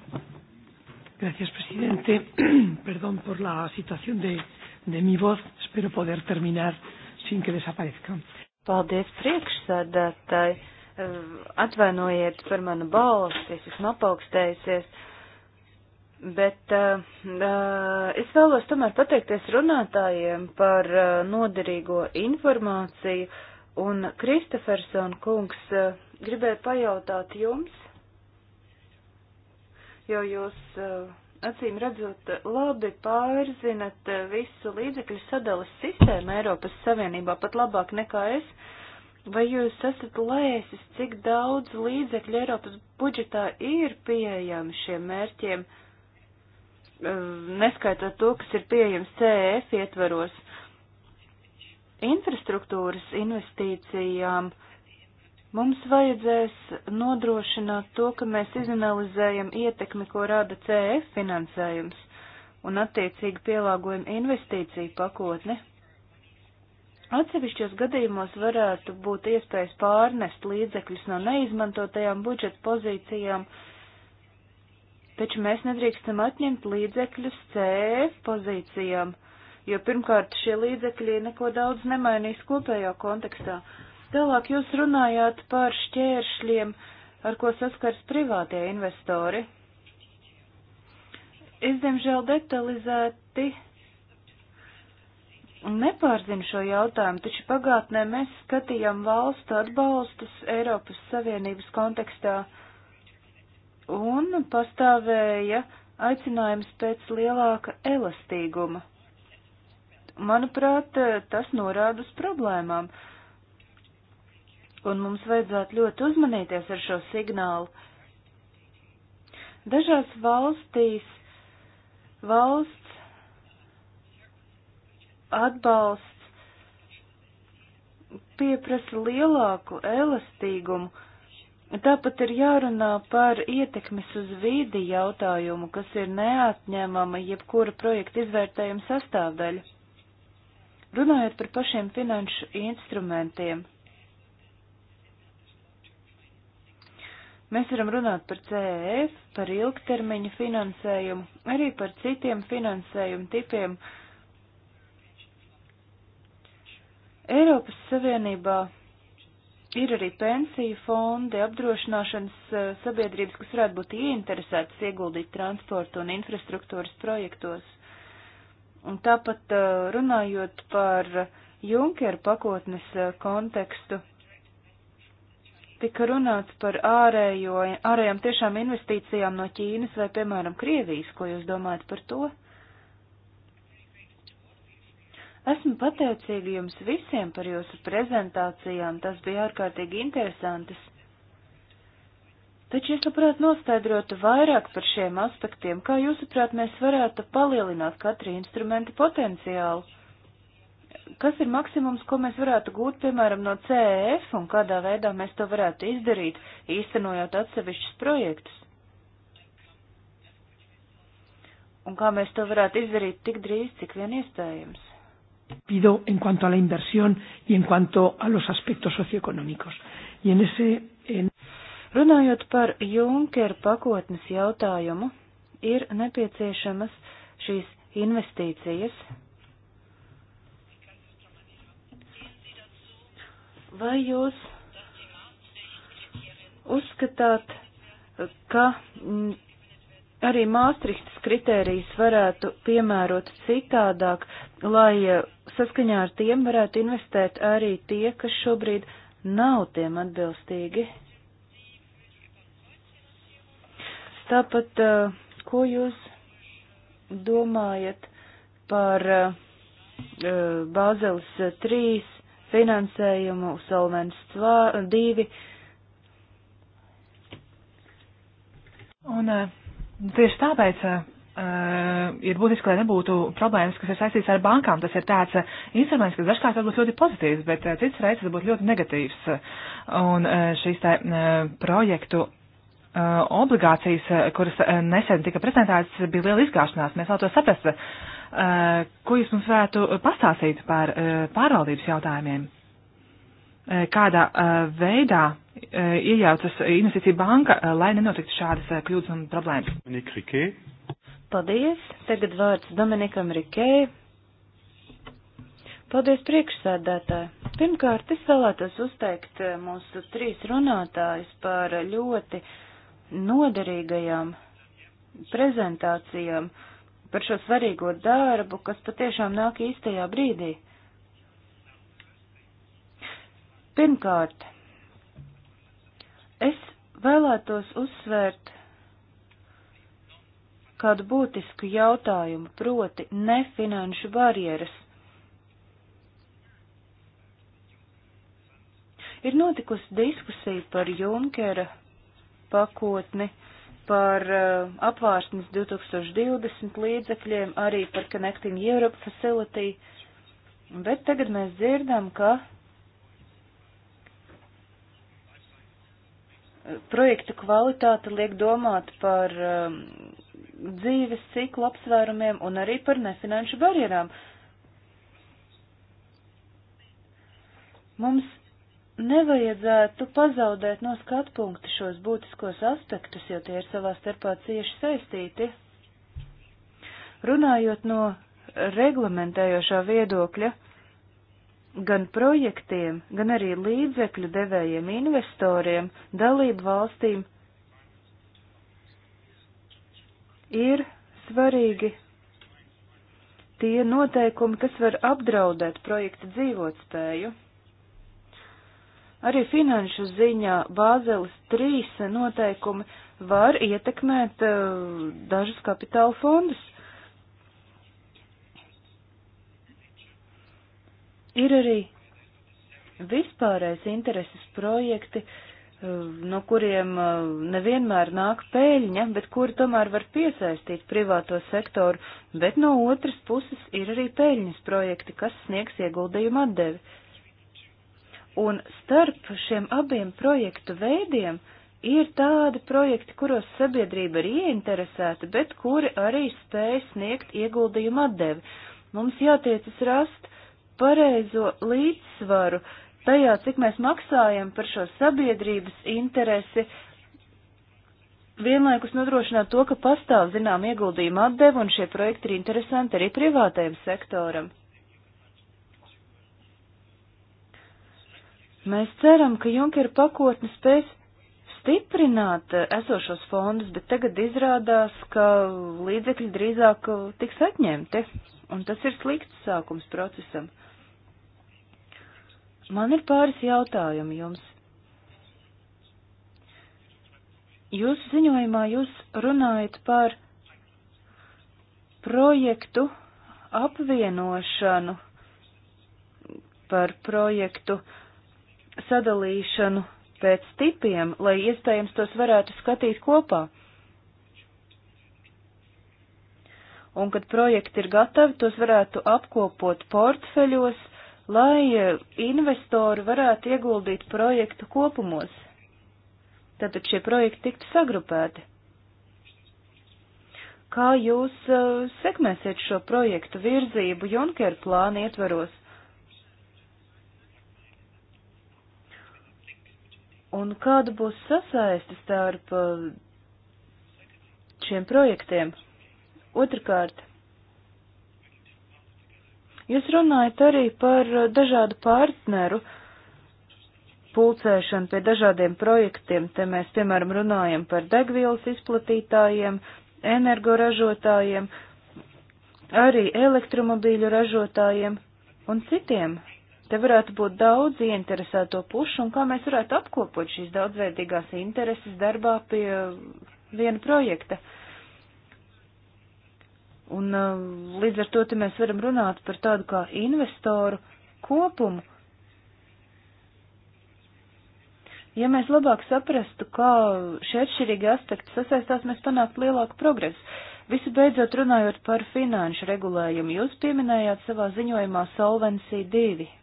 Gracias, presidente. Perdón por la situación de, de mi voz. Espero poder terminar sin que desaparezca. Paldies priekšsēdētāji. Atvainojiet par manu balsi, es esmu apaugstējusies. Bet uh, es vēlos tomēr pateikties runātājiem par uh, noderīgo informāciju, un Kristoferson kungs uh, gribēja pajautāt jums, jo jūs uh, acīm redzot, labi pārzinat visu līdzekļu sadalas sistēmu Eiropas Savienībā, pat labāk nekā es. Vai jūs esat lēsis, cik daudz līdzekļu Eiropas budžetā ir pieejami šiem mērķiem, ehm, neskaitot to, kas ir pieejams CEF ietvaros? Infrastruktūras investīcijām. Um, Mums vajadzēs nodrošināt to, ka mēs izanalizējam ietekmi, ko rada CF finansējums, un attiecīgi pielāgojam investīciju pakotni. Atsevišķos gadījumos varētu būt iespējas pārnest līdzekļus no neizmantotajām budžeta pozīcijām, taču mēs nedrīkstam atņemt līdzekļus CF pozīcijām, jo pirmkārt šie līdzekļi neko daudz nemainīs kopējā kontekstā. Tālāk jūs runājāt par šķēršļiem, ar ko saskars privātie investori. Es, diemžēl, detalizēti nepārzinu šo jautājumu, taču pagātnē mēs skatījām valstu atbalstus Eiropas Savienības kontekstā un pastāvēja aicinājums pēc lielāka elastīguma. Manuprāt, tas norāda uz problēmām. Uh, un mums vajadzētu ļoti uzmanīties ar šo signālu. Dažās valstīs valsts atbalsts pieprasa lielāku elastīgumu, tāpat ir jārunā par ietekmes uz vīdi jautājumu, kas ir neatņemama jebkura projekta izvērtējuma sastāvdaļa. Runājot par pašiem finanšu instrumentiem, Mēs varam runāt par CEF, par ilgtermiņa finansējumu, arī par citiem finansējumu tipiem. Eiropas Savienībā ir arī pensiju fondi, apdrošināšanas eh, sabiedrības, kas varētu būt ieinteresētas ieguldīt transporta un infrastruktūras projektos. Un tāpat eh, runājot par Junkeru pakotnes eh, kontekstu, tika runāts par ārējo, ārējām tiešām investīcijām no Ķīnas vai, piemēram, Krievijas, ko jūs domājat par to? Esmu pateicīga jums visiem par jūsu prezentācijām, tas bija ārkārtīgi interesantas. Taču es labprāt noskaidrotu vairāk par šiem aspektiem, kā jūsuprāt mēs varētu palielināt katra instrumenta potenciālu kas ir maksimums, ko mēs varētu gūt, piemēram, no CEF un kādā veidā mēs to varētu izdarīt, īstenojot atsevišķus projektus? Un kā mēs to varētu izdarīt tik drīz, cik vien iespējams? Pido en cuanto a la inversión y en cuanto a los aspectos socioeconómicos. Y en ese, en... Runājot par Junker pakotnes jautājumu, ir nepieciešamas šīs investīcijas, Vai jūs uzskatāt, ka mm, arī Māstrihtas kritērijas varētu piemērot citādāk, lai eh, saskaņā ar tiem varētu investēt arī tie, kas šobrīd nav tiem atbilstīgi? Tāpat, eh, ko jūs domājat par eh, Bāzeles 3 finansējumu Solvents 2. Un eh, tieši tāpēc Uh, ir būtiski, lai nebūtu problēmas, kas ir saistīts ar bankām. Tas ir tāds uh, instruments, kas dažkārt var būt ļoti pozitīvs, bet uh, cits reizes var būt ļoti negatīvs. Un šīs tā projektu obligācijas, kuras nesen tika prezentētas, bija liela izgāšanās. Mēs vēl to saprast, Eh, ko jūs mums varētu pastāstīt par eh, pārvaldības jautājumiem? Eh, kādā veidā iejaucas investīcija banka, lai nenotiktu šādas kļūdas un problēmas? Paldies. Tagad vārds Dominikam Rikē. Paldies priekšsēdētāji. Pirmkārt, es vēlētos uzteikt mūsu trīs runātājus par ļoti noderīgajām prezentācijām. Uh, par šo svarīgo darbu, kas patiešām nāk īstajā brīdī. Pirmkārt, es vēlētos uzsvērt kādu būtisku jautājumu, proti nefinanšu barjeras. Ir notikusi diskusija par Junkera pakotni, uh, par uh, apvārsnes 2020 līdzekļiem, arī par Connecting Europe Facility, bet tagad mēs dzirdam, ka uh, projekta kvalitāte liek domāt par um, dzīves ciklu apsvērumiem un arī par nefinanšu barjerām. Mums Nevajadzētu pazaudēt no skatu punkta šos būtiskos aspektus, jo tie ir savā starpā cieši saistīti. Runājot no reglamentējošā viedokļa, gan projektiem, gan arī līdzekļu devējiem investoriem, dalību valstīm ir svarīgi tie noteikumi, kas var apdraudēt projekta dzīvotspēju. Arī finanšu ziņā Bāzeles 3 noteikumi var ietekmēt uh, dažus kapitāla fondus. Ir arī vispārējais intereses projekti, uh, no kuriem uh, nevienmēr nāk pēļņa, bet kuri tomēr var piesaistīt privāto sektoru, bet no otras puses ir arī pēļņas projekti, kas sniegs ieguldījumu atdevi. Un starp šiem abiem projektu veidiem ir tādi projekti, kuros sabiedrība ir ieinteresēta, bet kuri arī spēj sniegt ieguldījumu atdevi. Mums jātiecas rast pareizo līdzsvaru tajā, cik mēs maksājam par šo sabiedrības interesi, vienlaikus nodrošināt to, ka pastāv zinām ieguldījuma atdeva un šie projekti ir interesanti arī privātajam sektoram. Mēs ceram, ka Junkera pakotne spēs stiprināt eh, esošos fondus, bet tagad izrādās, ka līdzekļi drīzāk eh, tiks atņemti, un tas ir slikts sākums procesam. Man ir pāris jautājumi jums. Jūsu ziņojumā jūs runājat par projektu apvienošanu, par projektu uh, sadalīšanu pēc tipiem, lai iespējams tos varētu skatīt kopā. Un, kad projekti ir gatavi, tos varētu apkopot portfeļos, lai eh, investori varētu ieguldīt projektu kopumos. Tātad šie projekti tiktu sagrupēti. Kā jūs uh, sekmēsiet šo projektu virzību Junker plāna ietvaros? Un kāda būs sasaiste starp uh, šiem projektiem? Otrakārt, jūs runājat arī par dažādu partneru pulcēšanu pie dažādiem projektiem. Te mēs, piemēram, runājam par degvielas izplatītājiem, energoražotājiem, arī elektromobīļu ražotājiem un citiem. Te varētu būt daudz ieinteresēto pušu, un kā mēs varētu apkopot šīs daudzveidīgās intereses darbā pie uh, viena projekta. Un uh, līdz ar to te mēs varam runāt par tādu kā investoru kopumu. Ja mēs labāk saprastu, kā šie atšķirīgi aspekti sasaistās, mēs panāktu lielāku progresu. Visu beidzot runājot par finanšu regulējumu, jūs pieminējāt savā ziņojumā Solvency 2.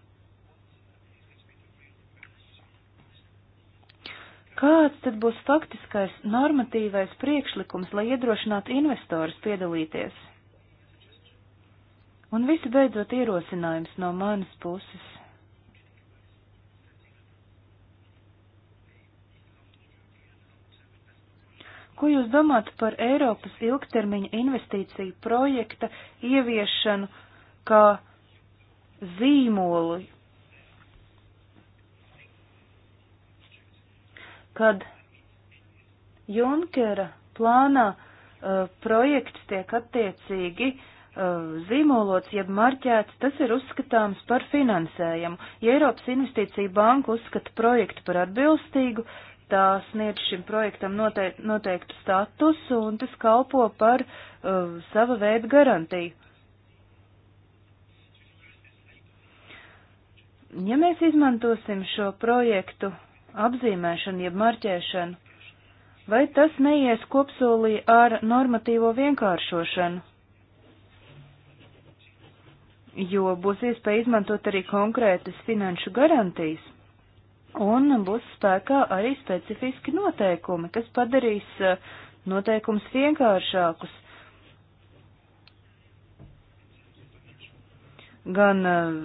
Kāds tad būs faktiskais normatīvais priekšlikums, lai iedrošinātu investorus piedalīties? Un visi beidzot ierosinājums no manas puses. Ko jūs domājat par Eiropas ilgtermiņa investīciju projekta ieviešanu kā zīmoli kad Junkera plānā uh, projekts tiek attiecīgi uh, zīmolots, jeb marķēts, tas ir uzskatāms par finansējumu. Ja Eiropas investīcija banka uzskata projektu par atbilstīgu, tā sniedz šim projektam noteik noteiktu statusu un tas kalpo par uh, sava veida garantiju. Ja mēs izmantosim šo projektu apzīmēšanu, jeb marķēšanu, vai tas neies kopsolī ar normatīvo vienkāršošanu? Jo būs iespēja izmantot arī konkrētas finanšu garantijas, un būs spēkā arī specifiski noteikumi, kas padarīs eh, noteikumus vienkāršākus. Gan uh,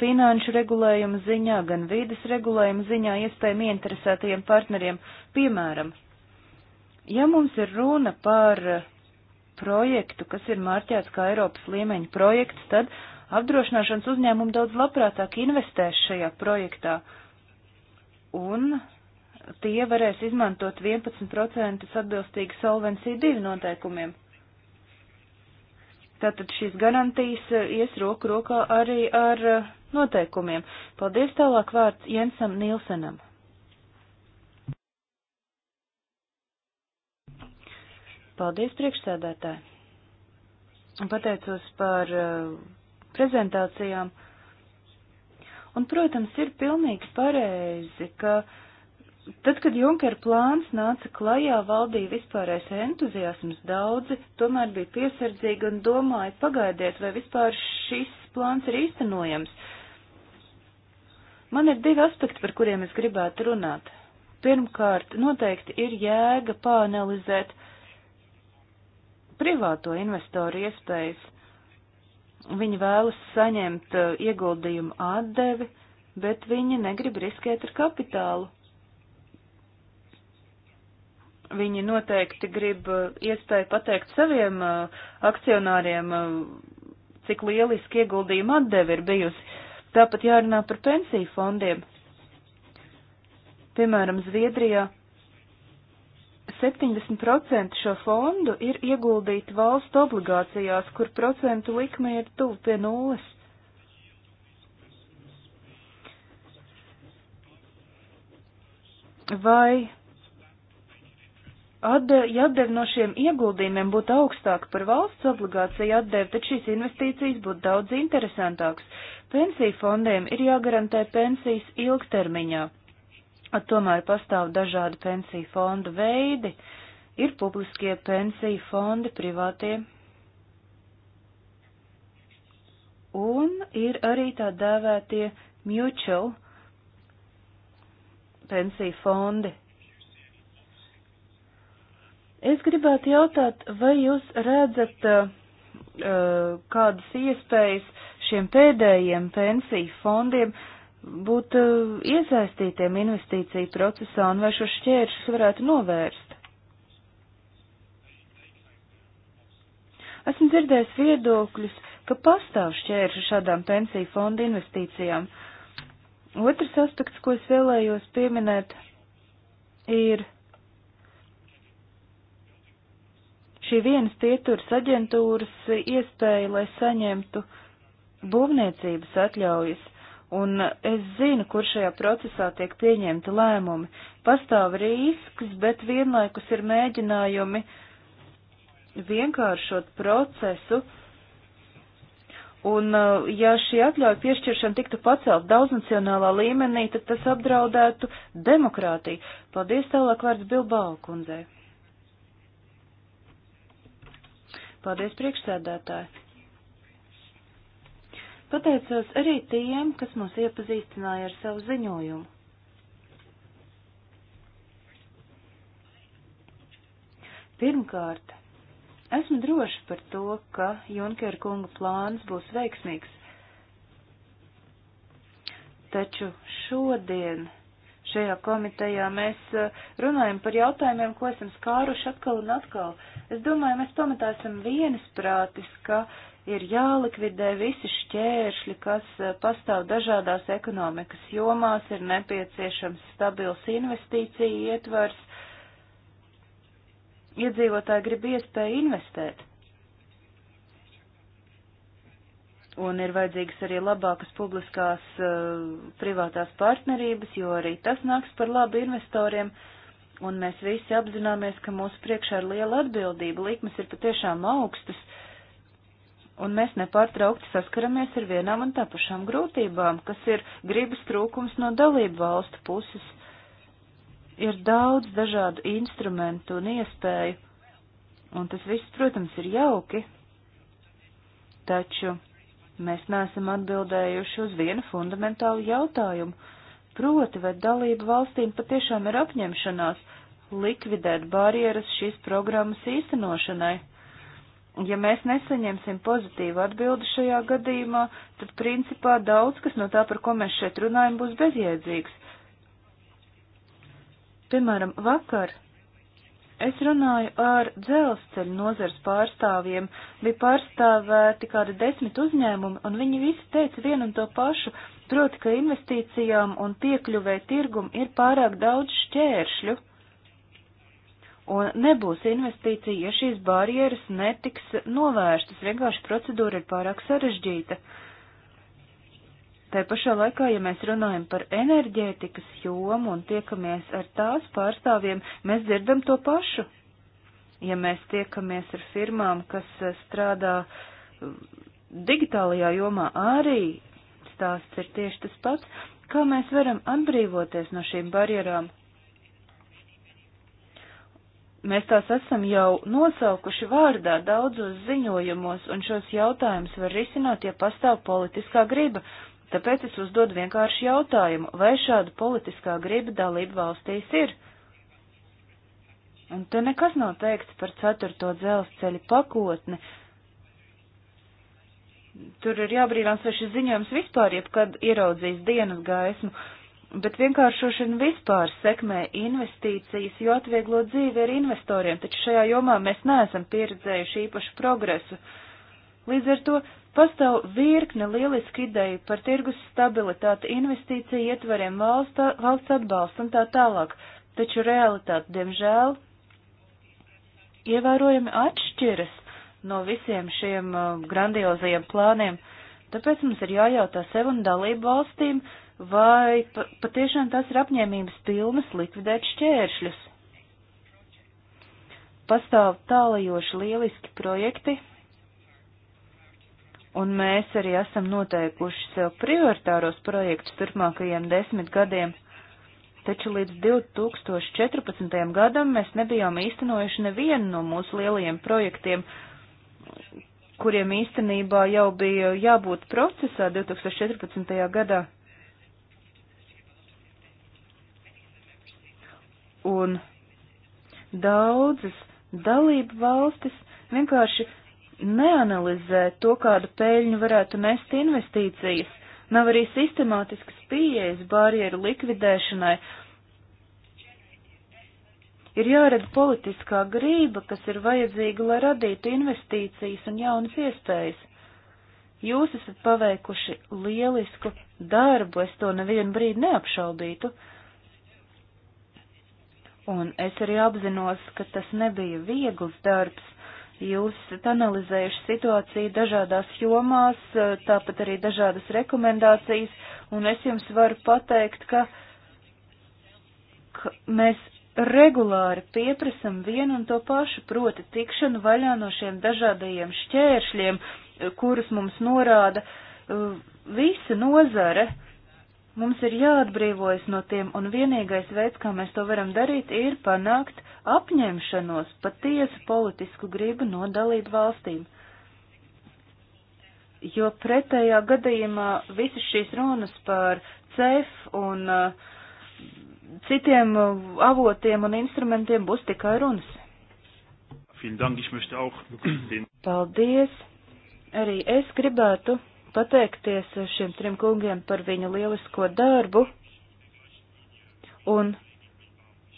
finanšu regulējuma ziņā, gan vīdes regulējuma ziņā iespējami interesētajiem partneriem. Piemēram, ja mums ir runa par eh, projektu, kas ir mārķēts kā Eiropas līmeņa projekts, tad apdrošināšanas uzņēmumi daudz labprātāk investēs šajā projektā, un tie varēs izmantot 11% atbilstīgi solvencija divi noteikumiem. Tātad šīs garantijas eh, ies roku rokā arī ar eh, noteikumiem. Paldies tālāk vārds Jensam Nilsenam. Paldies priekšsēdētāji. Pateicos par uh, prezentācijām. Un, protams, ir pilnīgi pareizi, ka uh, Tad, kad Junkera plāns nāca klajā, valdīja vispārējais entuziasms daudzi, tomēr bija piesardzīgi un domāja, pagaidiet, vai vispār šis plāns ir īstenojams. Man ir divi aspekti, par kuriem es gribētu runāt. Pirmkārt, noteikti ir jēga pāanalizēt privāto investoru iespējas. Viņi vēlas saņemt uh, ieguldījumu atdevi, bet viņi negrib riskēt ar kapitālu. Viņi noteikti grib uh, iespēju pateikt saviem uh, akcionāriem, uh, cik lieliski ieguldījuma atdevi ir bijusi. Tāpat jārunā par pensiju fondiem. Piemēram, Zviedrijā 70% šo fondu ir ieguldīti valstu obligācijās, kur procentu likme ir tuvu pie nulles. Vai atdev, ja atdev no šiem ieguldījumiem būtu augstāka par valsts obligāciju atdevi, tad šīs investīcijas būtu daudz interesantākas. Pensiju fondiem ir jāgarantē pensijas ilgtermiņā. At, tomēr pastāv dažādi pensiju fondu veidi. Ir publiskie pensiju fondi, privātie. Un ir arī tā dēvētie mutual pensiju fondi, Es gribētu jautāt, vai jūs redzat uh, kādas iespējas šiem pēdējiem pensiju fondiem būt uh, iesaistītiem investīciju procesā un vai šo šķēršus varētu novērst? Esmu dzirdējis viedokļus, ka pastāv šķērši šādām pensiju fondu investīcijām. Otrs aspekts, ko es vēlējos pieminēt, ir šī vienas pieturas aģentūras iespēja, lai saņemtu būvniecības atļaujas, un es zinu, kur šajā procesā tiek pieņemti lēmumi. Pastāv risks, bet vienlaikus ir mēģinājumi vienkāršot procesu, un uh, ja šī atļauja piešķiršana tiktu pacelt daudznacionālā līmenī, tad tas apdraudētu demokrātiju. Paldies tālāk vārds Bilbao kundzei. Paldies, priekšsēdētāji! Pateicos arī tiem, kas mūs iepazīstināja ar savu ziņojumu. Pirmkārt, esmu droši par to, ka Junkera kunga plāns būs veiksmīgs. Taču šodien šajā komitejā mēs eh, runājam par jautājumiem, ko esam skāruši atkal un atkal. Uh, Es domāju, mēs pamatā esam vienisprātis, ka ir jālikvidē visi šķēršļi, kas eh, pastāv dažādās ekonomikas jomās, ir nepieciešams stabils investīciju ietvars, iedzīvotāji grib iespēju investēt. Un ir vajadzīgas arī labākas publiskās uh, privātās partnerības, jo arī tas nāks par labu investoriem. Uh, Un mēs visi apzināmies, ka mūsu priekšā ir liela atbildība, likmes ir patiešām augstas, un mēs nepārtraukti saskaramies ar vienām un tā pašām grūtībām, kas ir gribas trūkums no dalību valstu puses. Ir daudz dažādu instrumentu un iespēju, un tas viss, protams, ir jauki, taču mēs neesam atbildējuši uz vienu fundamentālu jautājumu Proti, vai dalību valstīm patiešām ir apņemšanās likvidēt barjeras šīs programmas īstenošanai? Ja mēs nesaņemsim pozitīvu atbildi šajā gadījumā, tad principā daudz, kas no tā, par ko mēs šeit runājam, būs bezjēdzīgs. Piemēram, vakar Es runāju ar dzelzceļu nozars pārstāvjiem, bija pārstāvēti kādi desmit uzņēmumi, un viņi visi teica vienu un to pašu, Proti, ka investīcijām un piekļuvē tirgum ir pārāk daudz šķēršļu, un nebūs investīcija, ja šīs barjeras netiks novērstas, vienkārši procedūra ir pārāk sarežģīta. Tā pašā laikā, ja mēs runājam par enerģētikas jomu un tiekamies ar tās pārstāvjiem, mēs dzirdam to pašu. Ja mēs tiekamies ar firmām, kas strādā um, digitālajā jomā, arī stāsts ir tieši tas pats, kā mēs varam atbrīvoties no šīm barjerām. Mēs tās esam jau nosaukuši vārdā daudzos ziņojumos, un šos jautājumus var risināt, ja pastāv politiskā griba. Tāpēc es uzdodu vienkārši jautājumu, vai šāda politiskā griba dalība valstīs ir. Un te nekas nav teikts par ceturto dzelzceļa pakotni, tur ir jābrīnās, vai šis ziņojums vispār jebkad ieraudzīs dienas gaismu, bet vienkāršošana vispār sekmē investīcijas, jo atvieglo dzīvi ar investoriem, taču šajā jomā mēs neesam pieredzējuši īpašu progresu. Līdz ar to pastāv virkne lieliski ideju par tirgus stabilitāti, investīciju ietvariem, valsts, valsts atbalstu un tā tālāk, taču realitāte, diemžēl, ievērojami atšķiras no visiem šiem uh, grandiozajiem plāniem. Tāpēc mums ir jājautā sev un dalību valstīm, vai patiešām tas ir apņēmības pilnas likvidēt šķēršļus. Pastāv tālajoši lieliski projekti, un mēs arī esam noteikuši sev prioritāros projektus turpmākajiem desmit gadiem, taču līdz 2014. gadam mēs nebijām īstenojuši nevienu no mūsu lielajiem projektiem, kuriem īstenībā jau bija jābūt procesā 2014. gadā. Un daudzas dalību valstis vienkārši neanalizē to, kādu peļņu varētu nest investīcijas. Nav arī sistemātiskas pieejas barjeru likvidēšanai, Ir jāredz politiskā grība, kas ir vajadzīga, lai radītu investīcijas un jaunas iespējas. Jūs esat paveikuši lielisku darbu, es to nevienu brīdi neapšaubītu. Un es arī apzinos, ka tas nebija viegls darbs. Jūs esat analizējuši situāciju dažādās jomās, tāpat arī dažādas rekomendācijas, un es jums varu pateikt, ka, ka mēs regulāri pieprasam vienu un to pašu, proti tikšanu vaļā no šiem dažādajiem šķēršļiem, eh, kurus mums norāda eh, visa nozare. Mums ir jāatbrīvojas no tiem, un vienīgais veids, kā mēs to varam darīt, ir panākt apņemšanos, patiesu politisku gribu no dalību valstīm. Jo pretējā gadījumā visas šīs runas par CEF un uh, citiem uh, avotiem un instrumentiem būs tikai runas. Paldies! Arī es gribētu pateikties šiem trim kungiem par viņu lielisko darbu. Un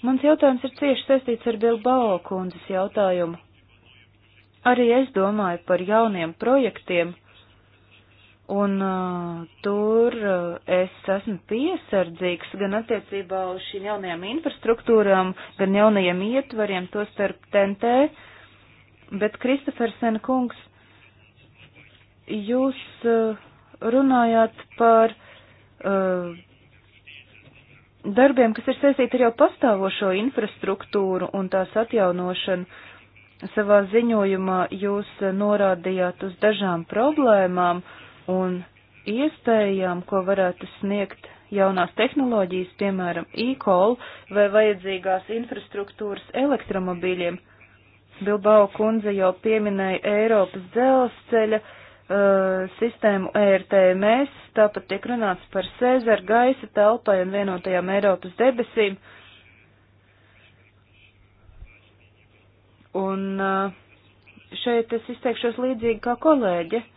mans jautājums ir cieši saistīts ar Bilbao kundzes jautājumu. Arī es domāju par jauniem projektiem Un uh, tur uh, es esmu piesardzīgs gan attiecībā uz šīm jaunajām infrastruktūrām, gan jaunajiem ietvariem, to starp TNT, bet Kristofersen kungs, jūs uh, runājāt par uh, darbiem, kas ir saistīti ar jau pastāvošo infrastruktūru un tās atjaunošanu. Savā ziņojumā jūs norādījāt uz dažām problēmām. Uh, un iespējām, ko varētu sniegt jaunās tehnoloģijas, piemēram, e-call vai vajadzīgās infrastruktūras elektromobīļiem. Bilbao kundze jau pieminēja Eiropas dzelzceļa uh, sistēmu ERTMS, tāpat tiek runāts par Cezara gaisa telpai un vienotajām Eiropas debesīm. Un uh, šeit es izteikšos līdzīgi kā kolēģe. Uh,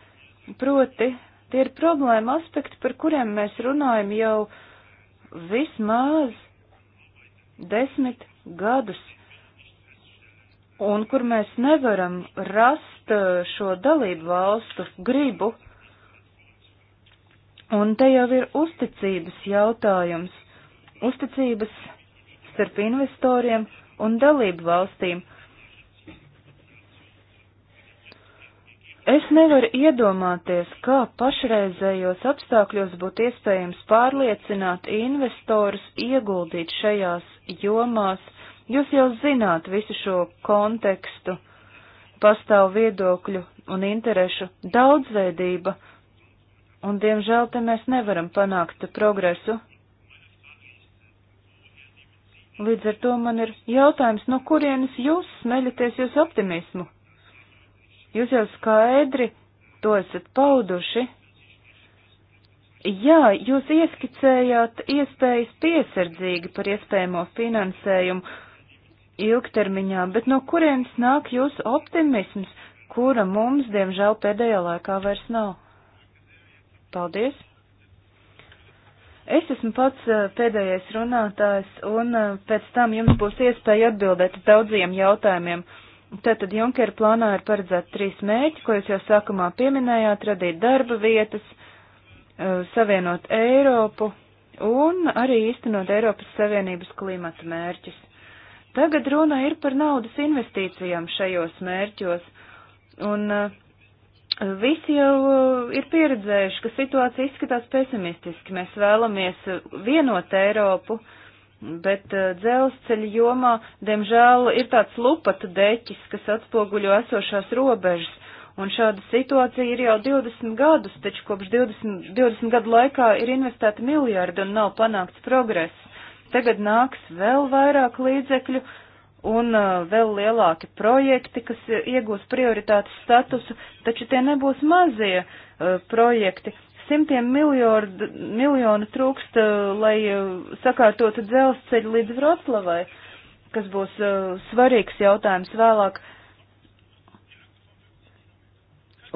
Proti, tie ir problēma aspekti, par kuriem mēs runājam jau vismaz desmit gadus, un kur mēs nevaram rast eh, šo dalību valstu gribu. Un te jau ir uzticības jautājums, uzticības starp investoriem un dalību valstīm. Es nevaru iedomāties, kā pašreizējos apstākļos būtu iespējams pārliecināt investorus ieguldīt šajās jomās. Jūs jau zināt visu šo kontekstu, pastāv viedokļu un interešu daudzveidība, un diemžēl te mēs nevaram panākt progresu. Līdz ar to man ir jautājums, no kurienes jūs smeļaties jūs optimismu? Jūs jau skaidri to esat pauduši. Jā, jūs ieskicējāt iespējas piesardzīgi par iespējamo finansējumu ilgtermiņā, bet no kurienes nāk jūsu optimisms, kura mums, diemžēl, pēdējā laikā vairs nav? Paldies! Es esmu pats eh, pēdējais runātājs, un eh, pēc tam jums būs iespēja atbildēt daudziem jautājumiem. Tātad Junkera plānā ir paredzēt trīs mēķi, ko jūs jau sākumā pieminējāt - radīt darba vietas, e, savienot Eiropu un arī īstenot Eiropas Savienības klimata mērķus. Tagad runa ir par naudas investīcijām šajos mērķos, un e, visi jau e, ir pieredzējuši, ka situācija izskatās pesimistiski. Mēs vēlamies vienot Eiropu, uh, Bet uh, dzelzceļa jomā, diemžēl, ir tāds lupatu deķis, kas atspoguļo esošās robežas. Un šāda situācija ir jau 20 gadus, taču kopš 20, 20 gadu laikā ir investēta miljardi un nav panākts progress. Tagad nāks vēl vairāk līdzekļu un uh, vēl lielāki projekti, kas iegūs prioritātes statusu, taču tie nebūs mazie uh, projekti. Simtiem miljardu, miljonu trūkst, eh, lai eh, sakārtotu dzelzceļu līdz Vroclavai, kas būs eh, svarīgs jautājums vēlāk.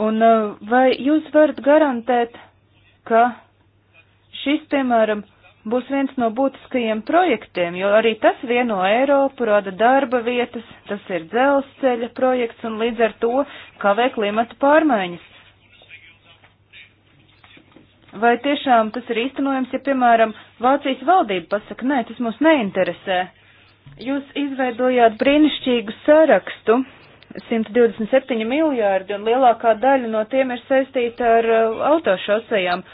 Un vai jūs varat garantēt, ka šis, piemēram, būs viens no būtiskajiem projektiem, jo arī tas vieno Eiropu, rada darba vietas, tas ir dzelzceļa projekts un līdz ar to kavē klimata pārmaiņas vai tiešām tas ir īstenojams, ja, piemēram, Vācijas valdība pasaka, nē, tas mūs neinteresē. Jūs izveidojāt brīnišķīgu sarakstu, 127 miljārdi, un lielākā daļa no tiem ir saistīta ar uh, autošosejām.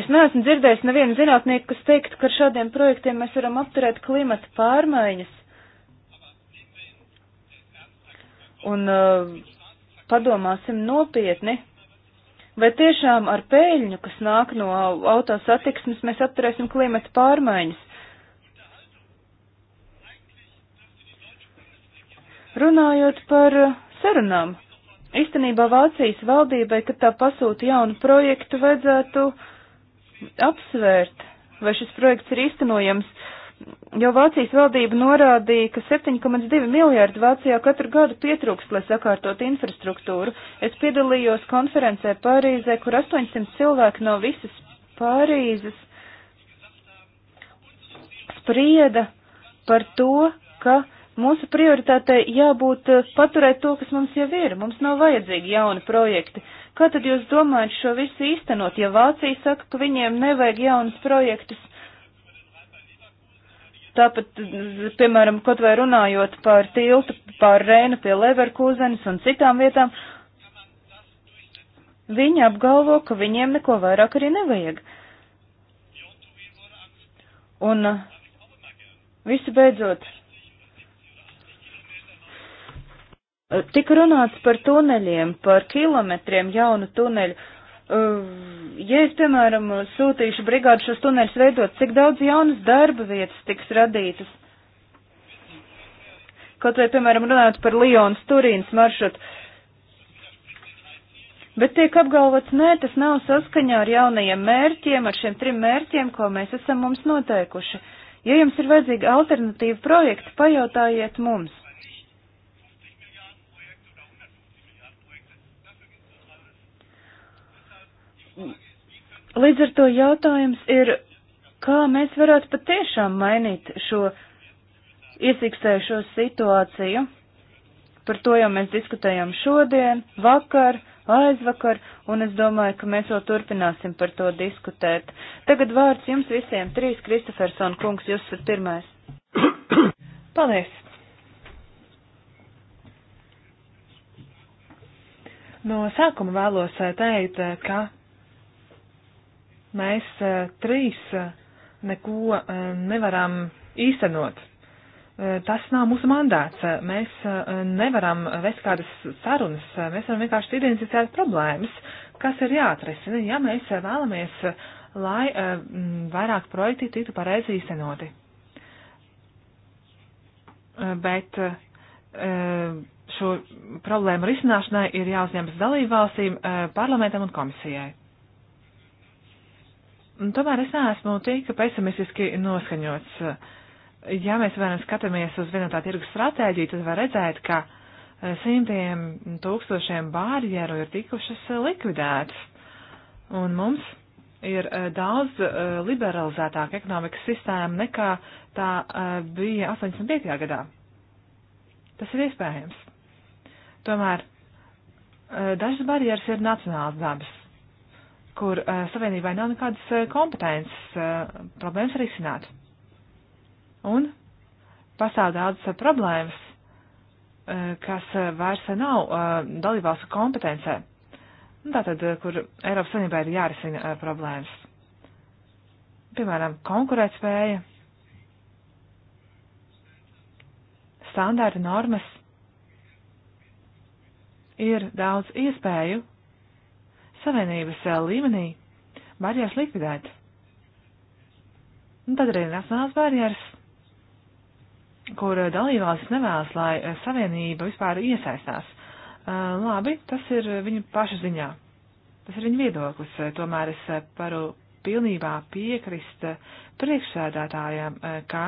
Es neesmu dzirdējis nevienu zinātnieku, kas teikt, ka ar šādiem projektiem mēs varam apturēt klimata pārmaiņas. Un uh, padomāsim nopietni, Vai tiešām ar pēļņu, kas nāk no autosatiksmes, mēs apturēsim klimata pārmaiņas? Runājot par sarunām, īstenībā Vācijas valdībai, kad tā pasūta jaunu projektu, vajadzētu apsvērt, vai šis projekts ir īstenojams jo Vācijas valdība norādīja, ka 7,2 miljārdi Vācijā katru gadu pietrūkst, lai sakārtot infrastruktūru. Es piedalījos konferencē Pārīzē, kur 800 cilvēki no visas Pārīzes sprieda par to, ka mūsu prioritātei jābūt eh, paturēt to, kas mums jau ir. Mums nav vajadzīgi jauni projekti. Kā tad jūs domājat šo visu īstenot, ja Vācija saka, ka viņiem nevajag jaunus projektus? Tāpat, piemēram, kaut vai runājot par tiltu pār Reinu pie Leverkuzenes un citām vietām, viņi apgalvo, ka viņiem neko vairāk arī nevajag. Un uh, visu beidzot, tika runāts par tuneļiem, par kilometriem jaunu tuneļu ja es, piemēram, sūtīšu brigādu šos tuneļus veidot, cik daudz jaunas darba vietas tiks radītas? Kaut vai, piemēram, runājot par Lionas Turīnas maršrutu. Bet tiek apgalvots, nē, tas nav saskaņā ar jaunajiem mērķiem, ar šiem trim mērķiem, ko mēs esam mums noteikuši. Ja jums ir vajadzīgi alternatīvi projekti, pajautājiet mums. Līdz ar to jautājums ir, kā mēs varētu patiešām mainīt šo iesiksējušo situāciju. Par to jau mēs diskutējām šodien, vakar, aizvakar, un es domāju, ka mēs vēl turpināsim par to diskutēt. Tagad vārds jums visiem trīs, Kristoferson kungs, jūs esat pirmais. Paldies! No sākuma vēlos teikt, ka mēs trīs neko nevaram īstenot. Tas nav mūsu mandāts. Mēs nevaram vest kādas sarunas, mēs varam vienkārši identificēt problēmas, kas ir jāatrisina, ja mēs vēlamies, lai vairāk projekti tiktu pareizi īstenoti. Bet šo problēmu risināšanai ir jāuzņemas dalībvalstīm, parlamentam un komisijai. Tomēr es neesmu tik pesimistiski noskaņots. Ja mēs varam skatāmies uz vienotā tirgus stratēģiju, tad var redzēt, ka e, simtiem tūkstošiem bārjeru ir tikušas e, likvidētas. Un mums ir e, daudz liberalizētāka ekonomikas sistēma nekā tā bija 85. gadā. Tas ir iespējams. Tomēr dažas barjeras ir nacionālas dabas kur uh, savienībai nav nekādas uh, kompetences uh, problēmas risināt. Un pastāv daudzas uh, problēmas, uh, kas uh, vairs nav uh, dalībvalstu kompetencē. Un tātad, uh, kur Eiropas Savienībai ir jārisina uh, problēmas. Piemēram, konkurētspēja, standārta normas, ir daudz iespēju Savienības eh, līmenī barjeras likvidēt. Un tad arī nacionāls barjeras, kur eh, dalībvalstis nevēlas, lai eh, Savienība vispār iesaistās. Labi, tas ir viņu pašu ziņā. Tas ir viņa viedoklis. Tomēr es paru pilnībā piekrist priekšsēdētājiem, ka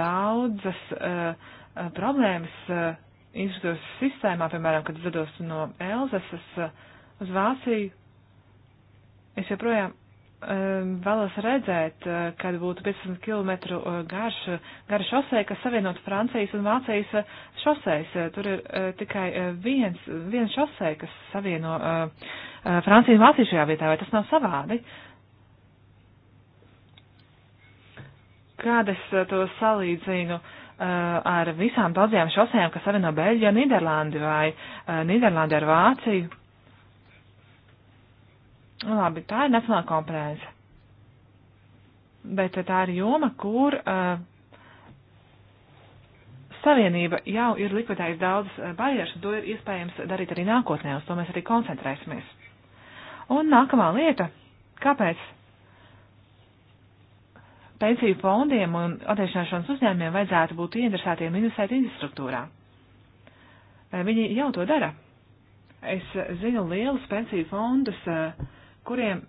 daudzas problēmas izdodas sistēmā, piemēram, kad es dodos no Elzasas eh, uz Vāciju, es joprojām um, vēlos redzēt, eh, kad būtu 15 km garš, gara šosei, kas savienot Francijas un Vācijas šoseis. Tur ir uh, tikai viens, viens šosei, kas savieno uh, Franciju un Vāciju šajā vietā, vai tas nav savādi? Kādas to salīdzinu? Uh, Uh, ar visām daudzajām šosejām, kas savieno Beļģiju un Nīderlandi vai uh, Nīderlandi ar Vāciju. Nu, labi, tā ir nacionāla konference. Bet tā ir joma, kur uh, savienība jau ir likvidējusi daudzas uh, barjeras, un to ir iespējams darīt arī nākotnē, uz to mēs arī koncentrēsimies. Un nākamā lieta, kāpēc pensiju fondiem un attiecināšanas uzņēmumiem vajadzētu būt interesētiem investēt infrastruktūrā. Eh, viņi jau to dara. Es zinu lielus pensiju fondus, eh, kuriem eh,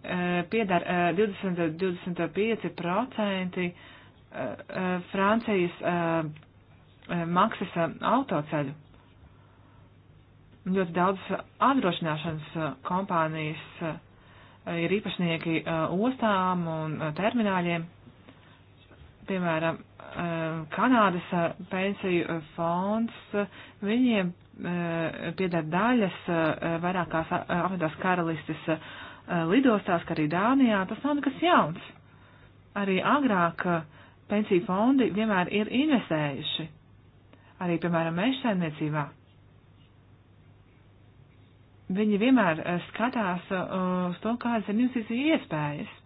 piedar 20-25% Francijas maksas autoceļu. Ļoti daudz apdrošināšanas kompānijas ir īpašnieki ostām un termināļiem piemēram, eh, Kanādas eh, pensiju eh, fonds, viņiem pieder daļas vairākās apvienotās karalistes lidostās, kā arī Dānijā, tas nav nekas jauns. Arī agrāk pensiju fondi vienmēr ir investējuši, arī, piemēram, meža saimniecībā. Viņi vienmēr skatās uz to, kādas ir investīciju iespējas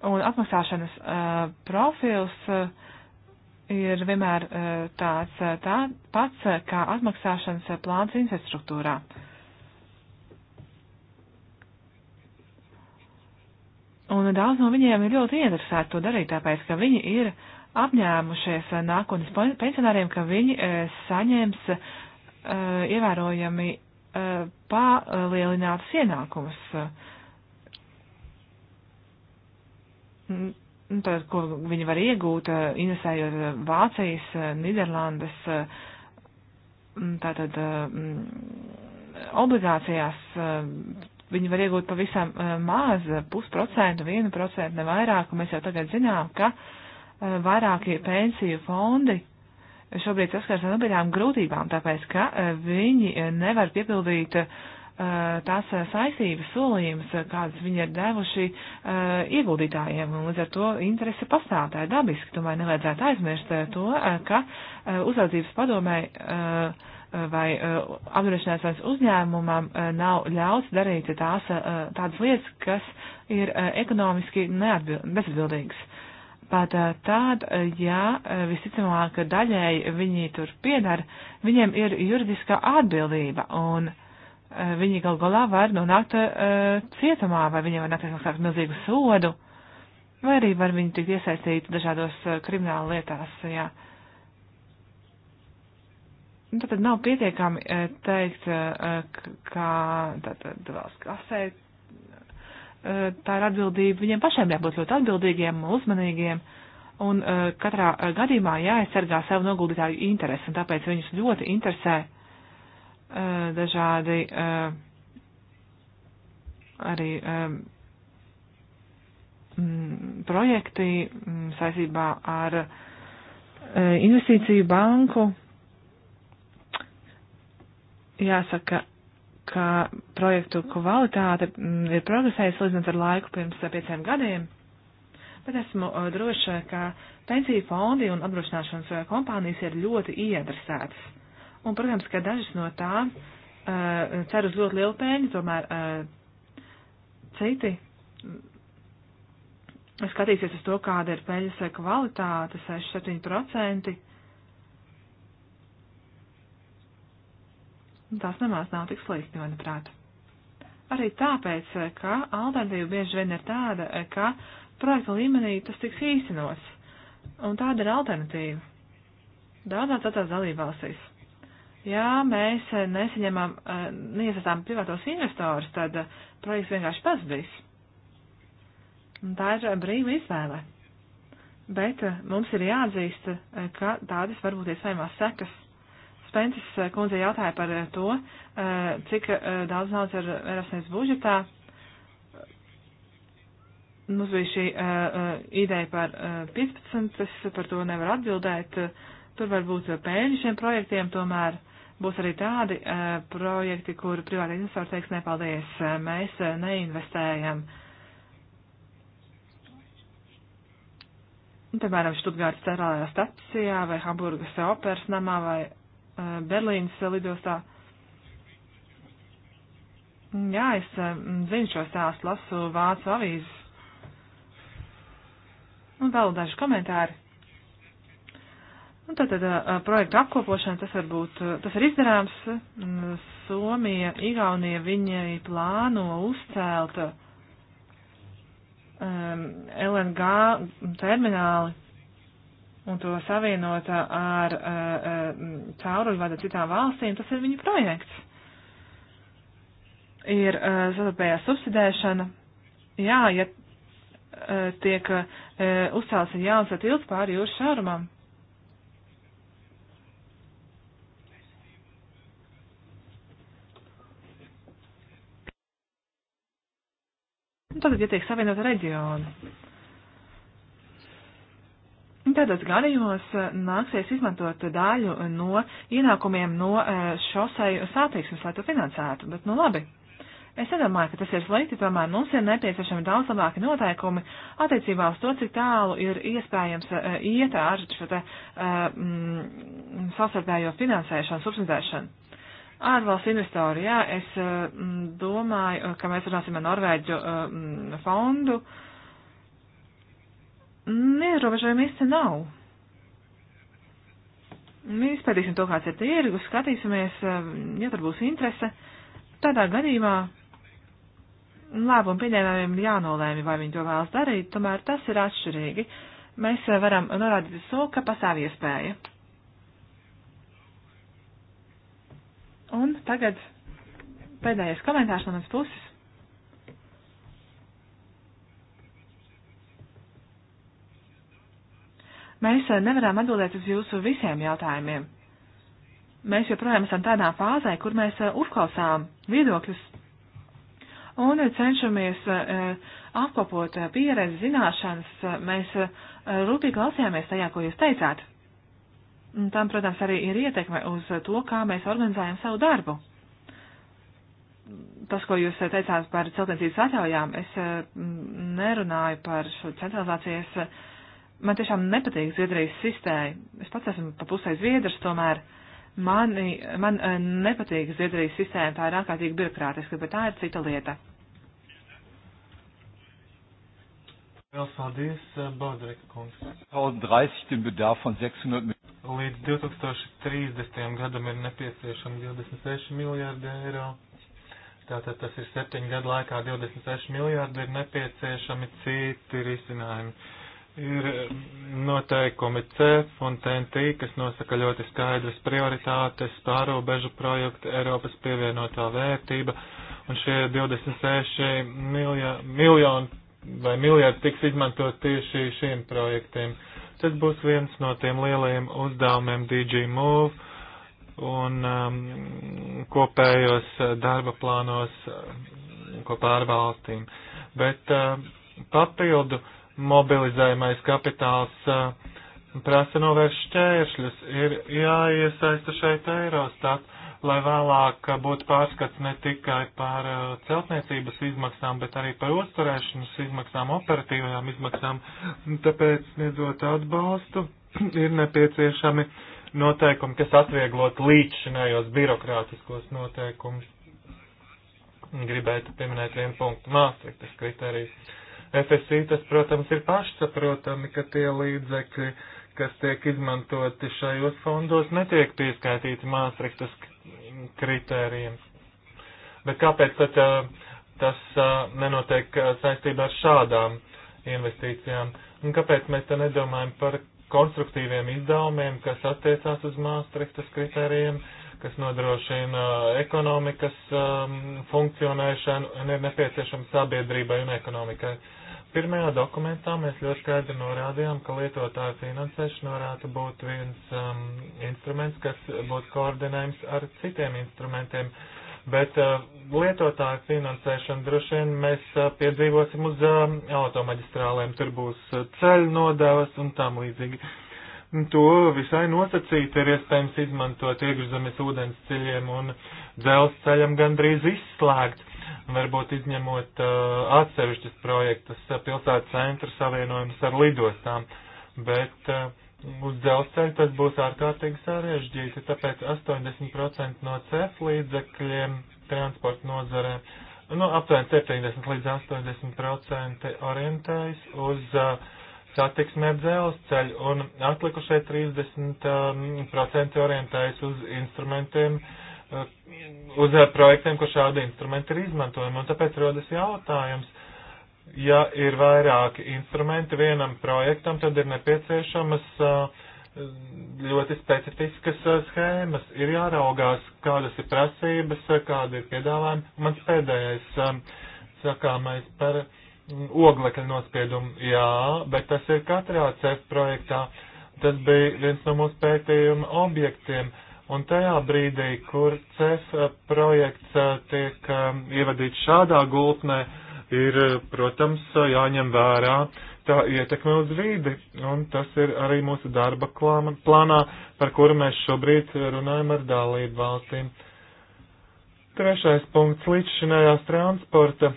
Un apmaksāšanas uh, profils uh, ir vienmēr uh, tāds tā, pats kā atmaksāšanas plāns infrastruktūrā. Un daudz no viņiem ir ļoti interesēti to darīt, tāpēc, ka viņi ir apņēmušies nākotnes pensionāriem, ka viņi uh, saņems uh, ievērojami uh, palielinātas ienākumus. Uh, Mm, tad, ko viņi var iegūt, eh, investējot eh, Vācijas, eh, Niderlandes, mm, tātad mm, obligācijās, viņi var iegūt pavisam maz, pusprocentu, vienu procentu, ne vairāk, un mēs jau tagad zinām, ka vairākie pensiju fondi šobrīd saskars ar nobeļām grūtībām, tāpēc, ka viņi nevar piepildīt uh, tās saistības, solījumus, kādas viņi ir devuši ieguldītājiem. Līdz ar to interese pastāv, tā ir dabiski. Tomēr nevajadzētu aizmirst to, ka uzraudzības padomē vai apdrošināšanas uzņēmumam nav ļauts darīt tās, tādas lietas, kas ir ekonomiski bezatbildīgas. Pat tād, ja visticamāk daļēji viņi tur piedara, viņiem ir juridiskā atbildība un Eh, viņi gal galā var nonākt uh, cietumā, vai viņiem var nākties maksāt milzīgu sodu, vai arī var viņi tikt iesaistīti dažādos uh, krimināla lietās, jā. Nu, tad nav pietiekami uh, teikt, uh, kā tātad valsts kasē, uh, tā ir atbildība, viņiem pašiem jābūt ļoti atbildīgiem, uzmanīgiem. Un uh, katrā uh, gadījumā jāaizsargā savu noguldītāju interesi, un tāpēc viņus ļoti interesē uh, Eh, dažādi eh, arī eh, mm, projekti mm, saistībā ar investīciju banku. Jāsaka, ka projektu kvalitāte mm, ir progresējusi līdzinot ar laiku pirms pieciem gadiem, bet esmu droša, ka pensiju fondi un apdrošināšanas kompānijas ir ļoti ieinteresētas Un, protams, ka dažas no tām uh, eh, cer uz ļoti lielu pēļņu, tomēr uh, citi mm, skatīsies uz to, kāda ir peļas kvalitāte, 6-7%. Tās nemaz nav tik slikti, manuprāt. Arī tāpēc, eh, ka alternatīva bieži vien ir tāda, ka projekta līmenī tas tiks īstenots. Un tāda ir alternatīva. Daudzās atās dalībvalstīs ja mēs eh, nesaņemam, eh, neiesaistām privātos investors, tad eh, projekts vienkārši pazudīs. Un tā ir brīva izvēle. Bet mums ir jāatzīst, ka tādas var būt iespējamās sekas. Spences kundze jautāja par to, cik daudz naudas ir Erasmus budžetā. Mums bija šī ideja par 15, par to nevar atbildēt. Tur var būt pēļņi šiem projektiem, tomēr Būs arī tādi uh, projekti, kur privāti investori teiks, nepaldies, e, mēs uh, neinvestējam. Piemēram, Štutgārdas centrālajā stacijā vai Hamburgas operas namā vai uh, Berlīnas lidostā. Jā, es uh, zinu šo stāstu, lasu vācu avīzes. Un vēl daži komentāri. Un tātad projektu apkopošana, tas var būt, tas ir izdarāms. Somija, Igaunija, viņi plāno uzcelt um, LNG termināli un to savienot ar uh, cauruļvada citām valstīm. Tas ir viņu projekts. Ir uh, sadarbējā subsidēšana. Jā, ja uh, tiek uh, uzcelts jauns tilts pāri jūras šārumam. Nu, Tad, ja tiek savienot reģioni, tādos gadījumos eh, nāksies izmantot daļu no ienākumiem no eh, šoseju satiksmes, lai to finansētu, bet nu labi. Es nedomāju, ka tas ir slikti, tomēr mums ir nepieciešami daudz labāki noteikumi attiecībā uz to, cik tālu ir iespējams eh, iet ar šo te uh, mm, sasardējo finansēšanu, subsidēšanu. Ārvalstu investori, jā, es eh, domāju, ka mēs runāsim ar Norvēģu eh, fondu. Neierobežojumi īsti nav. Mēs izpētīsim to, kāds ir tirgus, skatīsimies, eh, ja tur būs interese. Tādā gadījumā lēmumu pieņēmējiem ir jānolēmi, vai viņi to vēlas darīt, tomēr tas ir atšķirīgi. Mēs varam norādīt to, ka pastāv iespēja. Un tagad pēdējais komentārs no manas puses. Mēs eh, nevaram atbildēt uz jūsu visiem jautājumiem. Mēs joprojām esam tādā fāzē, kur mēs eh, uzklausām viedokļus un cenšamies eh, apkopot pieredzi, zināšanas. Mēs rūpīgi klausījāmies tajā, ko jūs teicāt. Tam, protams, arī ir ietekme uz to, kā mēs organizējam savu darbu. Tas, ko jūs teicāt par celtniecības atļaujām, es eh, nerunāju par šo centralizācijas. Man tiešām nepatīk Zviedrijas sistēma. Es pats esmu pa pusē Zviedrs, tomēr mani, man eh, nepatīk Zviedrijas sistēma. Tā ir ārkārtīgi birokrātiska, bet tā ir cita lieta. Vēl paldies, eh, Baudrika kungs. 30 den Bedarf von 600 miljonen. Līdz 2030. gadam ir nepieciešami 26 miljārdi eiro. Tātad tas ir septiņu gadu laikā 26 miljārdi ir nepieciešami citi risinājumi. Ir mm, noteikumi CEF un TNT, kas nosaka ļoti skaidras prioritātes, pārobežu projektu, Eiropas pievienotā vērtība, un šie 26 miljā, miljoni vai miljardi tiks izmantot tieši šiem projektiem. Uh, Tas būs viens no tiem lielajiem uzdevumiem DG Move un um, kopējos uh, darba plānos uh, kopā ar valstīm. Bet uh, papildu mobilizējumais kapitāls uh, prasa novērst šķēršļus, ir jāiesaista šeit Eirostat lai vēlāk būtu pārskats ne tikai par uh, celtniecības izmaksām, bet arī par uzturēšanas izmaksām, operatīvajām izmaksām. Tāpēc, sniedzot atbalstu, ir nepieciešami noteikumi, kas atvieglot līdzšinējos birokrātiskos noteikumus. Gribētu pieminēt vienu punktu - Māstriktas kriterijas. FSI tas, protams, ir pašsaprotami, ka tie līdzekļi, kas tiek izmantoti šajos fondos, netiek pieskaitīti Māstriktas kriterijas kritērijiem. Bet kāpēc tad tas nenotiek saistībā ar šādām investīcijām? Un kāpēc mēs te nedomājam par konstruktīviem izdevumiem, kas attiecās uz Māstrihtas kritērijiem, kas nodrošina ekonomikas um, funkcionēšanu un ir nepieciešama sabiedrībai un ekonomikai? Uh, Pirmajā dokumentā mēs ļoti skaidri norādījām, ka lietotāju finansēšana varētu būt viens um, instruments, kas būtu koordinējums ar citiem instrumentiem, bet uh, lietotāju finansēšanu droši vien mēs uh, piedzīvosim uz uh, um, automaģistrālēm, tur būs uh, ceļu nodevas un tam līdzīgi. To visai nosacīti ir iespējams izmantot iekšzemes ūdens ceļiem un dzelzceļam gandrīz izslēgt varbūt izņemot uh, atsevišķus projektus, uh, pilsētas centra savienojumus ar lidostām, bet uh, uz dzelzceļa tas būs ārkārtīgi sarežģīti, tāpēc 80% no CEF līdzekļiem transporta nozarē, nu, aptuveni 70 līdz 80% orientējas uz uh, satiksmē dzelzceļu un atlikušie 30% um, orientējas uz instrumentiem, uh, uz eh, projektiem, kur šādi instrumenti ir izmantojami. Un tāpēc rodas jautājums, ja ir vairāki instrumenti vienam projektam, tad ir nepieciešamas eh, ļoti specifiskas eh, schēmas. Ir jāraugās, kādas ir prasības, kādi ir piedāvājumi. Mans pēdējais sakāmais par mm, oglekļa nospiedumu. Jā, bet tas ir katrā CEF projektā. Tas bija viens no mūsu pētījuma objektiem. Uh, Un tajā brīdī, kur CEF eh, projekts eh, tiek eh, ievadīts šādā gultnē, ir, protams, jāņem vērā tā ietekme uz vīdi. Un tas ir arī mūsu darba plānā, par kuru mēs šobrīd runājam ar dalību valstīm. Trešais punkts - līdzšinējās transporta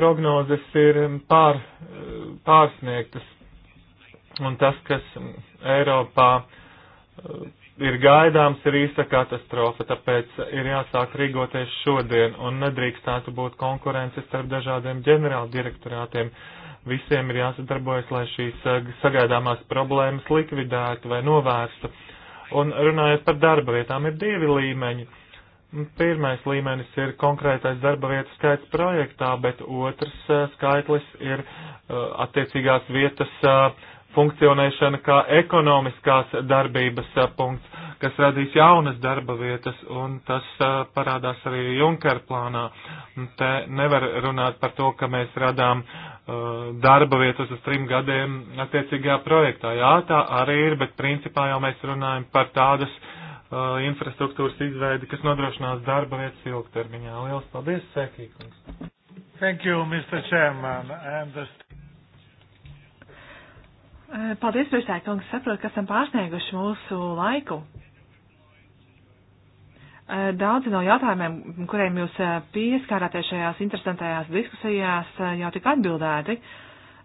prognozes ir pār, pārsniegtas. Un tas, kas Eiropā ir gaidāms ir īsta katastrofa, tāpēc ir jāsāk rīkoties šodien un nedrīkstētu būt konkurences starp dažādiem ģenerāla direktorātiem. Visiem ir jāsadarbojas, lai šīs eh, sagaidāmās problēmas likvidētu vai novērstu. Un runājot par darba vietām, ir divi līmeņi. Pirmais līmenis ir konkrētais darba vietu skaits projektā, bet otrs eh, skaitlis ir eh, attiecīgās vietas uh, funkcionēšana kā ekonomiskās darbības punkts, kas radīs jaunas darba vietas, un tas parādās arī Junker plānā. Te nevar runāt par to, ka mēs radām darba vietas uz trim gadiem attiecīgajā projektā. Jā, tā arī ir, bet principā jau mēs runājam par tādas infrastruktūras izveidi, kas nodrošinās darba vietas ilgtermiņā. Lielas paldies, Sekīkungs! Thank you, Mr. Chairman. I understand. Eh, paldies, priekšsēkungs. Saprotu, ka esam pārsnieguši mūsu laiku. Eh, daudzi no jautājumiem, kuriem jūs eh, pieskārāties šajās interesantajās diskusijās, jau tika atbildēti,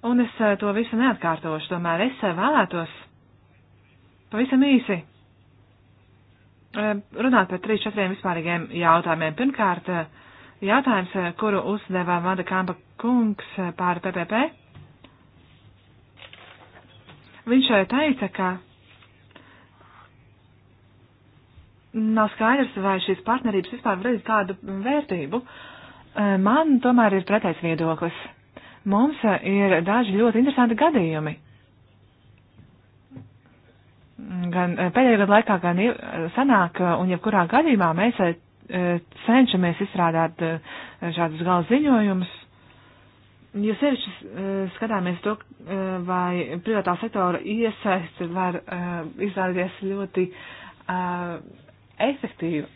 un es to visu neatkārtošu. Tomēr es vēlētos pavisam īsi runāt par trīs, četriem vispārīgiem jautājumiem. Pirmkārt, jautājums, kuru uzdevā Vada Kampa kungs par PPP Viņš jau teica, ka nav skaidrs, vai šīs partnerības vispār redz kādu vērtību. Eh, man tomēr ir pretējs viedoklis. Mums eh, ir daži ļoti interesanti gadījumi. Gan eh, pēdējā gada laikā, gan sanāk, un jebkurā gadījumā mēs cenšamies izstrādāt šādus galziņojumus, Jo sevišķi eh, skatāmies to, eh, vai privātā sektora iesaists var eh, izrādīties ļoti efektīvi.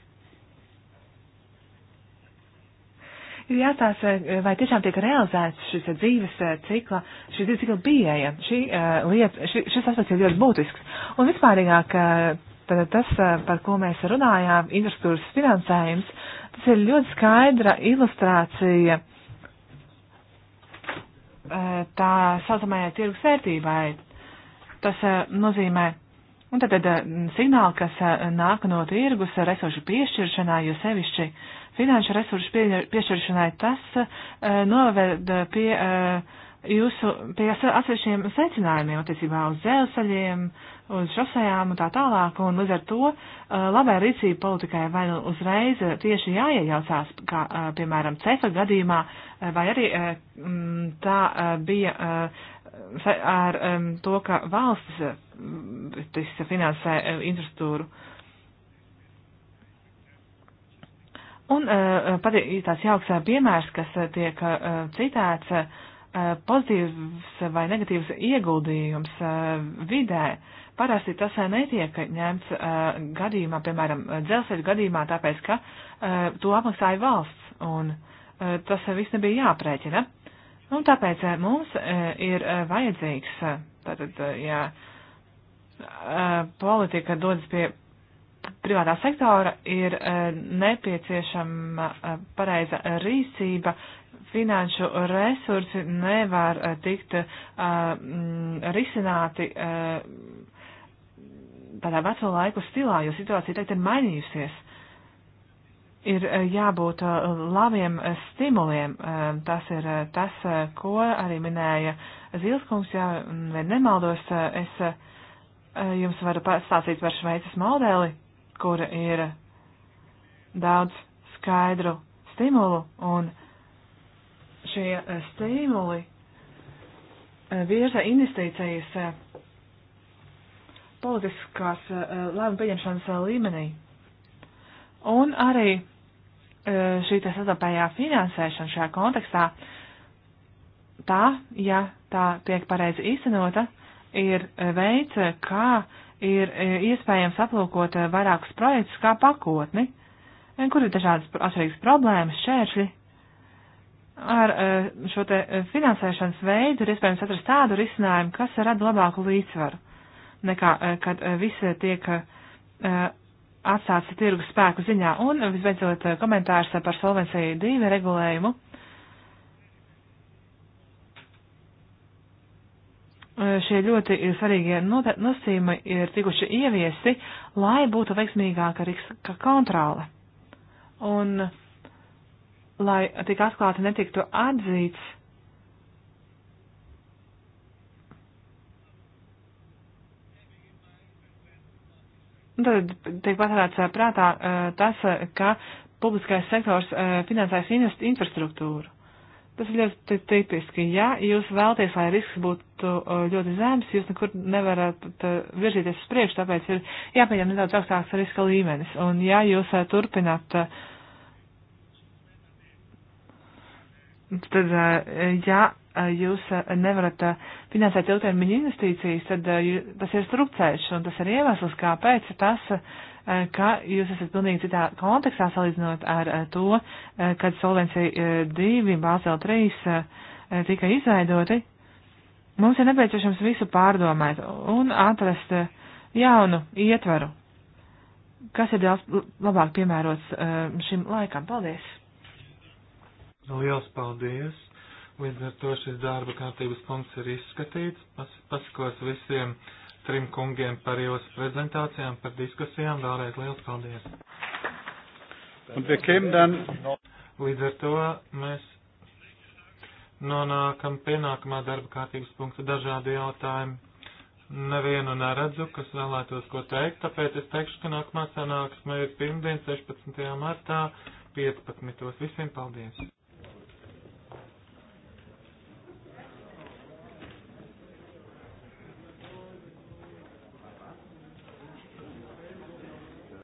Ir jātās, vai tiešām tiek realizēts šis dzīves cikla, šī dzīves cikla pieeja. Šī lieta, šis, šis aspekts ir ļoti būtisks. Un vispārīgāk Tātad tas, par ko mēs runājām, infrastruktūras finansējums, tas ir ļoti skaidra ilustrācija E, tā saucamajai tirgus vērtībai. Tas e, nozīmē, un tad, tad e, signāli, kas nāk no tirgus resursu piešķiršanā, jo sevišķi finanšu resursu piešķiršanai, tas noved pie jūsu pie atsevišķiem secinājumiem attiecībā uz dzelzceļiem, uz šosejām un tā tālāk, un līdz ar to uh, labai rīcība politikai vai nu uzreiz tieši jāiejaucās, kā uh, piemēram cefa gadījumā, uh, vai arī mm, tā bija ar um, to, ka valstis finansē infrastruktūru. Un pat tāds jauks piemērs, kas tiek citēts, Eh, pozitīvs vai negatīvs ieguldījums eh, vidē parasti tas eh, netiek ņemts gadījumā, piemēram, dzelzceļa gadījumā, tāpēc, ka to apmaksāja valsts un tas viss nebija jāprēķina. Un tāpēc mums ir vajadzīgs, tātad, ja politika dodas pie privātā sektora, ir nepieciešama pareiza rīcība, finanšu resursi nevar eh, tikt uh, risināti uh, tādā veco laiku stilā, jo situācija tagad ir mainījusies. Ir jābūt labiem stimuliem. Tas ir tas, ko arī minēja Zilskungs, ja nemaldos, es jums varu pastāstīt par Šveices modeli, kur ir daudz skaidru stimulu un uh, šie eh, stimuli eh, virza investīcijas eh, politiskās lēmuma pieņemšanas līmenī. Un arī šī tā sadarbējā finansēšana šajā kontekstā, tā, ja tā tiek pareizi īstenota, ir veids, kā ir iespējams aplūkot vairākus projektus kā pakotni, kur ir dažādas atšķirīgas problēmas, šēršļi, ar eh, šo te eh, finansēšanas veidu ir iespējams atrast tādu risinājumu, kas rada labāku līdzsvaru, nekā eh, kad viss tiek atstāts tirgus spēku ziņā. Un visbeidzot komentārs par Solvencija 2 regulējumu. Šie ļoti svarīgie nosacījumi ir tikuši ieviesti, lai būtu veiksmīgāka riska kontrole. Un uh, lai tik atklāti netiktu atzīts. Tad tiek paturēts eh, prātā eh, tas, eh, ka publiskais sektors finansēs infrastruktūru. Tas ir ļoti tipiski. Ja jūs vēlaties, lai risks būtu ļoti zems, jūs nekur nevarat virzīties uz priekšu, tāpēc ir jāpieņem nedaudz augstāks riska līmenis. Un ja jūs turpināt uh, Tad, eh, ja eh, jūs eh, nevarat finansēt ilgtermiņa investīcijas, tad tas ir strupceļš, un tas ir iemesls, kāpēc tas, ka jūs esat pilnīgi citā kontekstā salīdzinot ar to, kad Solvencija 2, Bāzel 3 tika izveidoti, mums ir nepieciešams visu pārdomāt un atrast jaunu ietvaru, kas ir daudz labāk piemērots šim laikam. Paldies! Liels paldies! Līdz ar to šis darba kārtības punkts ir izskatīts. Pas, pasakos visiem trim kungiem par jūsu prezentācijām, par diskusijām. Vēlreiz liels paldies! Then... Līdz ar to mēs nonākam pie nākamā darba kārtības punkta dažādi jautājumi. Nevienu neredzu, kas vēlētos ko teikt, tāpēc es teikšu, ka nākamā sanāksme ir pirmdien 16. martā 15. Visiem paldies!